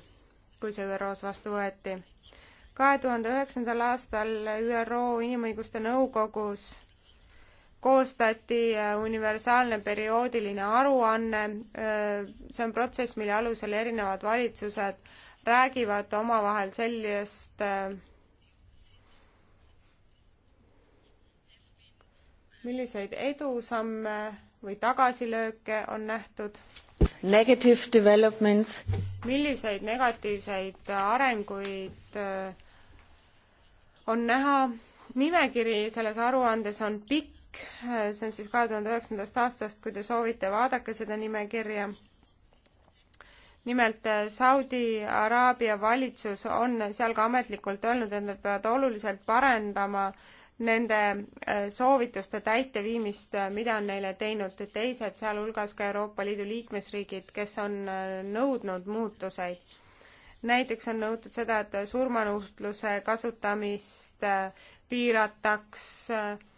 S1: kui see ÜRO-s vastu võeti. kahe tuhande üheksandal aastal ÜRO Inimõiguste Nõukogus koostati eh, universaalne perioodiline aruanne, see on protsess, mille alusel erinevad valitsused räägivad omavahel sellest äh, milliseid edusamme või tagasilööke on nähtud?
S3: Negative developments.
S1: milliseid negatiivseid arenguid äh, on näha? nimekiri selles aruandes on pikk, äh, see on siis kahe tuhande üheksandast aastast, kui te soovite, vaadake seda nimekirja nimelt äh, Saudi Araabia valitsus on seal ka ametlikult öelnud, et nad peavad oluliselt parendama nende äh, soovituste täiteviimist, äh, mida on neile teinud teised, sealhulgas ka Euroopa Liidu liikmesriigid, kes on nõudnud muutuseid. näiteks on nõutud seda, et surmanuhtluse kasutamist piirataks äh,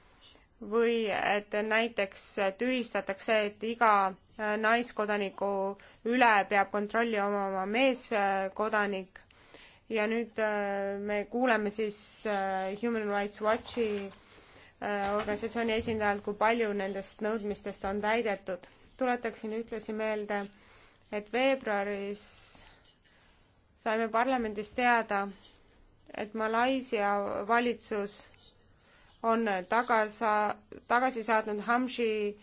S1: või et näiteks tühistatakse, et iga äh, naiskodaniku üle peab kontrolli omama meeskodanik ja nüüd äh, me kuuleme siis äh, Human Rights Watchi organisatsiooni esindajalt, kui palju nendest nõudmistest on täidetud. tuletaksin ühtlasi meelde, et veebruaris saime parlamendis teada, et Malaisia valitsus on tagasa, tagasi saatnud Hamshi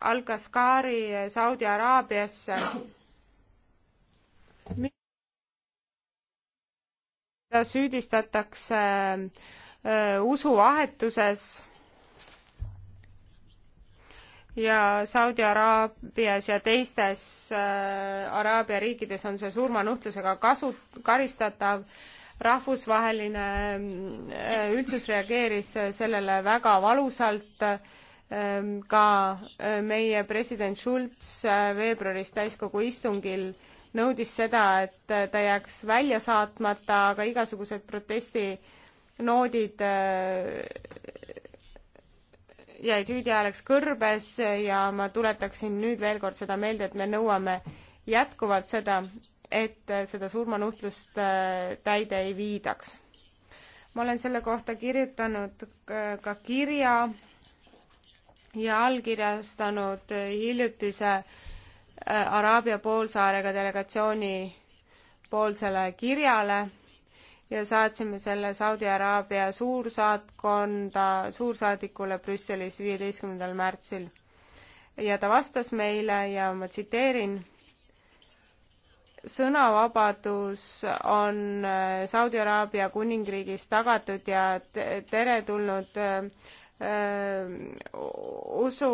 S1: Al-Kaskari Saudi Araabiasse. teda süüdistatakse äh, usuvahetuses ja Saudi Araabias ja teistes äh, Araabia riikides on see surmanuhtlusega kasu, karistatav äh, rahvusvaheline äh, üldsus reageeris sellele väga valusalt, ähm, ka äh, meie president Schulz äh, veebruaris täiskogu istungil nõudis seda, et ta jääks välja saatmata, aga igasugused protestinoodid jäid hüüdihääleks kõrbes ja ma tuletaksin nüüd veel kord seda meelde, et me nõuame jätkuvalt seda, et seda surmanuhtlust äh, täide ei viidaks. ma olen selle kohta kirjutanud ka kirja ja allkirjastanud hiljutise äh, Araabia poolsaarega delegatsiooni poolsele kirjale ja saatsime selle Saudi Araabia suursaatkonda, suursaadikule Brüsselis viieteistkümnendal märtsil. ja ta vastas meile ja ma tsiteerin sõnavabadus on äh, Saudi Araabia kuningriigis tagatud ja teretulnud äh, äh, usu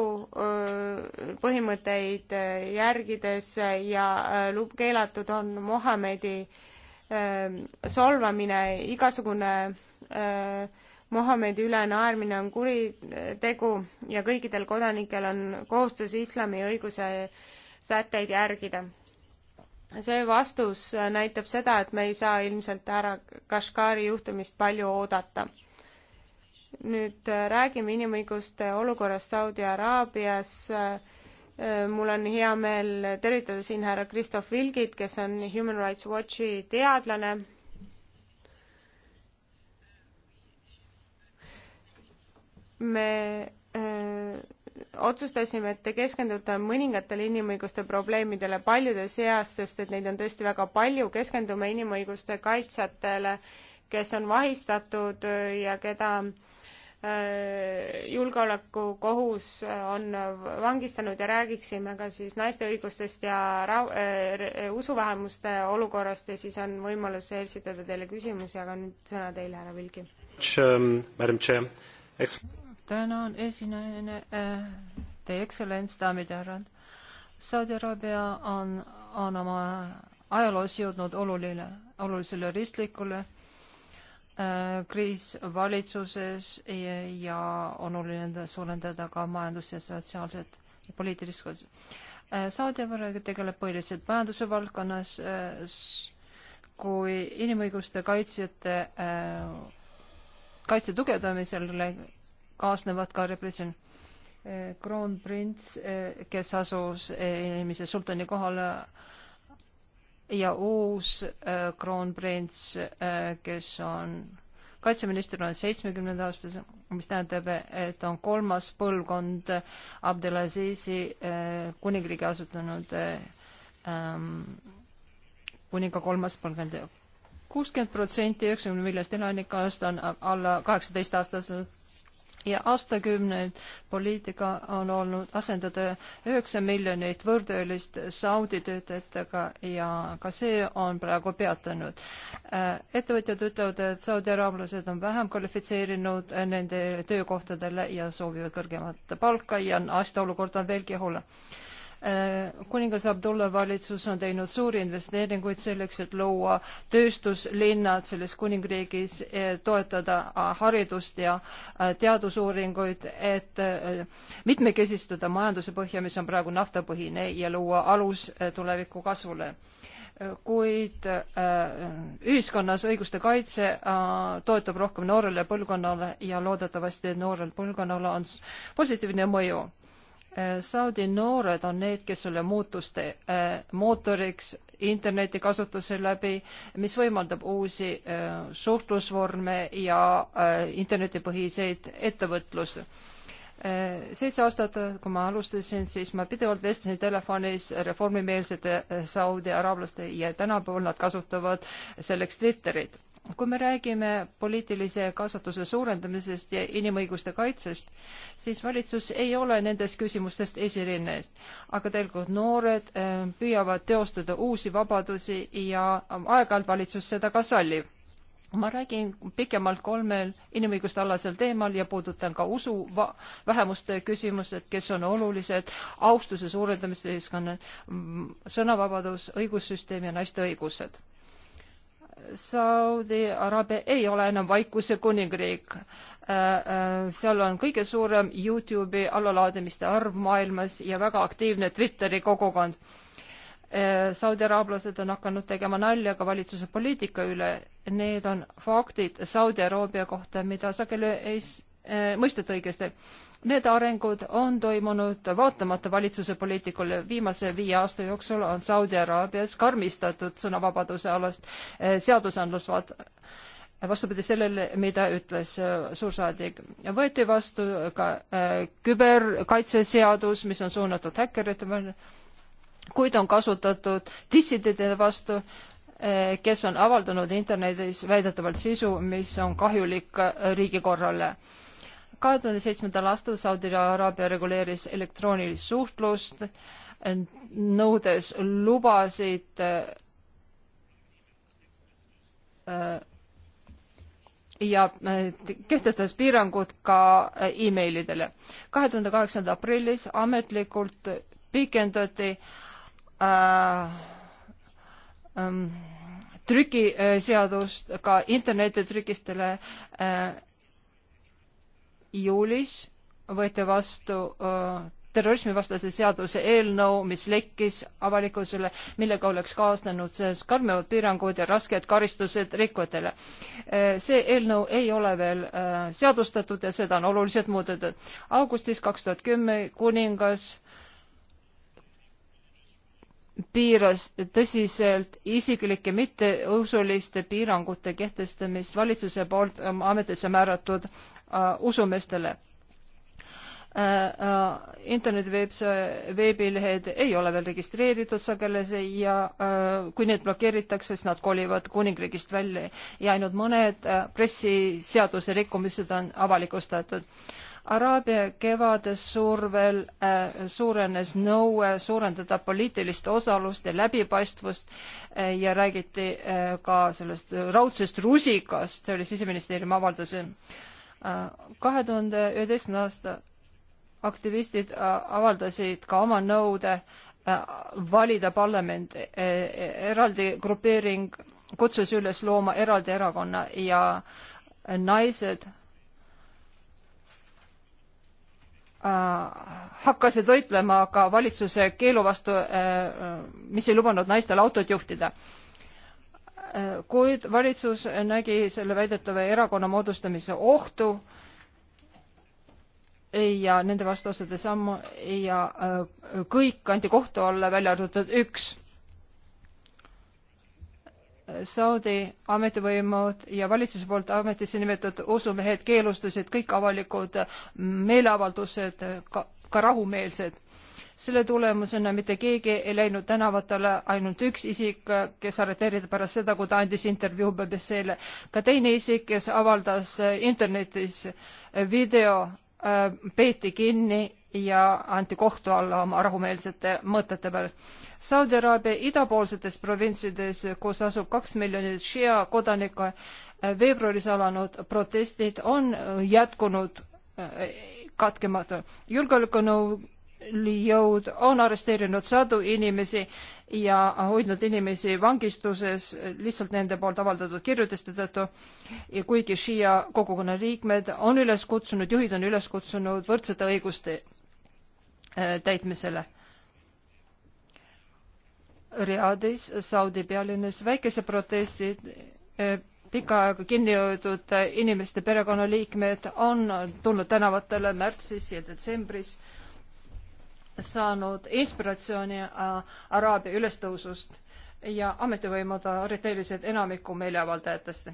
S1: põhimõtteid järgides ja keelatud on Mohamedi solvamine, igasugune Mohamedi üle naermine on kuritegu ja kõikidel kodanikel on kohustus islami õiguse sätteid järgida see vastus äh, näitab seda, et me ei saa ilmselt härra Kashgari juhtumist palju oodata. nüüd äh, räägime inimõiguste olukorrast Saudi Araabias. Äh, mul on hea meel tervitada siin härra Kristof Vilgit, kes on Human Rights Watchi teadlane. me öö, otsustasime, et te keskendute mõningatele inimõiguste probleemidele paljude seas, sest et neid on tõesti väga palju, keskendume inimõiguste kaitsjatele, kes on vahistatud ja keda äh, julgeolekukohus on vangistanud ja räägiksime ka siis naiste õigustest ja ra-, äh, usuvähemuste olukorrast ja siis on võimalus esitada teile küsimusi, aga nüüd sõna teile, härra Vilgi. Madam Chair, eks tänan, esinejana äh,,
S2: teie ekstsellents, daamid ja härrad. Saudi Araabia on, on oma ajaloos jõudnud oluline, olulisele ristlikule äh, kriis valitsuses ja, ja on oluline suurendada ka majandus- ja sotsiaalset ja poliitilist kohta äh,. Saudi Araabia tegeleb põhiliselt majanduse valdkonnas äh,, kui inimõiguste kaitsjate äh, kaitse tugevdamisel kaasnevad ka repressioon. kroonprints, eh, eh, kes asus eh, eelmise sultani kohale ja uus kroonprints, kes on kaitseminister on seitsmekümnenda aastas, mis tähendab, et on kolmas põlvkond Abdelazizi kuningriigi asutanud ähm, kuninga kolmas põlvkond. kuuskümmend protsenti üheksakümne miljonist elanikest on alla kaheksateist aastased ja aastakümneid poliitika on olnud asendada üheksa miljonit võõrtöölist Saudi töötajatega ja ka see on praegu peatanud. Äh, ettevõtjad ütlevad, et Saudi araablased on vähem kvalifitseerinud nende töökohtadele ja soovivad kõrgemat palka ja aasta olukord on veelgi hullem Äh, kuningas Abdullah valitsus on teinud suuri investeeringuid selleks, et luua tööstuslinnad selles kuningriigis, äh, toetada äh, haridust ja teadusuuringuid, et mitmekesistada majanduse põhja, mis on praegu naftapõhine ja luua alus tuleviku kasvule kuid ühiskonnas õiguste kaitse toetub rohkem noorele põlvkonnale ja loodetavasti noorel põlvkonnal on positiivne mõju Saudi noored on need, kes selle muutuste äh, mootoriks interneti kasutuse läbi, mis võimaldab uusi äh, suhtlusvorme ja äh, internetipõhiseid ettevõtlusi. Seitse aastat, kui ma alustasin, siis ma pidevalt vestlesin telefonis reformimeelsete Saudi araablaste ja tänapäeval nad kasutavad selleks Twitterit kui me räägime poliitilise kaasatuse suurendamisest ja inimõiguste kaitsest, siis valitsus ei ole nendest küsimustest esirinnes, aga tegelikult noored äh, püüavad teostada uusi vabadusi ja ähm, aeg-ajalt valitsus seda ka sallib. ma räägin pikemalt kolmel inimõiguste alasel teemal ja puudutan ka usu vähemuste küsimused, kes on olulised austuse suurendamise ühiskonna, mm, sõnavabadus, õigussüsteem ja naiste õigused Saudi Araabia ei ole enam vaikuse kuningriik. Äh, äh, seal on kõige suurem Youtube'i allalaadimiste arv maailmas ja väga aktiivne Twitteri kogukond. Äh, Saudi araablased on hakanud tegema nalja ka valitsuse poliitika üle. Need on faktid Saudi Araabia kohta, mida sageli ei mõisteta õigesti Need arengud on toimunud vaatamata valitsuse poliitikule. viimase viie aasta jooksul on Saudi Araabias karmistatud sõnavabaduse alast eh, seadusandlust vastupidi sellele, mida ütles eh, suursaadik. võeti vastu ka äh, küberkaitseseadus, mis on suunatud häkkerite vahel, kuid on kasutatud dissidentide vastu äh,, kes on avaldanud internetis väidetavalt sisu, mis on kahjulik riigikorrale äh, kahe tuhande seitsmendal aastal Saudi Araabia reguleeris elektroonilist suhtlust, nõudes lubasid äh, ja äh, kehtestas piirangud ka äh, emailidele. kahe tuhande kaheksanda aprillis ametlikult pikendati äh, ähm, trükiseadust ka internetitrükistele äh, juulis võeti vastu äh, terrorismivastase seaduse eelnõu, mis lekkis avalikkusele, millega oleks kaasnenud karmimad piirangud ja rasked karistused rikkujatele. Äh, see eelnõu ei ole veel äh, seadustatud ja seda on oluliselt muudetud. augustis kaks tuhat kümme kuningas piiras tõsiselt isiklike mitteusuliste piirangute kehtestamist valitsuse poolt ähm, ametisse määratud Äh, usumeestele äh, äh, internetiveebis, veebilehed ei ole veel registreeritud sagelasi ja kui need blokeeritakse, siis nad kolivad kuningriigist välja ja ainult mõned pressiseaduse rikkumised on avalikustatud. Araabia kevade survel suurenes nõue suurendada poliitilist osalust ja läbipaistvust ja räägiti ka sellest raudsest rusikast, see oli siseministeeriumi avalduses kahe tuhande üheteistkümnenda aasta aktivistid äh, avaldasid ka oma nõude äh, valida parlament, e, e, eraldi grupeering kutsus üles looma eraldi erakonna ja naised äh, hakkasid võitlema ka valitsuse keelu vastu, mis ei lubanud naistel autot juhtida kuid valitsus nägi selle väidetava erakonna moodustamise ohtu ja nende vastu astuda sammu ja äh, kõik anti kohtu alla, välja arvatud üks. Saudi ametivõimud ja valitsuse poolt ametisse nimetatud usumehed keelustasid kõik avalikud meeleavaldused, ka rahumeelsed selle tulemusena mitte keegi ei läinud tänavatele, ainult üks isik, kes arreteeriti pärast seda, kui ta andis intervjuu BBC-le. ka teine isik, kes avaldas äh, internetis äh, video, äh, peeti kinni ja anti kohtu alla oma rahumeelsete mõtete peal. Saudi Araabia idapoolsetes provintsides, kus asub kaks miljonit šia kodanikku, veebruaris alanud protestid on jätkunud katkemata. julgeolekunõu jõud on arresteerinud sadu inimesi ja hoidnud inimesi vangistuses lihtsalt nende poolt avaldatud kirjutiste tõttu. ja kuigi Shia kogukonna liikmed on üles kutsunud, juhid on üles kutsunud võrdsete õiguste äh, täitmisele. Riadis, Saudi pealinnas väikese protestid äh, pikka aega kinni hoidnud inimeste perekonnaliikmed on tulnud tänavatele märtsis ja detsembris saanud inspiratsiooni äh, Araabia ülestõusust ja ametivõimud arreteerisid enamikku meeleavaldajatest.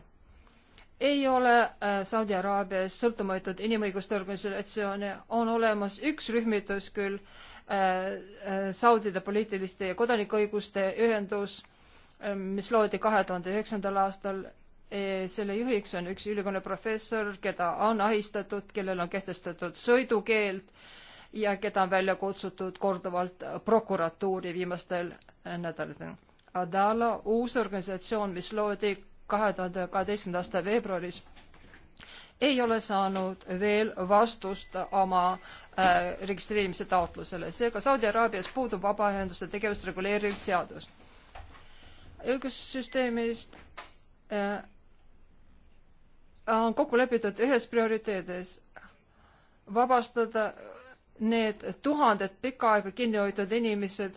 S2: ei ole äh, Saudi Araabias sõltumatuid inimõiguste organisatsioone, on olemas üks rühmitus küll äh,, äh Saudide poliitiliste ja kodanikuõiguste ühendus, mis loodi kahe tuhande üheksandal aastal selle juhiks on üks ülikooli professor, keda on ahistatud, kellel on kehtestatud sõidukeeld äh,, ja keda on välja kutsutud korduvalt prokuratuuri viimastel eh, nädalatel. Adala, uus organisatsioon, mis loodi kahe tuhande kaheteistkümnenda aasta veebruaris, ei ole saanud veel vastust oma äh, registreerimise taotlusele, seega Saudi Araabias puudub vabaühenduste tegevust reguleeriv seadus. õigussüsteemist äh, on kokku lepitud ühes prioriteedis vabastada need tuhanded pikka aega kinni hoitud inimesed,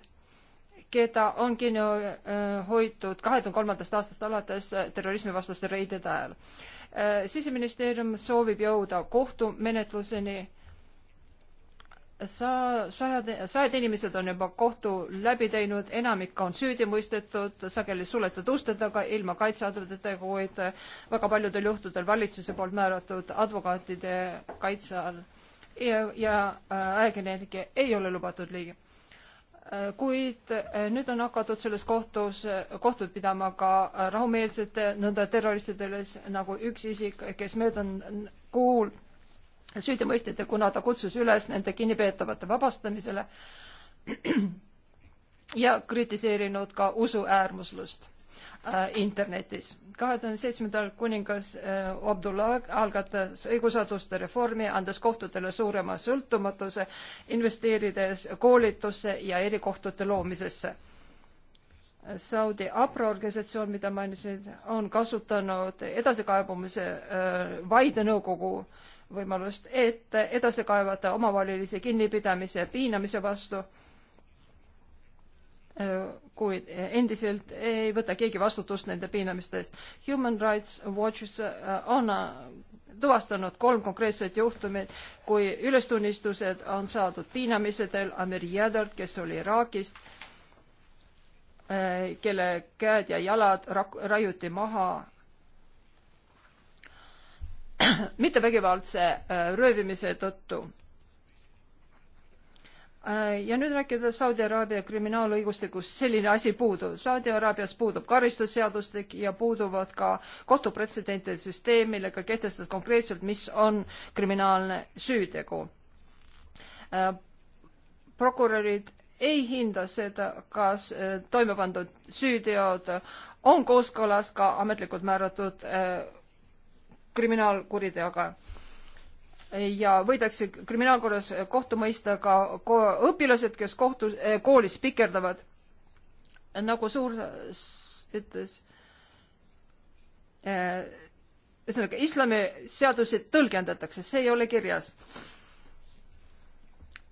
S2: keda on kinni äh, hoitud kahe tuhande kolmandast aastast alates terrorismivastaste reidide ajal. Äh, siseministeerium soovib jõuda kohtumenetluseni sa-, sajad, sajad inimesed on juba kohtu läbi teinud, enamik on süüdi mõistetud, sageli suletud uste taga, ilma kaitseadvokaatidega, kuid väga paljudel juhtudel valitsuse poolt määratud advokaatide kaitse all ja, ja äh, ajakirjanike ei ole lubatud liige. Äh, kuid äh, nüüd on hakatud selles kohtus, kohtud pidama ka rahumeelsete nõnda terroristidele nagu üks isik, kes möödunud kuul süüdi mõisteti, kuna ta kutsus üles nende kinnipeetavate vabastamisele ja kritiseerinud ka usuäärmuslust internetis kahe tuhande seitsmendal kuningas äh, Abdullah algatas õigusasutuste reformi, andes kohtutele suurema sõltumatuse, investeerides koolitusse ja erikohtute loomisesse. Saudi APRO organisatsioon, mida mainisin, on kasutanud edasikaebumise äh, vaidenõukogu võimalust, et edasi kaevata omavahelise kinnipidamise ja piinamise vastu kuid endiselt ei võta keegi vastutust nende piinamiste eest. Human Rights Watch äh, on äh, tuvastanud kolm konkreetset juhtumit, kui ülestunnistused on saadud piinamisedel Amiri Jadalt, kes oli Iraagist, äh, kelle käed ja jalad rak-, raiuti maha mittevägivaldse röövimise tõttu Äh, ja nüüd rääkida Saudi Araabia kriminaalõigustikust, selline asi puudub. Saudi Araabias puudub karistusseadustik ja puuduvad ka kohtupretsedentide süsteem, millega kehtestatakse konkreetselt, mis on kriminaalne süütegu. Äh, prokurörid ei hinda seda, kas äh, toime pandud süüteod on kooskõlas ka ametlikult määratud kriminaalkuriteoga ja võidakse kriminaalkorras kohtu mõista ka ko õpilased, kes kohtu, eh, koolis spikerdavad. nagu suur ütles, eh, ühesõnaga islami seadusi tõlgendatakse, see ei ole kirjas.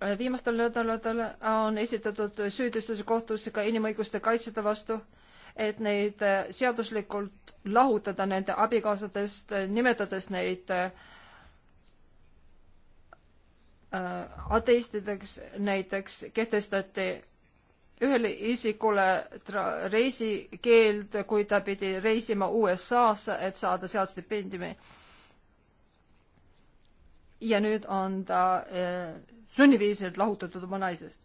S2: Eh, viimastel nädalatel on esitatud süüdistusi kohtusse ka inimõiguste kaitsjate vastu et neid seaduslikult lahutada nende abikaasadest, nimetades neid äh, Äh, ateistideks näiteks kehtestati ühele isikule reisikeeld, kui ta pidi reisima USA-sse, et saada sealt stipendiumi. ja nüüd on ta äh, sunniviisiliselt lahutatud oma naisest.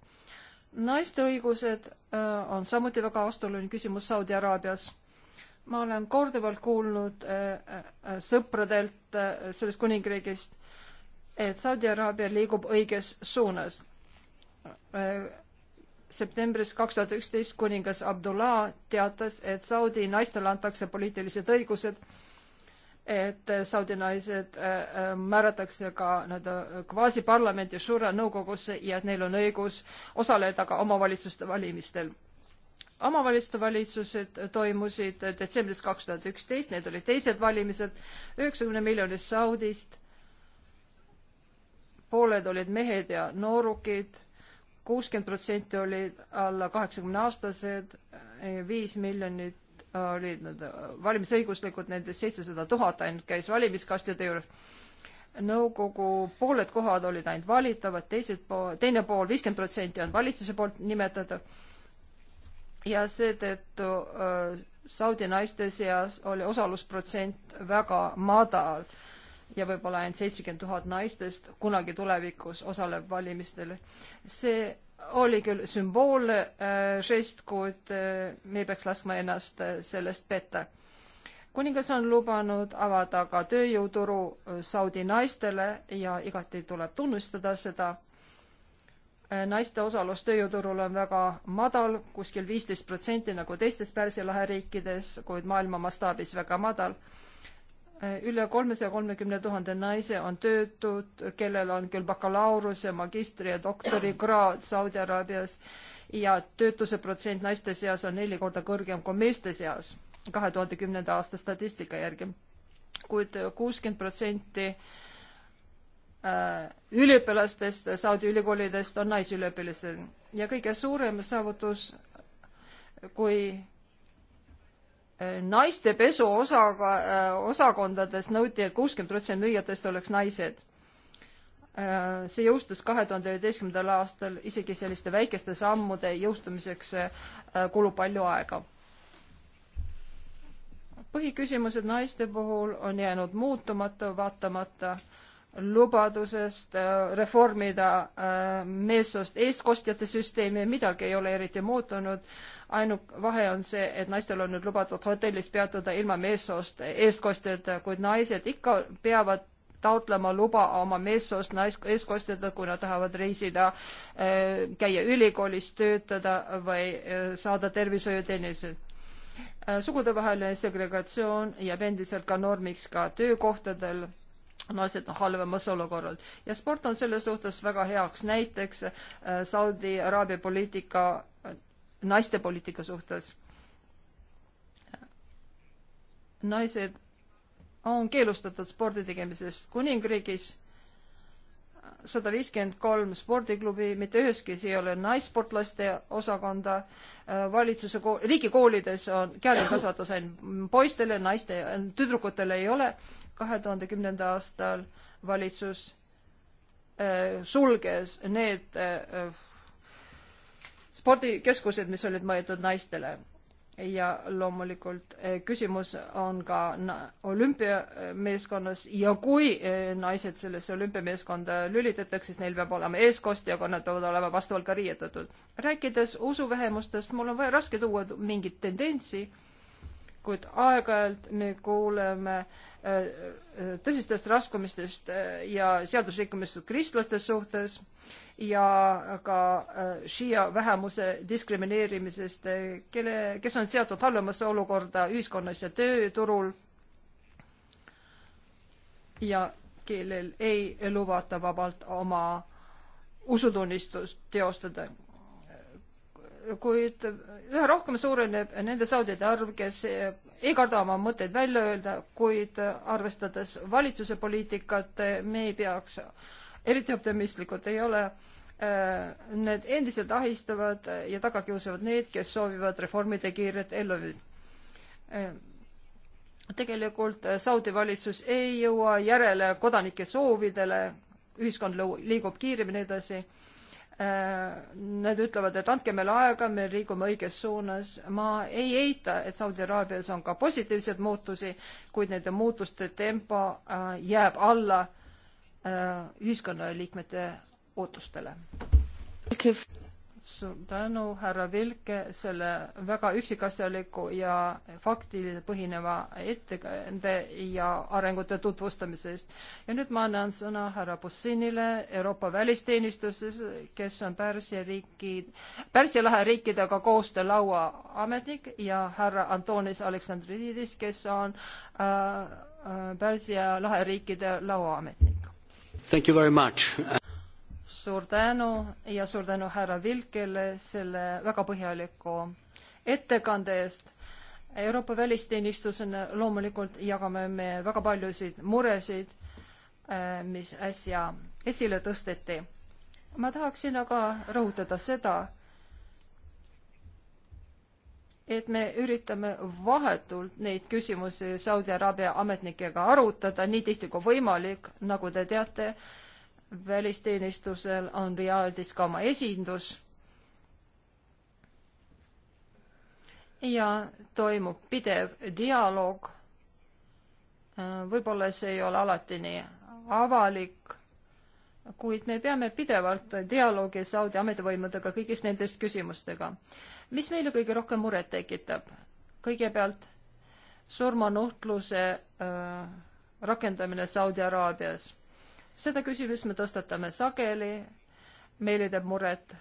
S2: naiste õigused äh, on samuti väga vastuoluline küsimus Saudi Araabias. ma olen korduvalt kuulnud sõpradelt sellest kuningriigist, et Saudi-Araabia liigub õiges suunas. septembris kaks tuhat üksteist kuningas Abdullah teatas, et Saudi naistele antakse poliitilised õigused, et Saudi naised äh, äh, määratakse ka nii-öelda äh, kvaasiparlamendi suure nõukogusse ja et neil on õigus osaleda ka omavalitsuste valimistel omavalitsuste valitsused toimusid detsembris kaks tuhat üksteist, need olid teised valimised, üheksakümne miljonist Saudist pooled olid mehed ja noorukid, kuuskümmend protsenti olid alla kaheksakümne aastased, viis miljonit olid nad valimisõiguslikud, nendest seitsesada tuhat ainult käis valimiskastide juures. nõukogu pooled kohad olid ainult valitavad, teised pool, teine pool, viiskümmend protsenti on valitsuse poolt nimetatav. ja seetõttu äh, Saudi naiste seas oli osalusprotsent väga madal äh, ja võib-olla ainult seitsekümmend tuhat naistest kunagi tulevikus osaleb valimistel. see oli küll sümboolne äh, žest äh,, kuid äh, me ei peaks laskma ennast äh, sellest petta. kuningas on lubanud avada ka tööjõuturu äh, Saudi naistele ja igati tuleb tunnustada seda. Äh, naiste osalus tööjõuturul on väga madal kuskil, kuskil viisteist protsenti nagu teistes Pärsia lahe riikides, kuid maailma mastaabis väga madal Äh, üle kolmesaja kolmekümne tuhande naise on töötud, kellel on küll bakalaureuse, magistri ja doktorikraad Saudi Araabias ja töötuse protsent naiste seas on neli korda kõrgem kui meeste seas kahe tuhande kümnenda aasta statistika järgi kuid. kuid kuuskümmend protsenti äh, üliõpilastest Saudi ülikoolidest on naisüliõpilased ja kõige suurem saavutus, kui naiste pesu osaga, äh, osakondades nõuti et, et kuuskümmend protsenti müüjatest oleks naised. Äh, see jõustus kahe tuhande üheteistkümnendal aastal, isegi selliste väikeste sammude jõustumiseks äh, kulub palju aega. põhiküsimused naiste puhul on jäänud muutumata, vaatamata lubadusest reformida meessoost eestkostjate süsteemi, midagi ei ole eriti muutunud ainult vahe on see, et naistel on nüüd lubatud hotellis peatuda ilma meessoost eeskostjata, kuid naised ikka peavad taotlema luba oma meessoost nais-, eeskostjata, kui nad tahavad reisida, äh, käia ülikoolis, töötada või äh, saada tervishoiuteenuseid. Äh, sugudevaheline segregatsioon jääb endiselt ka normiks ka töökohtadel naised on halvemas olukorral ja sport on selles suhtes väga heaks näiteks Saudi Araabia poliitika naistepoliitika suhtes. naised on keelustatud spordi tegemisest kuningriigis sada viiskümmend kolm spordiklubi, mitte üheski ei ole naissportlaste osakonda, valitsuse, riigikoolides on kehalekasvatus ainult poistele, naiste, tüdrukutele ei ole. kahe tuhande kümnenda aastal valitsus äh, sulges need äh, spordikeskused, mis olid mõeldud naistele. ja loomulikult eh, küsimus on ka olümpiameeskonnas ja kui eh, naised sellesse olümpiameeskonda lülitatakse, siis neil peab olema eeskostja, aga nad peavad olema vastavalt ka riietatud. rääkides usuvähemustest, mul on vaja raske tuua mingit tendentsi kuid aeg-ajalt me kuuleme eh, tõsistest raskumistest ja seadusrikkumistest kristlaste suhtes ja ka šiia äh, vähemuse diskrimineerimisest, äh, kelle, kes on seatud halvemasse olukorda ühiskonnas ja tööturul ja kellel ei lubata vabalt oma usutunnistust teostada kuid üha rohkem suureneb nende saudide arv, kes ei karda oma mõtteid välja öelda, kuid arvestades valitsuse poliitikat, me ei peaks eriti optimistlikud ei ole. Äh, need endiselt ahistavad ja taga kiusavad need, kes soovivad reformide kiiret elluviimist äh, tegelikult äh, Saudi valitsus ei jõua järele kodanike soovidele, ühiskond liigub kiiremini edasi. Nad ütlevad, et andke meile aega, me liigume õiges suunas. ma ei eita, et Saudi Araabias on ka positiivseid muutusi, kuid nende muutuste tempo jääb alla Äh, ühiskonnaliikmete ootustele. suur tänu, härra Vilke, selle väga üksikasjaliku ja faktiline põhineva ettekande ja arengute tutvustamise eest. ja nüüd ma annan sõna härra Bussinile Euroopa välisteenistuses, kes on Pärsia riiki, Pärsia lahe riikidega koostöölaua ametnik ja härra Antonis Aleksandridis, kes on äh, äh Pärsia lahe riikide lauaametnik suur tänu ja suur tänu härra Vilkele selle väga põhjaliku ettekande eest. Euroopa välisteenistusena loomulikult jagame me väga paljusid muresid, äh, mis äsja esile tõsteti. ma tahaksin aga rõhutada seda, et me üritame vahetult neid küsimusi Saudi Araabia ametnikega arutada nii tihti kui võimalik, nagu te teate, välisteenistusel on Riyadis ka oma esindus. ja toimub pidev dialoog. võib-olla see ei ole alati nii avalik, kuid me peame pidevalt dialoogi Saudi ametivõimudega kõigis nendes küsimustega mis meile kõige rohkem muret tekitab? kõigepealt surmanuhtluse äh, rakendamine Saudi Araabias. seda küsimust me tõstatame sageli, meile teeb muret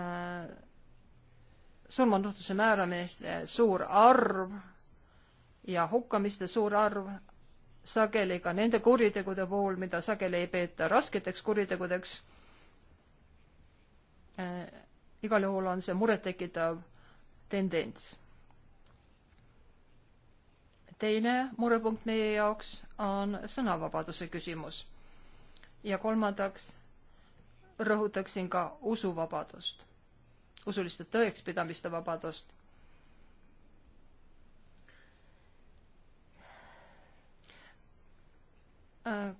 S2: äh, surmanuhtluse määramiste suur arv ja hukkamiste suur arv, sageli ka nende kuritegude puhul, mida sageli ei peeta rasketeks kuritegudeks äh,, igal juhul on see murettekitav tendents. teine murepunkt meie jaoks on sõnavabaduse küsimus. ja kolmandaks rõhutaksin ka usuvabadust, usuliste tõekspidamiste vabadust.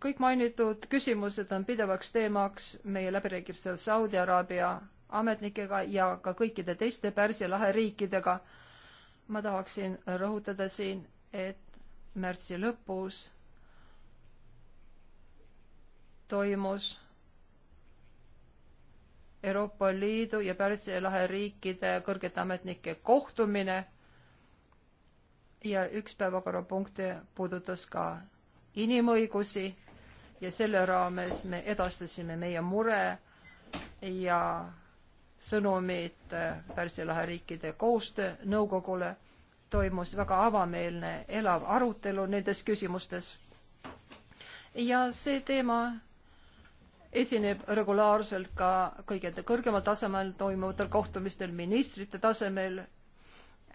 S2: kõik mainitud küsimused on pidevaks teemaks meie läbirääkimistel Saudi Araabia ametnikega ja ka kõikide teiste Pärsia lahe riikidega. ma tahaksin rõhutada siin, et märtsi lõpus toimus Euroopa Liidu ja Pärsia lahe riikide kõrgete ametnike kohtumine ja üks päevakorrapunkte puudutas ka inimõigusi ja selle raames me edastasime meie mure ja sõnumid äh, Pärsia lahe riikide koostöönõukogule, toimus väga avameelne elav arutelu nendes küsimustes. ja see teema esineb regulaarselt ka kõige kõrgemal tasemel toimuvatel kohtumistel ministrite tasemel.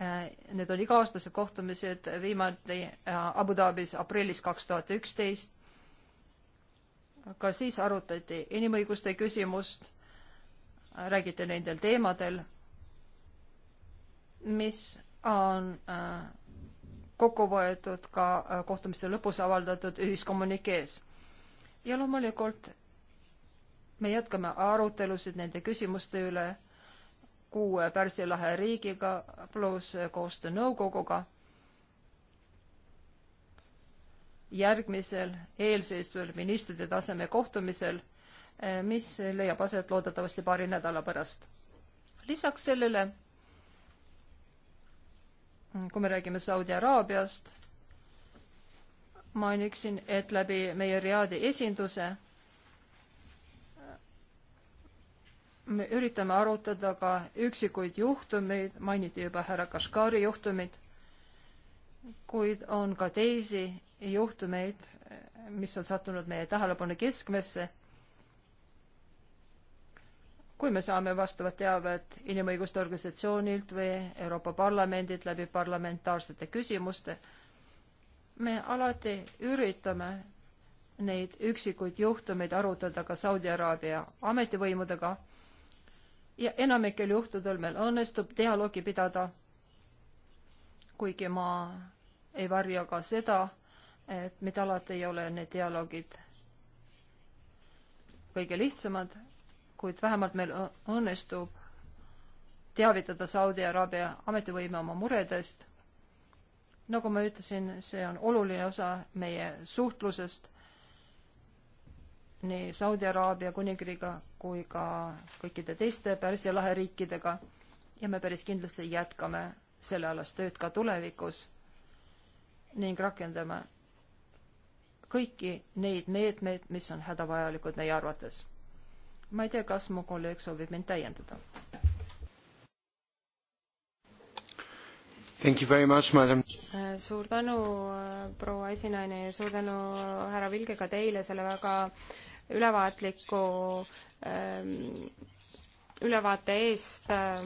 S2: Äh, need on iga-aastased kohtumised, viimati äh, Abu Dhabis aprillis kaks tuhat üksteist. ka siis arutati inimõiguste küsimust räägite nendel teemadel, mis on äh, kokku võetud ka äh, kohtumiste lõpus avaldatud ühiskommunikees. ja loomulikult me jätkame arutelusid nende küsimuste üle kuue Pärsia lahe riigiga pluss koostöö nõukoguga. järgmisel eelseisval ministrite taseme kohtumisel Eh, mis leiab aset loodetavasti paari nädala pärast. lisaks sellele, kui me räägime Saudi Araabiast, mainiksin, et läbi meie Riadi esinduse me üritame arutada ka üksikuid juhtumeid, mainiti juba härra Kashkari juhtumit, kuid on ka teisi juhtumeid, mis on sattunud meie tähelepanu keskmesse kui me saame vastavat teavet inimõiguste organisatsioonilt või Euroopa Parlamendilt läbi parlamentaarsete küsimuste, me alati üritame neid üksikuid juhtumeid arutada ka Saudi Araabia ametivõimudega ja enamikel juhtudel meil õnnestub dialoogi pidada, kuigi ma ei varja ka seda, et mitte alati ei ole need dialoogid kõige lihtsamad kuid vähemalt meil õnnestub teavitada Saudi Araabia ametivõime oma muredest. nagu ma ütlesin, see on oluline osa meie suhtlusest nii Saudi Araabia kuningriigiga kui ka kõikide teiste Pärsia lahe riikidega ja me päris kindlasti jätkame sellealast tööd ka tulevikus ning rakendame kõiki neid meetmeid, mis on hädavajalikud meie arvates ma ei tea, kas mu kolleeg soovib mind täiendada.
S3: Thank you very much, madam.
S1: Äh, suur tänu, äh, proua esinaine ja suur tänu, härra Vilge, ka teile selle väga ülevaatliku ähm, ülevaate eest.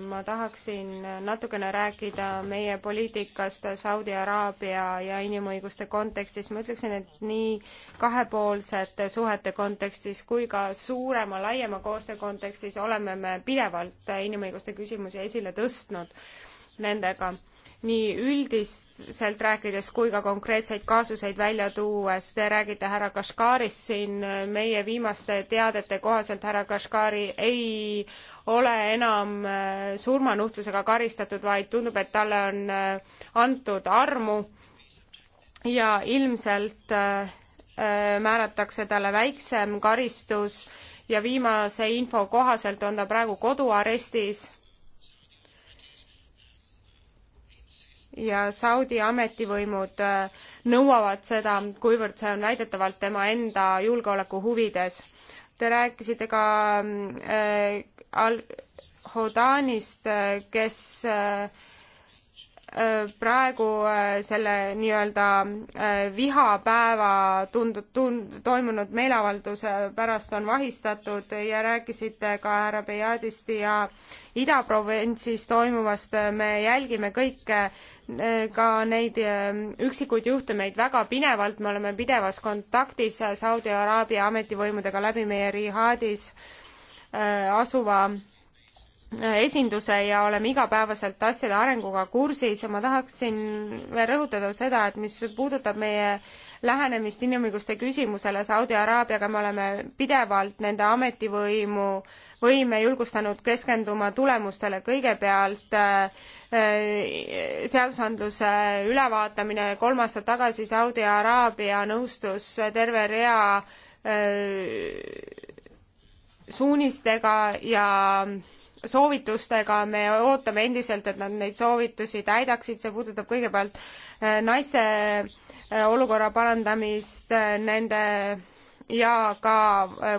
S1: ma tahaksin natukene rääkida meie poliitikast Saudi Araabia ja inimõiguste kontekstis. ma ütleksin, et nii kahepoolsete suhete kontekstis kui ka suurema, laiema koostöö kontekstis oleme me pidevalt inimõiguste küsimusi esile tõstnud nendega nii üldiselt rääkides kui ka konkreetseid kaasuseid välja tuues. Te räägite härra Kashgarist siin, meie viimaste teadete kohaselt härra Kashgari ei ole enam äh, surmanuhtlusega karistatud, vaid tundub, et talle on äh, antud armu ja ilmselt äh, määratakse talle väiksem karistus ja viimase info kohaselt on ta praegu koduarestis ja Saudi ametivõimud äh, nõuavad seda, kuivõrd see on väidetavalt tema enda julgeoleku huvides. Te rääkisite ka äh, Al-Hodanist, äh, kes äh, Äh, praegu äh, selle nii-öelda äh, vihapäeva tund-, tund-, toimunud meeleavalduse pärast on vahistatud ja rääkisite ka härra Bejadist ja idaprovintsis toimuvast, me jälgime kõike, ka neid üksikuid juhtumeid väga pinevalt, me oleme pidevas kontaktis Saudi Araabia ametivõimudega läbi meie Rihadis asuva esinduse ja oleme igapäevaselt asjade arenguga kursis ja ma tahaksin veel rõhutada seda, et mis puudutab meie lähenemist inimõiguste küsimusele Saudi Araabiaga, me oleme pidevalt nende ametivõimu, võime julgustanud keskenduma tulemustele, kõigepealt äh, äh seadusandluse ülevaatamine, kolm aastat tagasi Saudi Araabia nõustus terve rea äh, suunistega ja äh, soovitustega, me ootame endiselt, et nad neid soovitusi täidaksid, see puudutab kõigepealt äh, naiste äh, olukorra parandamist, äh, nende ja ka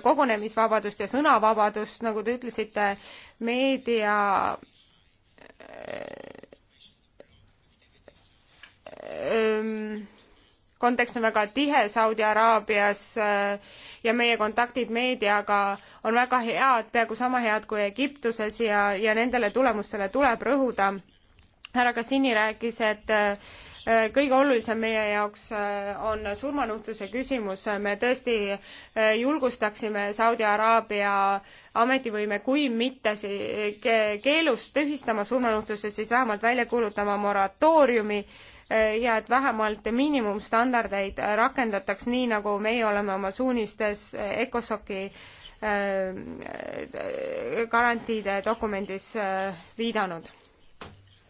S1: kogunemisvabadust ja sõnavabadust, nagu te ütlesite, meedia ähm, kontekst on väga tihe Saudi Araabias äh, ja meie kontaktid meediaga on väga head, peaaegu sama head kui Egiptuses ja, ja nendele tulemustele tuleb rõhuda. härra Kassini rääkis, et äh, kõige olulisem meie jaoks äh, on surmanuhtluse küsimus. me tõesti julgustaksime Saudi Araabia ametivõime, kui mitte keelust tühistama surmanuhtluse, siis vähemalt välja kuulutama moratooriumi ja et vähemalt miinimumstandardeid rakendataks nii, nagu meie oleme oma suunistes eh, ECOSOC-i eh, garantiide dokumendis eh, viidanud.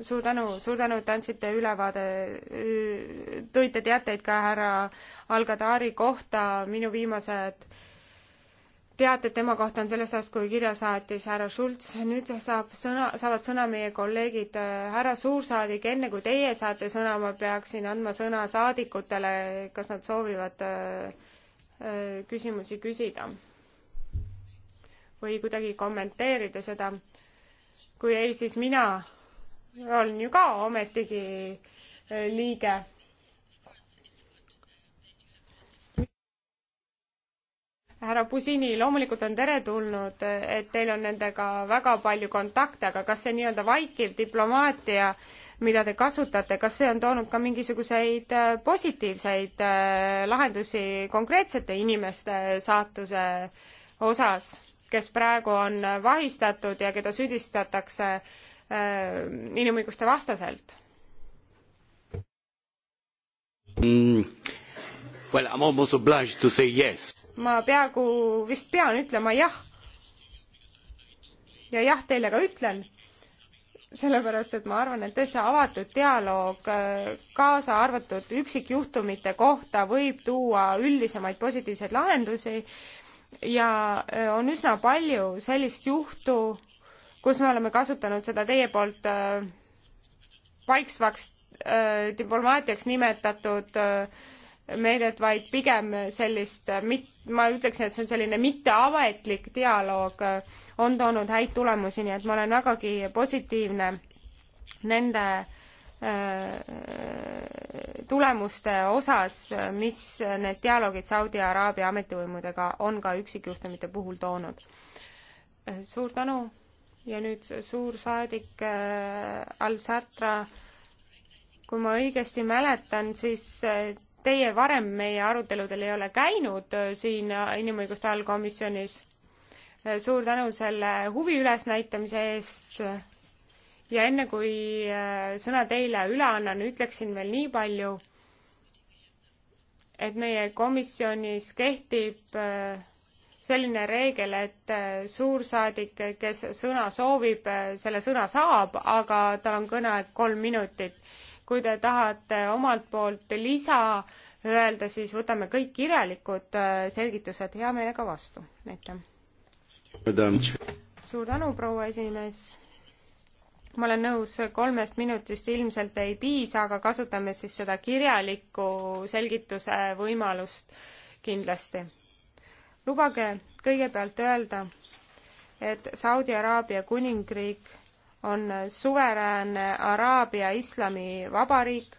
S1: suur tänu, suur tänu, et andsite ülevaade, tõite teateid ka härra Algadari kohta, minu viimased teated tema kohta on sellest ajast, kui kirja saatis härra Schulz, nüüd saab sõna, saavad sõna meie kolleegid, äh, härra suursaadik, enne kui teie saate sõna, ma peaksin andma sõna saadikutele, kas nad soovivad äh, äh, küsimusi küsida või kuidagi kommenteerida seda. kui ei, siis mina olen ju ka ometigi liige härra Pusini, loomulikult on teretulnud, et teil on nendega väga palju kontakte, aga kas see nii-öelda vaikiv diplomaatia, mida te kasutate, kas see on toonud ka mingisuguseid äh, positiivseid äh, lahendusi konkreetsete inimeste äh, saatuse osas, kes praegu on vahistatud ja keda süüdistatakse inimõiguste vastaselt?
S3: Mm. Well, I am almost obliged to say yes
S1: ma peaaegu vist pean ütlema jah. ja jah teile ka ütlen, sellepärast et ma arvan, et tõesti avatud dialoog, kaasa arvatud üksikjuhtumite kohta, võib tuua üldisemaid positiivseid lahendusi ja äh, on üsna palju sellist juhtu, kus me oleme kasutanud seda teie poolt äh, paiksvaks äh, diplomaatiaks nimetatud äh, meedet, vaid pigem sellist, ma ütleksin, et see on selline mitteametlik dialoog, on toonud häid tulemusi, nii et ma olen vägagi positiivne nende äh, tulemuste osas, mis need dialoogid Saudi Araabia ametivõimudega on ka üksikjuhtumite puhul toonud. suur tänu ja nüüd suursaadik äh, Al-Satra, kui ma õigesti mäletan, siis äh, teie varem meie aruteludel ei ole käinud äh, siin äh, inimõiguste allkomisjonis. Äh, suur tänu selle huvi ülesnäitamise eest. ja enne kui sõna teile üle annan, ütleksin veel nii palju, et meie komisjonis kehtib selline reegel, et suursaadik, kes sõna soovib, selle sõna saab, aga tal on kõneaeg kolm minutit kui te tahate omalt poolt lisa öelda, siis võtame kõik kirjalikud äh, selgitused hea meelega vastu. aitäh. suur tänu, proua esimees. ma olen nõus, kolmest minutist ilmselt ei piisa, aga kasutame siis seda kirjaliku selgituse võimalust kindlasti. lubage kõigepealt öelda, et Saudi Araabia kuningriik on suveräänne Araabia Islamivabariik,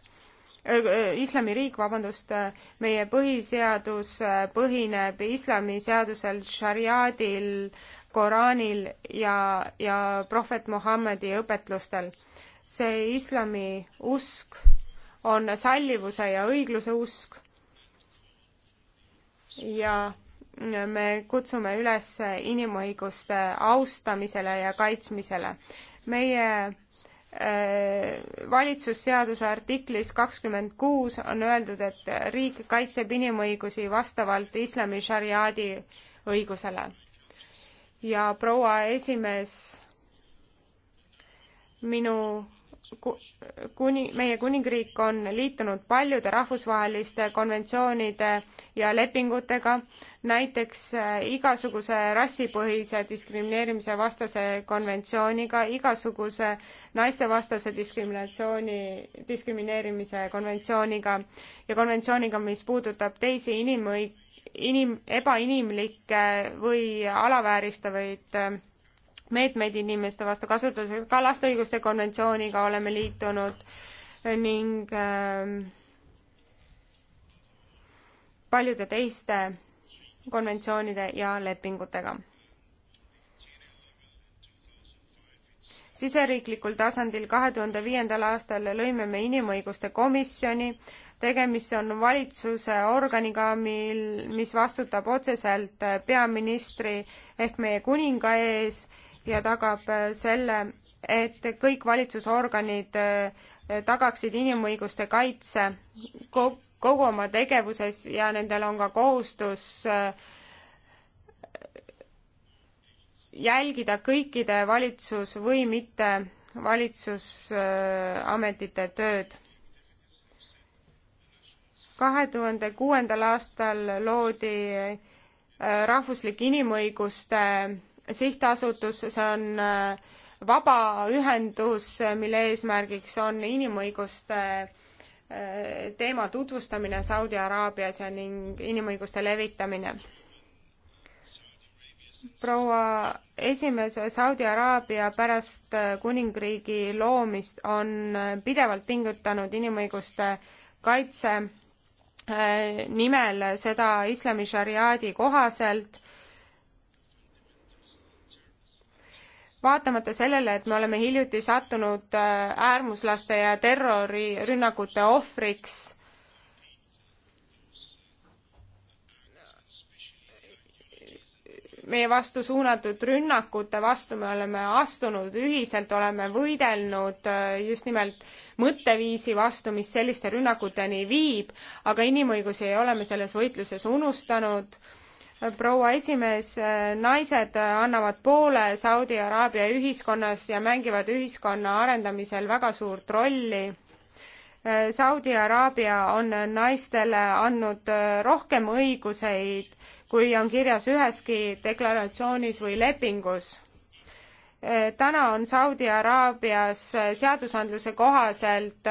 S1: äh, äh, islamiriik, vabandust, äh, meie põhiseadus põhineb islami seadusel, šariaadil, Koraanil ja, ja prohvet Muhammedi õpetlustel. see islami usk on sallivuse ja õigluse usk ja me kutsume üles inimõiguste austamisele ja kaitsmisele meie äh, valitsusseaduse artiklis kakskümmend kuus on öeldud, et riik kaitseb inimõigusi vastavalt islami šariaadi õigusele. ja proua esimees, minu kuni, meie kuningriik on liitunud paljude rahvusvaheliste konventsioonide ja lepingutega, näiteks äh, igasuguse rassipõhise diskrimineerimise vastase konventsiooniga, igasuguse naistevastase diskriminatsiooni, diskrimineerimise konventsiooniga ja konventsiooniga, mis puudutab teisi inimõig-, inim-, ebainimlikke või alavääristavaid äh, meetmeid inimeste vastu kasutusel, ka laste õiguste konventsiooniga oleme liitunud ning ähm, paljude teiste konventsioonide ja lepingutega. siseriiklikul tasandil kahe tuhande viiendal aastal lõime me inimõiguste komisjoni, tegemist on valitsuse organiga, mil, mis vastutab otseselt peaministri ehk meie kuninga ees ja tagab äh, selle, et kõik valitsusorganid äh, tagaksid inimõiguste kaitse kogu oma tegevuses ja nendel on ka kohustus äh, jälgida kõikide valitsus või mitte valitsusametite tööd. kahe tuhande kuuendal aastal loodi rahvuslik inimõiguste sihtasutus, see on äh, vabaühendus, mille eesmärgiks on inimõiguste äh, teema tutvustamine Saudi Araabias ja ning inimõiguste levitamine. proua esimees, Saudi Araabia pärast äh, kuningriigi loomist on pidevalt pingutanud inimõiguste kaitse nimel, seda islami šariaadi kohaselt vaatamata sellele, et me oleme hiljuti sattunud äh, äärmuslaste ja terrorirünnakute ohvriks, meie vastu suunatud rünnakute vastu me oleme astunud, ühiselt oleme võidelnud äh, just nimelt mõtteviisi vastu, mis selliste rünnakuteni viib, aga inimõigusi ei ole me selles võitluses unustanud proua esimees, naised annavad poole Saudi Araabia ühiskonnas ja mängivad ühiskonna arendamisel väga suurt rolli. Saudi Araabia on naistele andnud rohkem õiguseid, kui on kirjas üheski deklaratsioonis või lepingus täna on Saudi Araabias seadusandluse kohaselt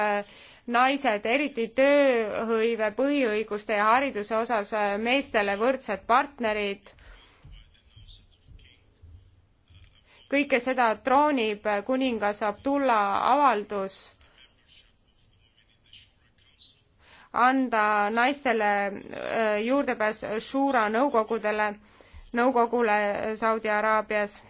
S1: naised, eriti tööhõive, põhiõiguste ja hariduse osas äh, meestele võrdsed partnerid. kõike seda troonib kuningas Abdullah avaldus anda naistele äh, juurdepääs Shura nõukogudele, nõukogule Saudi Araabias.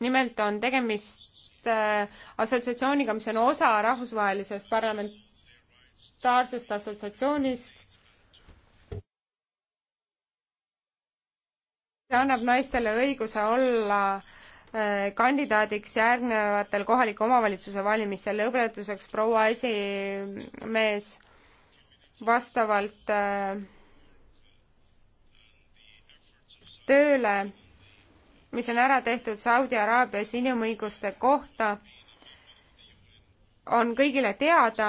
S1: nimelt on tegemist tegemist äh, assotsiatsiooniga, mis on osa rahvusvahelisest parlamentaarsest assotsiatsioonist. see annab naistele õiguse olla äh, kandidaadiks järgnevatel kohaliku omavalitsuse valimistel. lõpetuseks proua esimees vastavalt äh, tööle mis on ära tehtud Saudi Araabias inimõiguste kohta, on kõigile teada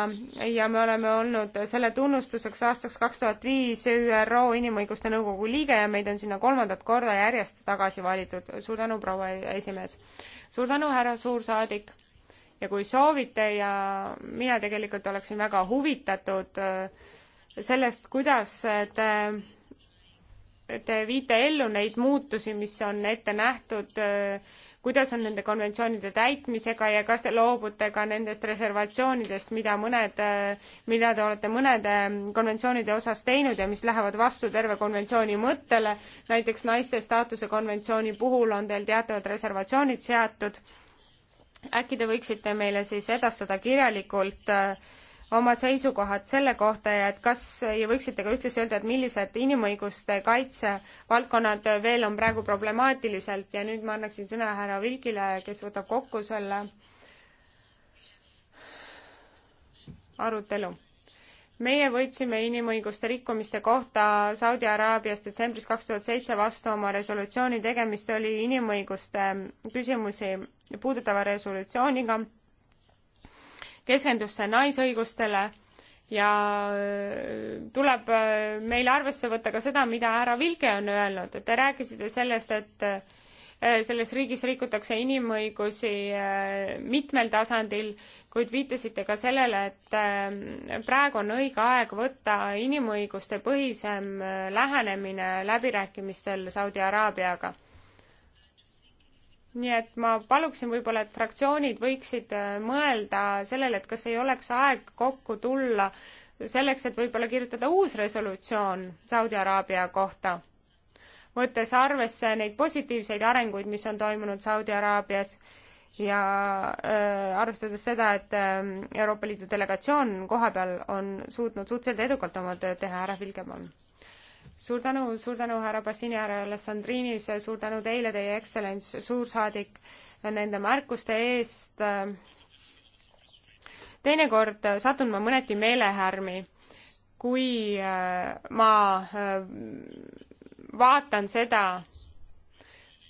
S1: ja me oleme olnud selle tunnustuseks aastaks kaks tuhat viis ÜRO Inimõiguste Nõukogu liige ja meid on sinna kolmandat korda järjest tagasi valitud. suur tänu, proua esimees. suur tänu, härra suursaadik. ja kui soovite ja mina tegelikult oleksin väga huvitatud sellest, kuidas te te viite ellu neid muutusi, mis on ette nähtud, äh, kuidas on nende konventsioonide täitmisega ja kas te loobute ka nendest reservatsioonidest, mida mõned, äh, mida te olete mõnede konventsioonide osas teinud ja mis lähevad vastu terve konventsiooni mõttele, näiteks naiste staatuse konventsiooni puhul on teil teatavad reservatsioonid seatud äkki te võiksite meile siis edastada kirjalikult äh, oma seisukohad selle kohta ja et kas ja võiksite ka ühtlasi öelda, et millised inimõiguste kaitse valdkonnad veel on praegu problemaatiliselt ja nüüd ma annaksin sõna härra Vilgile, kes võtab kokku selle arutelu meie võtsime inimõiguste rikkumiste kohta Saudi Araabias detsembris kaks tuhat seitse vastu oma resolutsiooni, tegemist oli inimõiguste küsimusi puudutava resolutsiooniga keskendus see naisõigustele ja äh, tuleb äh, meil arvesse võtta ka seda, mida härra Vilke on öelnud, et te rääkisite sellest, et äh, selles riigis rikutakse inimõigusi mitmel tasandil, kuid viitasite ka sellele, et praegu on õige aeg võtta inimõiguste põhisem lähenemine läbirääkimistel Saudi Araabiaga nii et ma paluksin võib-olla, et fraktsioonid võiksid äh, mõelda sellele, et kas ei oleks aeg kokku tulla selleks, et võib-olla kirjutada uus resolutsioon Saudi Araabia kohta, võttes arvesse neid positiivseid arenguid, mis on toimunud Saudi Araabias ja äh, arvestades seda, et äh, Euroopa Liidu delegatsioon kohapeal on suutnud suhteliselt edukalt oma tööd teha, härra Vilgemann suur tänu, suur tänu, härra Bassini, härra Alessandrinis, suur tänu teile, teie ekstsellents, suursaadik, nende märkuste eest. teinekord satun ma mõneti meelehärmi, kui äh, ma äh, vaatan seda,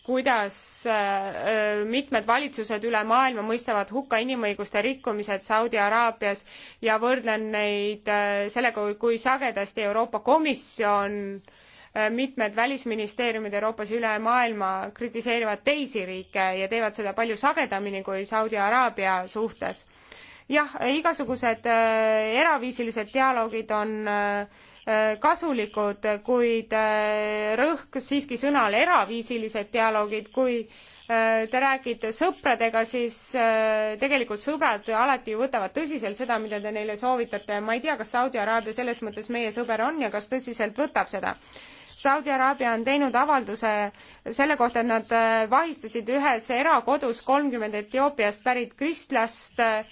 S1: kuidas äh, mitmed valitsused üle maailma mõistavad hukka inimõiguste rikkumised Saudi Araabias ja võrdlen neid äh, sellega, kui sagedasti Euroopa Komisjon, äh, mitmed välisministeeriumid Euroopas üle maailma kritiseerivad teisi riike ja teevad seda palju sagedamini kui Saudi Araabia suhtes. jah, igasugused eraviisilised dialoogid on äh, Äh, kasulikud, kuid äh, rõhk siiski sõnal eraviisilised dialoogid, kui äh, te räägite sõpradega, siis tegelikult sõbrad alati ju võtavad tõsiselt seda, mida te neile soovitate. ma ei tea, kas Saudi Araabia selles mõttes meie sõber on ja kas tõsiselt võtab seda. Saudi Araabia on teinud avalduse selle kohta, et nad vahistasid ühes erakodus kolmkümmend Etioopiast pärit kristlast äh,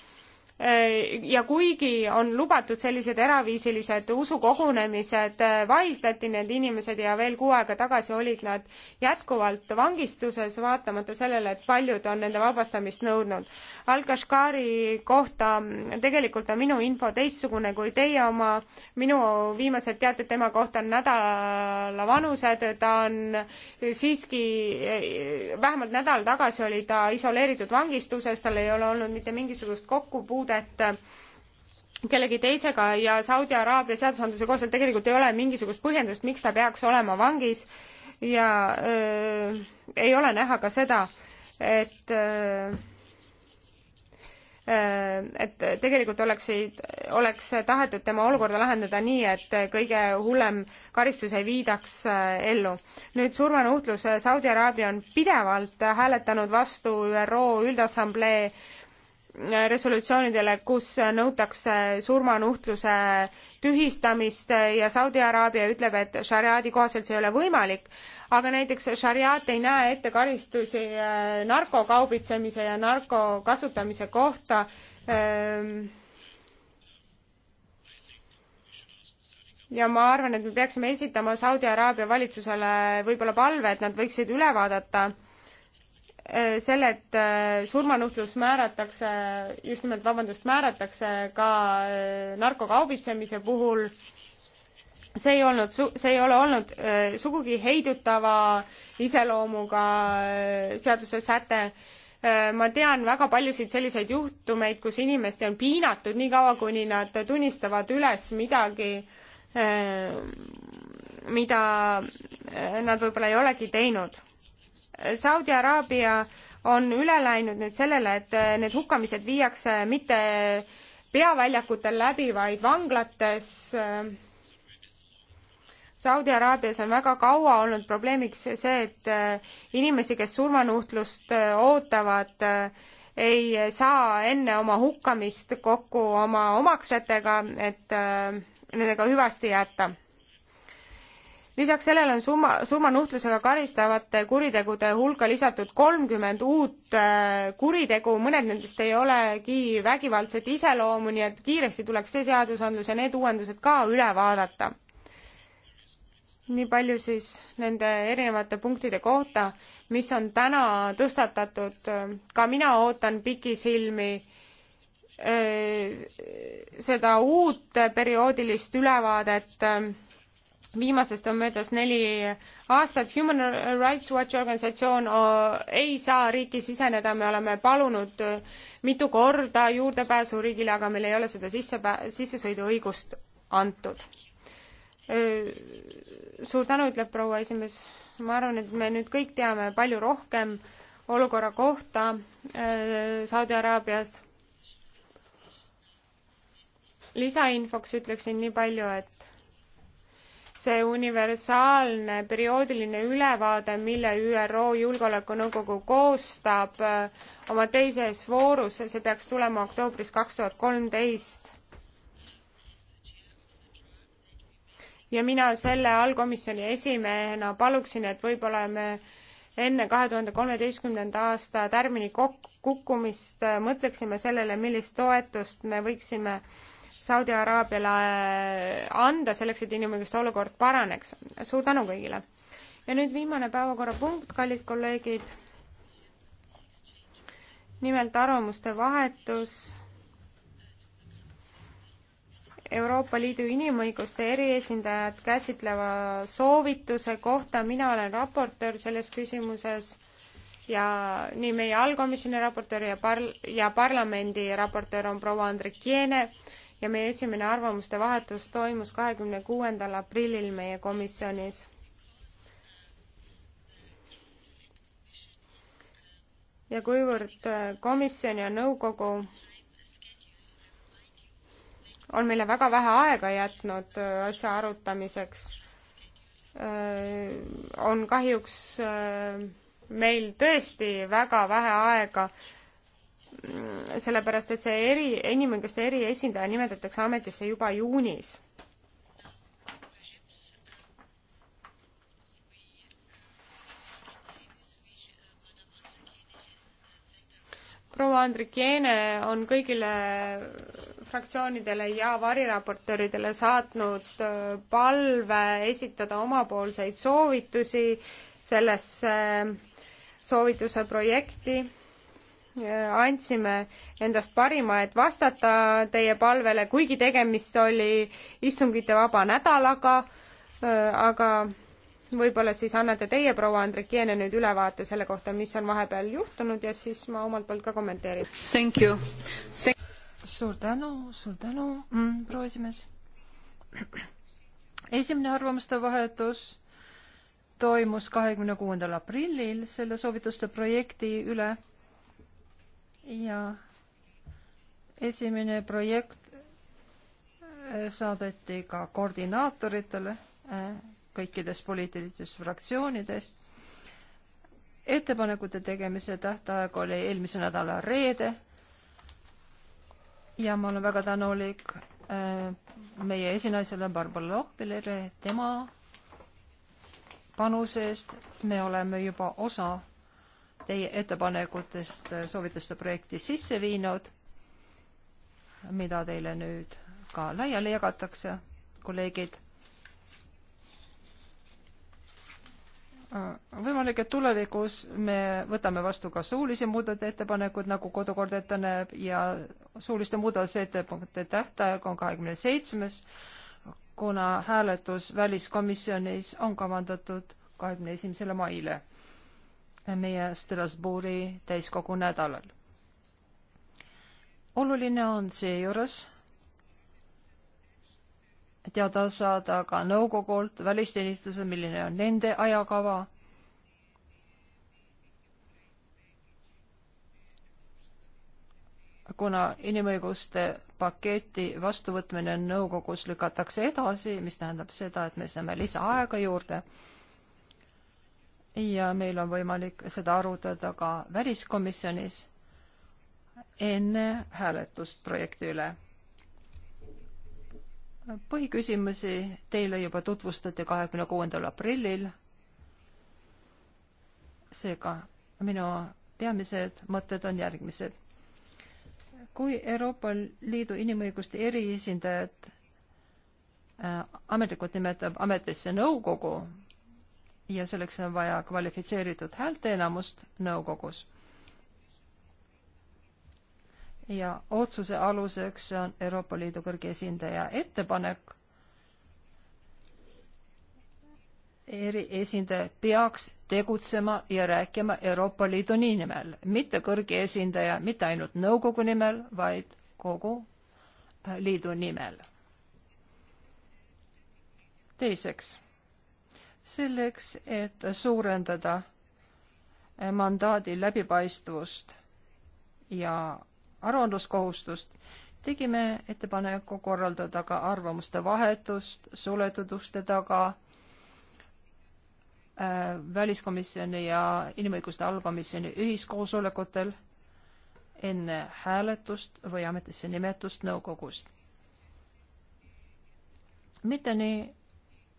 S1: Äh, ja kuigi on lubatud sellised eraviisilised usukogunemised, äh, vahistati need inimesed ja veel kuu aega tagasi olid nad jätkuvalt vangistuses, vaatamata sellele, et paljud on nende vabastamist nõudnud. Al-Kashgari kohta mm, tegelikult on minu info teistsugune kui teie oma, minu viimased teated tema kohta on nädala vanused, ta on siiski, äh, vähemalt nädal tagasi oli ta isoleeritud vangistuses, tal ei ole olnud mitte mingisugust kokkupuudet suhet äh, kellegi teisega ja Saudi Araabia seadusandluse kohaselt tegelikult ei ole mingisugust põhjendust, miks ta peaks olema vangis ja öö, äh, ei ole näha ka seda, et öö, äh, et tegelikult oleksid, oleks tahetud tema olukorda lahendada nii, et kõige hullem karistus ei viidaks ellu. nüüd surmanuhtlus, Saudi Araabia on pidevalt hääletanud vastu ÜRO Üldassamblee resolutsioonidele, kus nõutakse surmanuhtluse tühistamist ja Saudi Araabia ütleb, et šariaadi kohaselt see ei ole võimalik, aga näiteks šariaat ei näe ette karistusi äh, narkokaubitsemise ja narko kasutamise kohta. Ähm, ja ma arvan, et me peaksime esitama Saudi Araabia valitsusele võib-olla palve, et nad võiksid üle vaadata Äh, selle, et äh, surmanuhtlus määratakse, just nimelt, vabandust, määratakse ka äh, narkokaubitsemise puhul. see ei olnud, see ei ole olnud sugugi heidutava iseloomuga seadusesäte. ma tean väga paljusid selliseid juhtumeid, kus inimesi on piinatud nii kaua, kuni nad tunnistavad üles midagi, mida nad võib-olla ei olegi teinud Saudi Araabia on üle läinud nüüd sellele, et eh, need hukkamised viiakse mitte peaväljakutel läbi, vaid vanglates. Eh. Saudi Araabias on väga kaua olnud probleemiks see, et eh, inimesi, kes surmanuhtlust ootavad, ei saa enne oma hukkamist kokku oma omaksetega, et nendega hüvasti jätta lisaks sellele on summa, surmanuhtlusega karistavate kuritegude hulka lisatud kolmkümmend uut äh, kuritegu, mõned nendest ei olegi vägivaldset iseloomu, nii et kiiresti tuleks see seadusandlus ja need uuendused ka üle vaadata. nii palju siis nende erinevate punktide kohta, mis on täna tõstatatud, ka mina ootan pikisilmi äh, seda uut perioodilist ülevaadet äh, viimasest on möödas neli aastat, Human Rights Watch organisatsioon ei saa riiki siseneda, me oleme palunud mitu korda juurdepääsu riigile, aga meil ei ole seda sisse, sissesõiduõigust antud. suur tänu, ütleb proua esimees. ma arvan, et me nüüd kõik teame palju rohkem olukorra kohta Saudi-Araabias lisainfoks ütleksin nii palju, et see universaalne perioodiline ülevaade, mille ÜRO Julgeolekunõukogu koostab äh, oma teises voorus, see peaks tulema oktoobris kaks tuhat kolmteist. ja mina selle allkomisjoni esimehena paluksin, et võib-olla me enne kahe tuhande kolmeteistkümnenda aasta tärmini kukkumist äh, mõtleksime sellele, millist toetust me võiksime äh, Saudi Araabiale anda selleks, et inimõiguste olukord paraneks. suur tänu kõigile! ja nüüd viimane päevakorrapunkt, kallid kolleegid. nimelt arvamuste vahetus Euroopa Liidu inimõiguste eriesindajad käsitleva soovituse kohta, mina olen raportöör selles küsimuses ja nii meie allkomisjoni raportöör ja par-, ja parlamendi raportöör on proua Andrik Jeene ja meie esimene arvamuste vahetus toimus kahekümne kuuendal aprillil meie komisjonis. ja kuivõrd äh, komisjon ja nõukogu on meile väga vähe aega jätnud äh, asja arutamiseks, äh, on kahjuks meil tõesti väga vähe aega sellepärast et see eri, inimõiguste eriesindaja nimetatakse ametisse juba juunis. proua Andrikiene on kõigile fraktsioonidele ja variraportööridele saatnud äh, palve esitada omapoolseid soovitusi sellesse äh, soovituse projekti andsime endast parima, et vastata teie palvele, kuigi tegemist oli istungitevaba nädalaga, aga võib-olla siis annate teie, proua Andrekiene, nüüd ülevaate selle kohta, mis on vahepeal juhtunud ja siis ma omalt poolt ka kommenteerin.
S2: Thank you Thank... suur tänu, suur tänu mm,, proua esimees.
S1: esimene arvamuste
S2: vahetus toimus kahekümne kuuendal aprillil selle soovituste projekti üle ja esimene projekt äh, saadeti ka koordinaatoritele äh, kõikides poliitilistes fraktsioonides. ettepanekute tegemise tähtaeg oli eelmise nädala reede ja ma olen väga tänulik äh, meie esinaisele Barbara Lohpilile tema panuse eest. me oleme juba osa teie ettepanekutest soovituste projekti sisse viinud, mida teile nüüd ka laiali jagatakse, kolleegid. võimalik, et tulevikus me võtame vastu ka suulisi muudatusettepanekuid, nagu kodukord ette näeb ja suuliste muudatusettepanekute tähtaeg on kahekümne seitsmes, kuna hääletus väliskomisjonis on kavandatud kahekümne esimesele maile meie Strasbourgi täiskogu nädalal. oluline on seejuures teada saada ka nõukogult välisteenistuse, milline on nende ajakava. kuna inimõiguste paketi vastuvõtmine nõukogus lükatakse edasi, mis tähendab seda, et me saame lisaaega juurde ja meil on võimalik seda arutada ka väliskomisjonis enne hääletust projekti üle. põhiküsimusi teile juba tutvustati kahekümne kuuendal aprillil. seega minu peamised mõtted on järgmised. kui Euroopa Liidu inimõiguste eriesindajad äh, ametlikult nimetab ametisse nõukogu, ja selleks on vaja kvalifitseeritud häälteenamust nõukogus. ja otsuse aluseks on Euroopa Liidu kõrge esindaja ettepanek. eriesindaja peaks tegutsema ja rääkima Euroopa Liidu nii nimel, mitte kõrge esindaja, mitte ainult nõukogu nimel, vaid kogu liidu nimel. teiseks selleks, et suurendada eh, mandaadi läbipaistvust ja aruandluskohustust, tegime ettepaneku korraldada ka arvamuste vahetust suletud uste taga äh, väliskomisjoni ja inimõiguste allkomisjoni ühiskoosolekutel enne hääletust või ametisse nimetust nõukogust. mitte nii,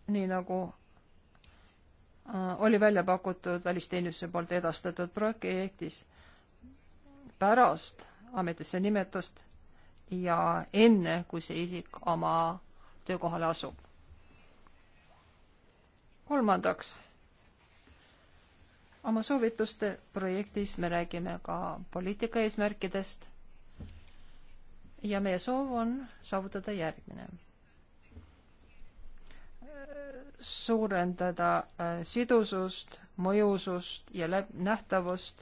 S2: nii nagu Äh, oli välja pakutud välisteenistuse poolt edastatud projektis pärast ametisse nimetust ja enne, kui see isik oma töökohale asub. kolmandaks, oma soovituste projektis me räägime ka poliitika eesmärkidest ja meie soov on saavutada järgmine suurendada äh, sidusust, mõjusust ja läb-, nähtavust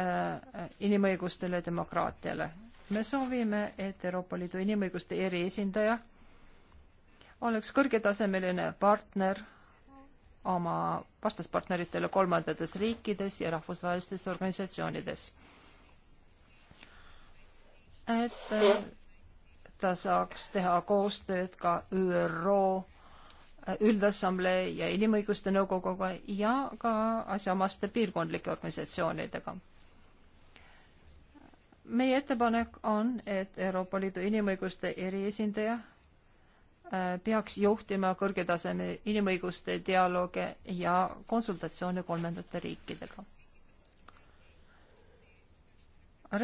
S2: äh, inimõigustele ja demokraatiale. me soovime, et Euroopa Liidu inimõiguste eriesindaja oleks kõrgetasemeline partner oma vastaspartneritele kolmandates riikides ja rahvusvahelistes organisatsioonides. et äh, ta saaks teha koostööd ka ÜRO Üldassamblee ja Inimõiguste Nõukoguga ja ka asjaomaste piirkondlike organisatsioonidega. meie ettepanek on, et Euroopa Liidu inimõiguste eriesindaja äh, peaks juhtima kõrge taseme inimõiguste dialoogi ja konsultatsioone kolmandate riikidega.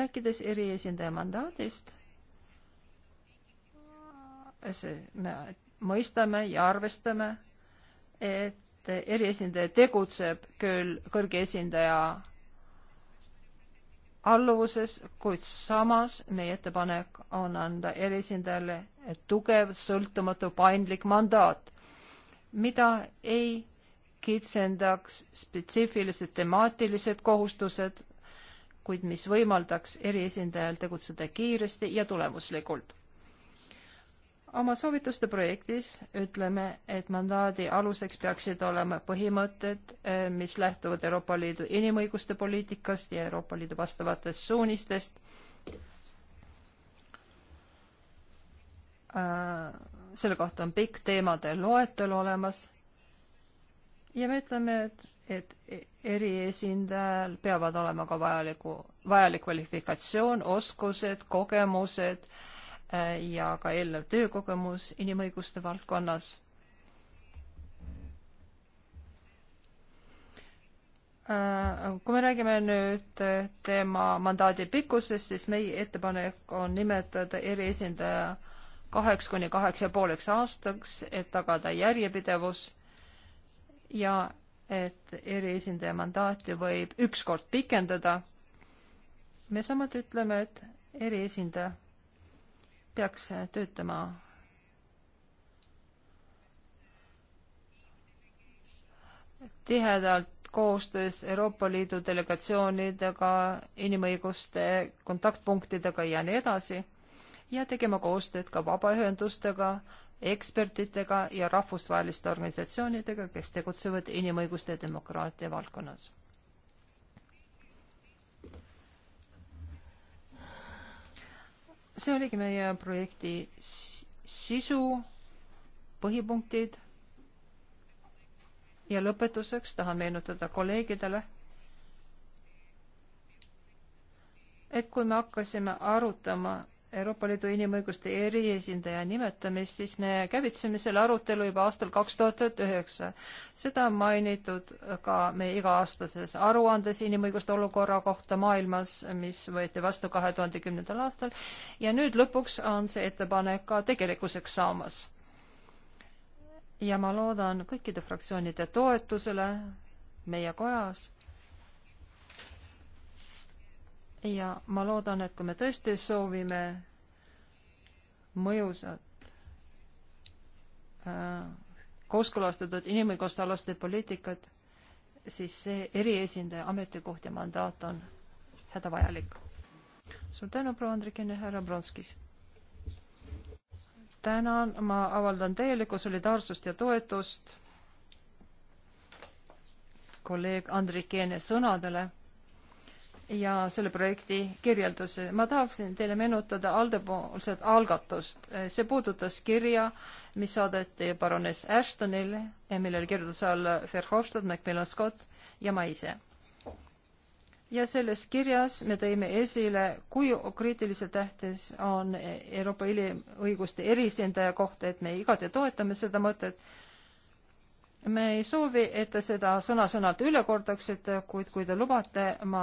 S2: rääkides eriesindaja mandaadist, see, me mõistame ja arvestame, et eriesindaja tegutseb küll kõrge esindaja alluvuses, kuid samas meie ettepanek on anda erisindajale tugev, sõltumatu, paindlik mandaat, mida ei kitsendaks spetsiifilised temaatilised kohustused, kuid mis võimaldaks eriesindajal tegutseda kiiresti ja tulemuslikult oma soovituste projektis ütleme, et mandaadi aluseks peaksid olema põhimõtted, eh, mis lähtuvad Euroopa Liidu inimõiguste poliitikast ja Euroopa Liidu vastavatest suunistest. Äh, selle kohta on pikk teemade loetelu olemas. ja me ütleme, et, et eriesindajal peavad olema ka vajaliku, vajalik kvalifikatsioon, oskused, kogemused Äh, ja ka eelnev töökogemus inimõiguste valdkonnas. Äh, kui me räägime nüüd äh, tema mandaadi pikkusest, siis meie ettepanek on nimetada eriesindaja kaheks kuni kaheks ja pooleks aastaks, et tagada järjepidevus ja et eriesindaja mandaati võib ükskord pikendada. me samuti ütleme, et eriesindaja peaks töötama tihedalt koostöös Euroopa Liidu delegatsioonidega, inimõiguste kontaktpunktidega ja nii edasi ja tegema koostööd ka vabaühendustega, ekspertidega ja rahvusvaheliste organisatsioonidega, kes tegutsevad inimõiguste ja demokraatia valdkonnas. see oligi meie projekti sisu, põhipunktid. ja lõpetuseks tahan meenutada kolleegidele, et kui me hakkasime arutama Euroopa Liidu inimõiguste eriesindaja nimetamist, siis me käivitasime selle arutelu juba aastal kaks tuhat üheksa. seda on mainitud ka meie iga-aastases aruandes inimõiguste olukorra kohta maailmas, mis võeti vastu kahe tuhande kümnendal aastal ja nüüd lõpuks on see ettepanek ka tegelikkuseks saamas. ja ma loodan kõikide fraktsioonide toetusele meie kojas ja ma loodan, et kui me tõesti soovime mõjusat äh, kooskõlastatud inimõiguste alaste poliitikat, siis see eriesindaja ametikoht ja mandaat on hädavajalik. suur tänu, proua Andrikene, härra Bronskis. tänan, ma avaldan täielikku solidaarsust ja toetust kolleeg Andrikene sõnadele ja selle projekti kirjelduse. ma tahaksin teile meenutada aldepoolset algatust. see puudutas kirja, mis saadeti baroness Ashtonile, millele kirjutas alla Verhofstadt, Macmillan Scott ja ma ise. ja selles kirjas me tõime esile, kui kriitiliselt tähtis on Euroopa inimõiguste eriesindaja kohta, et me igati toetame seda mõtet me ei soovi, et te seda sõna-sõnalt üle kordaksite, kuid kui te lubate, ma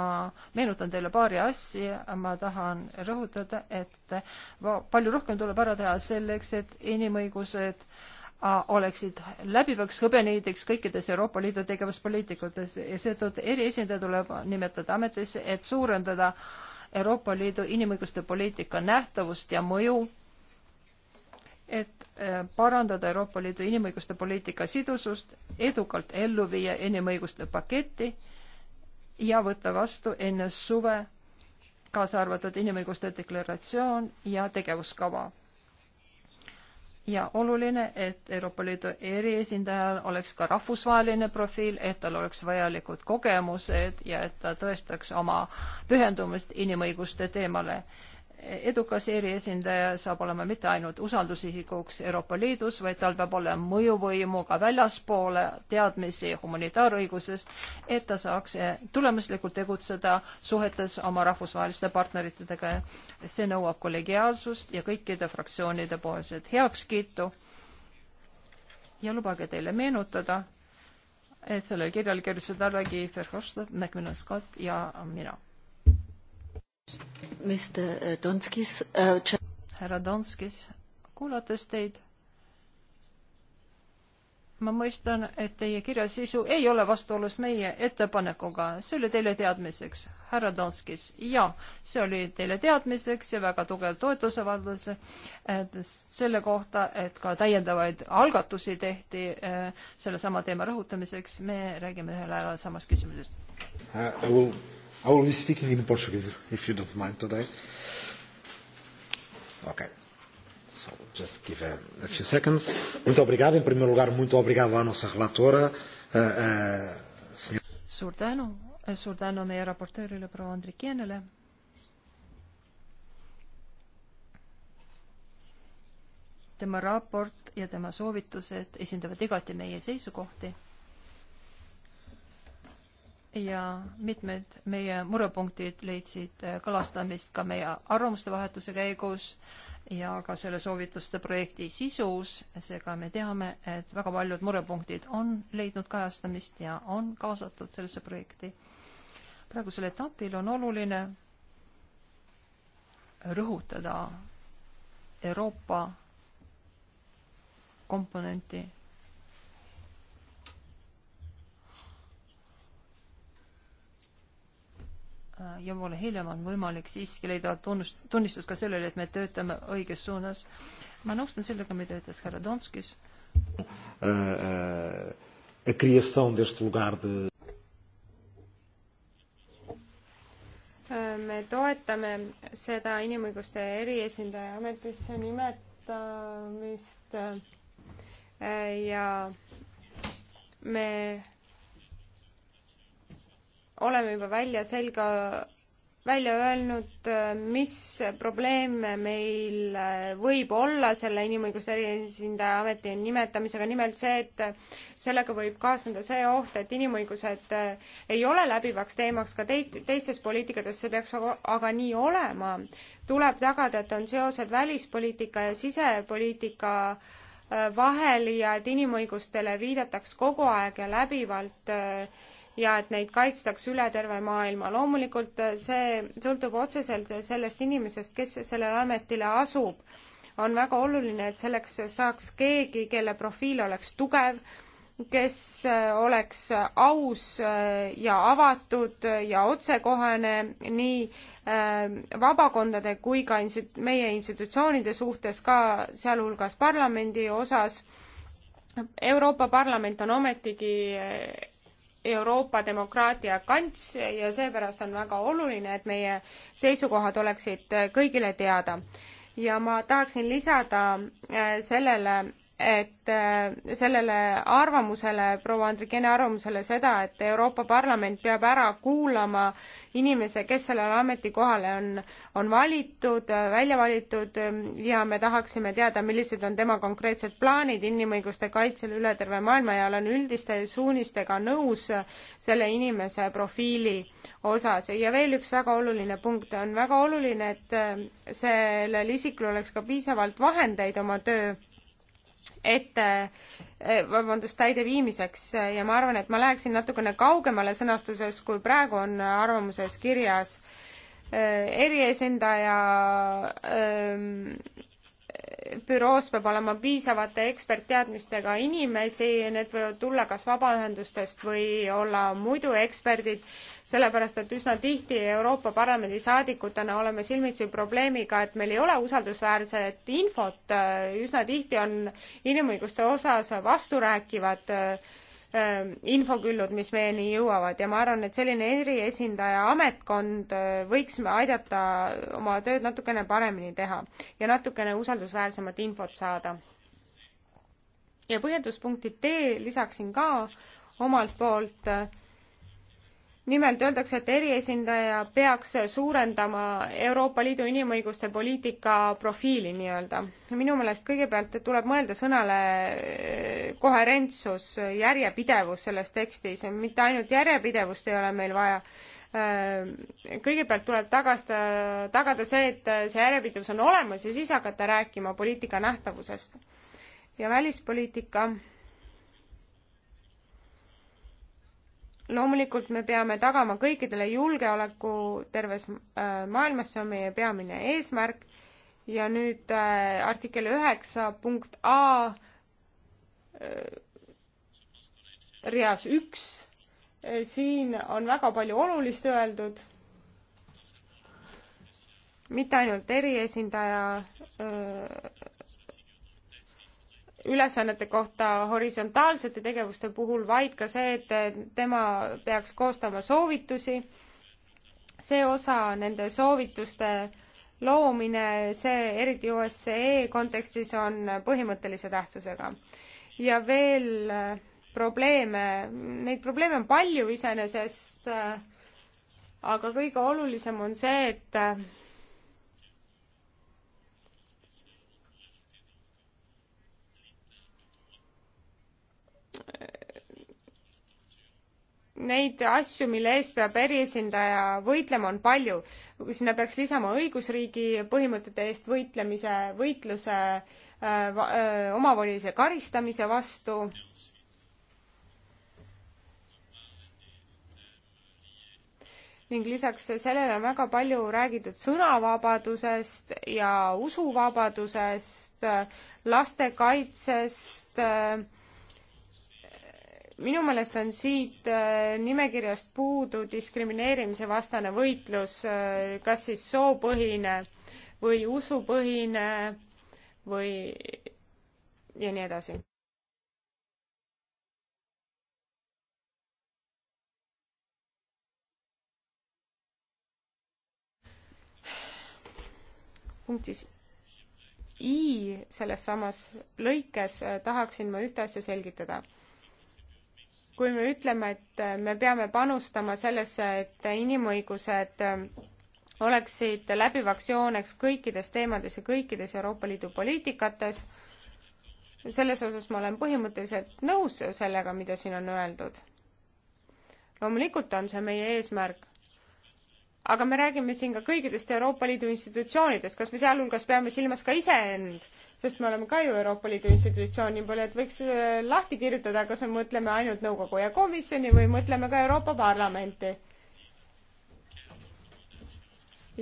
S2: meenutan teile paari asja, ma tahan rõhutada, et palju rohkem tuleb ära teha selleks, et inimõigused oleksid läbivaks hõbeneidiks kõikides Euroopa Liidu tegevuspoliitikutes ja seetõttu eriesindaja tuleb nimetada ametisse, et suurendada Euroopa Liidu inimõiguste poliitika nähtavust ja mõju et äh, parandada Euroopa Liidu inimõiguste poliitika sidusust, edukalt ellu viia inimõiguste paketti ja võtta vastu enne suve kaasa arvatud inimõiguste deklaratsioon ja tegevuskava. ja oluline, et Euroopa Liidu eriesindajal oleks ka rahvusvaheline profiil, et tal oleks vajalikud kogemused ja et ta tõestaks oma pühendumust inimõiguste teemale edukas eriesindaja saab olema mitte ainult usaldusisikuks Euroopa Liidus, vaid tal peab olema mõjuvõimu ka väljaspoole teadmisi humanitaarõigusest, et ta saaks eh, tulemuslikult tegutseda suhetes oma rahvusvaheliste partneritega. see nõuab kollegiaalsust ja kõikide fraktsioonide poolset heakskiitu. ja lubage teile meenutada, et sellel kirjal kirjutasid alla Guy Verhofstadt, Macmillan Scott ja mina Eh, Donskis äh,. härra Donskis, kuulates teid, ma mõistan, et teie kirja sisu ei ole vastuolus meie ettepanekuga, see oli teile teadmiseks, härra Donskis, ja see oli teile teadmiseks ja väga tugev toetusevaldus selle kohta, et ka täiendavaid algatusi tehti eh, sellesama teema rõhutamiseks, me räägime ühel ajal samast küsimusest.
S3: Äh, I will be speaking in Portuguese, if you don't mind today. Ok.
S2: So, just give a,
S1: a few seconds. Muito obrigado. Em primeiro lugar, muito obrigado à nossa relatora,
S2: a, a senhora... Suur tänu. Suur tänu meie raportöörile proua Andrikienele. tema raport ja tema soovitused esindavad igati meie seisukohti ja mitmed meie murepunktid leidsid äh, kalastamist ka meie arvamuste vahetuse käigus ja ka selle soovituste projekti sisus, seega me teame, et väga paljud murepunktid on leidnud kajastamist ja on kaasatud sellesse projekti. praegusel etapil on oluline rõhutada Euroopa komponenti Äh, ja võib-olla hiljem on võimalik siiski leida tunnust, tunnistust ka sellele, et me töötame õiges suunas. ma nõustun sellega, mida ütles härra Donskis
S1: uh,. Uh, de... me toetame seda inimõiguste eriesindaja ametisse nimetamist ja me oleme juba välja selga, välja öelnud, mis probleeme meil võib olla selle inimõiguste eriesindaja ameti nimetamisega, nimelt see, et sellega võib kaasneda see oht, et inimõigused ei ole läbivaks teemaks ka teit-, teistes poliitikates, see peaks aga nii olema. tuleb tagada, et on seosed välispoliitika ja sisepoliitika vahel ja et inimõigustele viidataks kogu aeg ja läbivalt äh, ja et neid kaitstakse üle terve maailma. loomulikult äh, see sõltub otseselt sellest inimesest, kes sellele ametile asub. on väga oluline, et selleks saaks keegi, kelle profiil oleks tugev, kes äh, oleks aus äh, ja avatud ja otsekohane nii vabakondade kui ka meie institutsioonide suhtes, ka sealhulgas parlamendi osas Euroopa Parlament on ometigi Euroopa demokraatia kants ja seepärast on väga oluline, et meie seisukohad oleksid kõigile teada. ja ma tahaksin lisada äh, sellele et äh, sellele arvamusele, proua Andrikene arvamusele seda, et Euroopa Parlament peab ära kuulama inimese, kes sellele ametikohale on, on valitud, äh, välja valitud ähm, ja me tahaksime teada, millised on tema konkreetsed plaanid inimõiguste kaitsel üle terve maailma ja olen üldiste suunistega nõus selle inimese profiili osas. ja veel üks väga oluline punkt on väga oluline, et äh, sellel isikul oleks ka piisavalt vahendeid oma töö ette, eh, vabandust, täideviimiseks ja ma arvan, et ma läheksin natukene kaugemale sõnastuses, kui praegu on arvamuses kirjas eh, eriesindaja ähm, büroos peab olema piisavate ekspertteadmistega inimesi, need võivad tulla kas vabaühendustest või olla muidu eksperdid, sellepärast et üsna tihti Euroopa Parlamendi saadikutena oleme silmitsi probleemiga, et meil ei ole usaldusväärset infot, üsna tihti on inimõiguste osas vasturääkivad äh, Ähm, infoküllud, mis meieni jõuavad ja ma arvan, et selline eriesindaja ametkond äh, võiks aidata oma tööd natukene paremini teha ja natukene usaldusväärsemat infot saada. ja põhjenduspunkti D lisaksin ka omalt poolt äh, nimelt öeldakse, et eriesindaja peaks suurendama Euroopa Liidu inimõiguste poliitika profiili nii-öelda. minu meelest kõigepealt tuleb mõelda sõnale eh, koherentsus, järjepidevus selles tekstis, mitte ainult järjepidevust ei ole meil vaja, eh, kõigepealt tuleb tagasta, tagada see, et see järjepidevus on olemas ja siis hakata rääkima poliitika nähtavusest. ja välispoliitika loomulikult me peame tagama kõikidele julgeoleku terves äh, maailmas, see on meie peamine eesmärk. ja nüüd äh, artikkel üheksa punkt A äh, reas üks äh,, siin on väga palju olulist öeldud. mitte ainult eriesindaja äh, ülesannete kohta horisontaalsete tegevuste puhul, vaid ka see, et tema peaks koostama soovitusi. see osa nende soovituste loomine, see eriti OSCE kontekstis on põhimõttelise tähtsusega. ja veel äh, probleeme, neid probleeme on palju iseenesest, äh, aga kõige olulisem on see, et äh, neid asju, mille eest peab eriesindaja võitlema, on palju. sinna peaks lisama õigusriigi põhimõtete eest võitlemise, võitluse äh, äh, omavolilise karistamise vastu. ning lisaks sellele on väga palju räägitud sõnavabadusest ja usuvabadusest, lastekaitsest äh,, minu meelest on siit äh, nimekirjast puudu diskrimineerimise vastane võitlus, äh, kas siis soopõhine või usupõhine või ja nii edasi. punktis I selles samas lõikes äh, tahaksin ma ühte asja selgitada kui me ütleme, et äh, me peame panustama sellesse, et inimõigused ähm, oleksid läbivaks jooneks kõikides teemades ja kõikides Euroopa Liidu poliitikates, selles osas ma olen põhimõtteliselt nõus sellega, mida siin on öeldud. loomulikult on see meie eesmärk aga me räägime siin ka kõigidest Euroopa Liidu institutsioonidest, kas me sealhulgas peame silmas ka iseend, sest me oleme ka ju Euroopa Liidu institutsioon, nii palju, et võiks äh, lahti kirjutada, kas me mõtleme ainult nõukogu ja komisjoni või mõtleme ka Euroopa Parlamenti.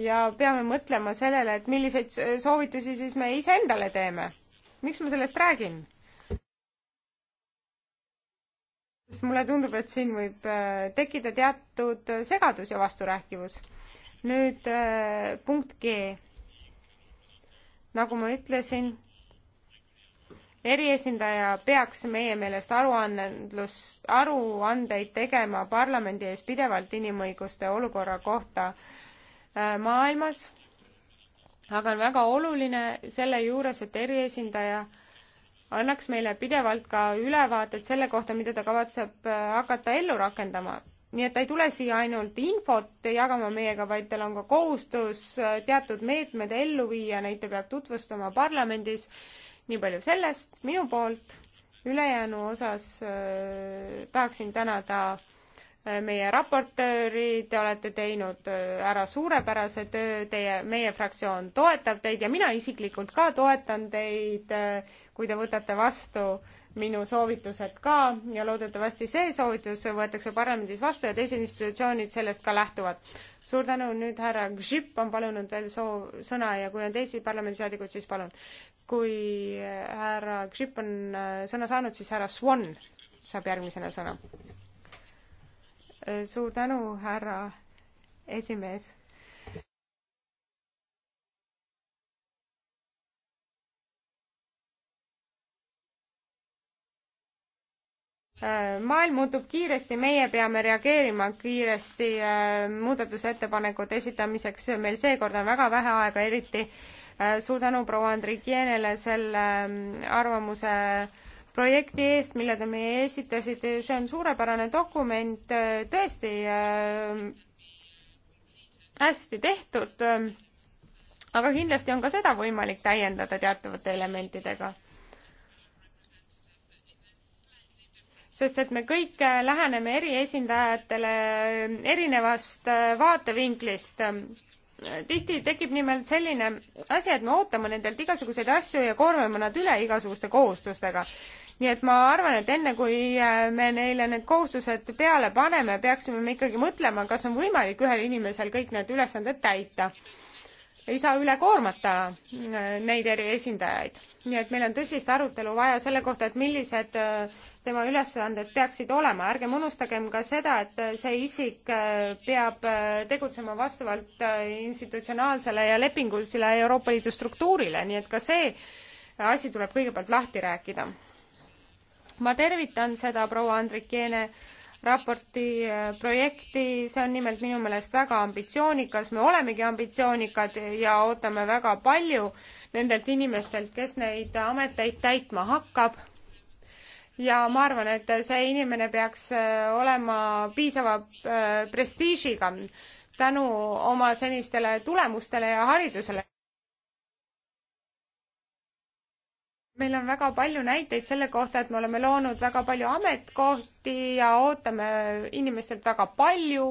S1: ja peame mõtlema sellele, et milliseid äh, soovitusi siis me iseendale teeme. miks ma sellest räägin? sest mulle tundub, et siin võib äh, tekkida teatud segadus ja vasturääkivus nüüd äh, punkt G. nagu ma ütlesin, eriesindaja peaks meie meelest aruandlus, aruandeid tegema parlamendi ees pidevalt inimõiguste olukorra kohta äh, maailmas, aga on väga oluline selle juures, et eriesindaja annaks meile pidevalt ka ülevaated selle kohta, mida ta kavatseb äh, hakata ellu rakendama nii et ta ei tule siia ainult infot jagama meiega, vaid tal on ka kohustus äh, teatud meetmed ellu viia, neid ta peab tutvustama parlamendis. nii palju sellest minu poolt, ülejäänu osas äh, tahaksin tänada ta Äh, meie raportööri, te olete teinud äh, ära suurepärase töö, teie, meie fraktsioon toetab teid ja mina isiklikult ka toetan teid, äh, kui te võtate vastu minu soovitused ka ja loodetavasti see soovitus võetakse parlamendis vastu ja teised institutsioonid sellest ka lähtuvad. suur tänu, nüüd härra Gžip on palunud veel soov, sõna ja kui on teisi parlamendisaadikuid, siis palun. kui härra Gžip on sõna saanud, siis härra Swan saab järgmisena sõna suur tänu, härra esimees. maailm muutub kiiresti, meie peame reageerima kiiresti äh, muudatusettepanekute esitamiseks, meil seekord on väga vähe aega, eriti äh, suur tänu proua Andrikienele selle ähm, arvamuse projekti eest, mille te meie esitasite, see on suurepärane dokument, tõesti äh, hästi tehtud, äh, aga kindlasti on ka seda võimalik täiendada teatavate elementidega. sest et me kõik äh, läheneme eri esindajatele erinevast vaatevinklist tihti tekib nimelt selline asi, et me ootame nendelt igasuguseid asju ja koormame nad üle igasuguste kohustustega nii et ma arvan, et enne kui äh, me neile need kohustused peale paneme, peaksime me ikkagi mõtlema, kas on võimalik ühel inimesel kõik need ülesanded täita. ei saa üle koormata äh, neid eri esindajaid. nii et meil on tõsist arutelu vaja selle kohta, et millised äh, tema ülesanded peaksid olema. ärgem unustagem ka seda, et see isik peab tegutsema vastavalt institutsionaalsele ja lepingulisele Euroopa Liidu struktuurile, nii et ka see asi tuleb kõigepealt lahti rääkida ma tervitan seda proua Andrikiene raporti äh, projekti, see on nimelt minu meelest väga ambitsioonikas, me olemegi ambitsioonikad ja ootame väga palju nendelt inimestelt, kes neid ameteid täitma hakkab. ja ma arvan, et see inimene peaks äh, olema piisava äh, prestiižiga tänu oma senistele tulemustele ja haridusele. meil on väga palju näiteid selle kohta, et me oleme loonud väga palju ametkohti ja ootame inimestelt väga palju,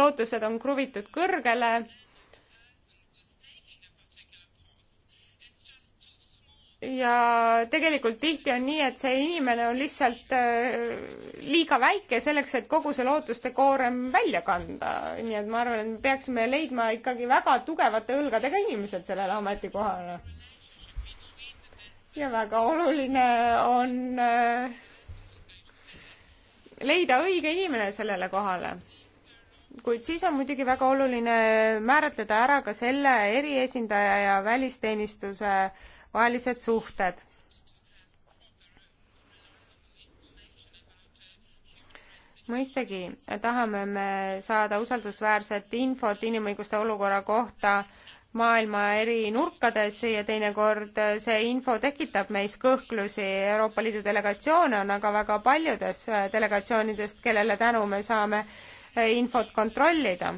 S1: lootused on kruvitud kõrgele. ja tegelikult tihti on nii, et see inimene on lihtsalt äh, liiga väike selleks, et kogu see lootuste koorem välja kanda. nii et ma arvan, et me peaksime leidma ikkagi väga tugevate õlgadega inimesed sellele ametikohale ja väga oluline on äh, leida õige inimene sellele kohale. kuid siis on muidugi väga oluline määratleda ära ka selle eriesindaja ja välisteenistuse vahelised suhted mõistagi tahame me saada usaldusväärset infot inimõiguste olukorra kohta maailma eri nurkades ja teinekord see info tekitab meis kõhklusi. Euroopa Liidu delegatsioone on aga väga paljudes äh, delegatsioonidest, kellele tänu me saame äh, infot kontrollida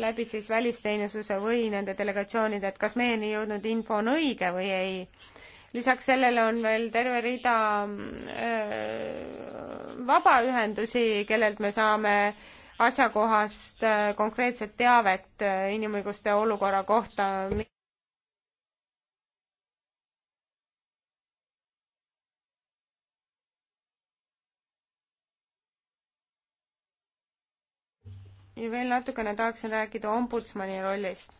S1: läbi siis välisteenistuse või nende delegatsioonide, et kas meieni jõudnud info on õige või ei. lisaks sellele on veel terve rida öö, mm, äh, vabaühendusi, kellelt me saame öö, asjakohast äh, konkreetset teavet äh, inimõiguste olukorra kohta. ja veel natukene tahaksin rääkida ombudsmani rollist.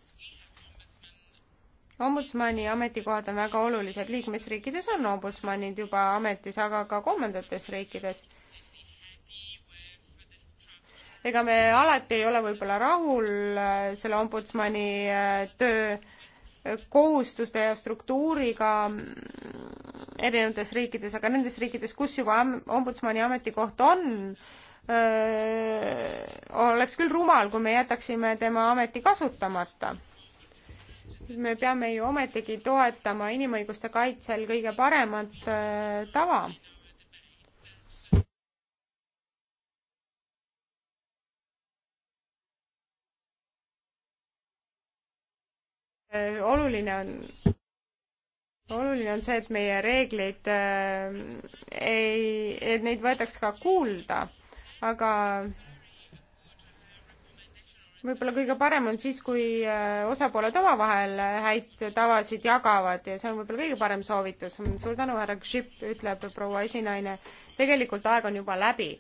S1: ombudsmani ametikohad on väga olulised, liikmesriikides on ombudsmanid juba ametis, aga ka kolmandates riikides ega me alati ei ole võib-olla rahul äh, selle ombudsmani äh, töö äh, kohustuste ja struktuuriga mm, erinevates riikides, aga nendes riikides, kus juba ombudsmani ametikoht on, oleks küll rumal, kui me jätaksime tema ameti kasutamata. me peame ju ometigi toetama inimõiguste kaitsel kõige paremat öö, tava Äh, oluline on oluline on see, et meie reeglid äh, ei, et neid võetaks ka kuulda, aga võib-olla kõige parem on siis, kui äh, osapooled omavahel häid tavasid jagavad ja see on võib-olla kõige parem soovitus. suur tänu, härra Gžip, ütleb proua esinaine. tegelikult aeg on juba läbi.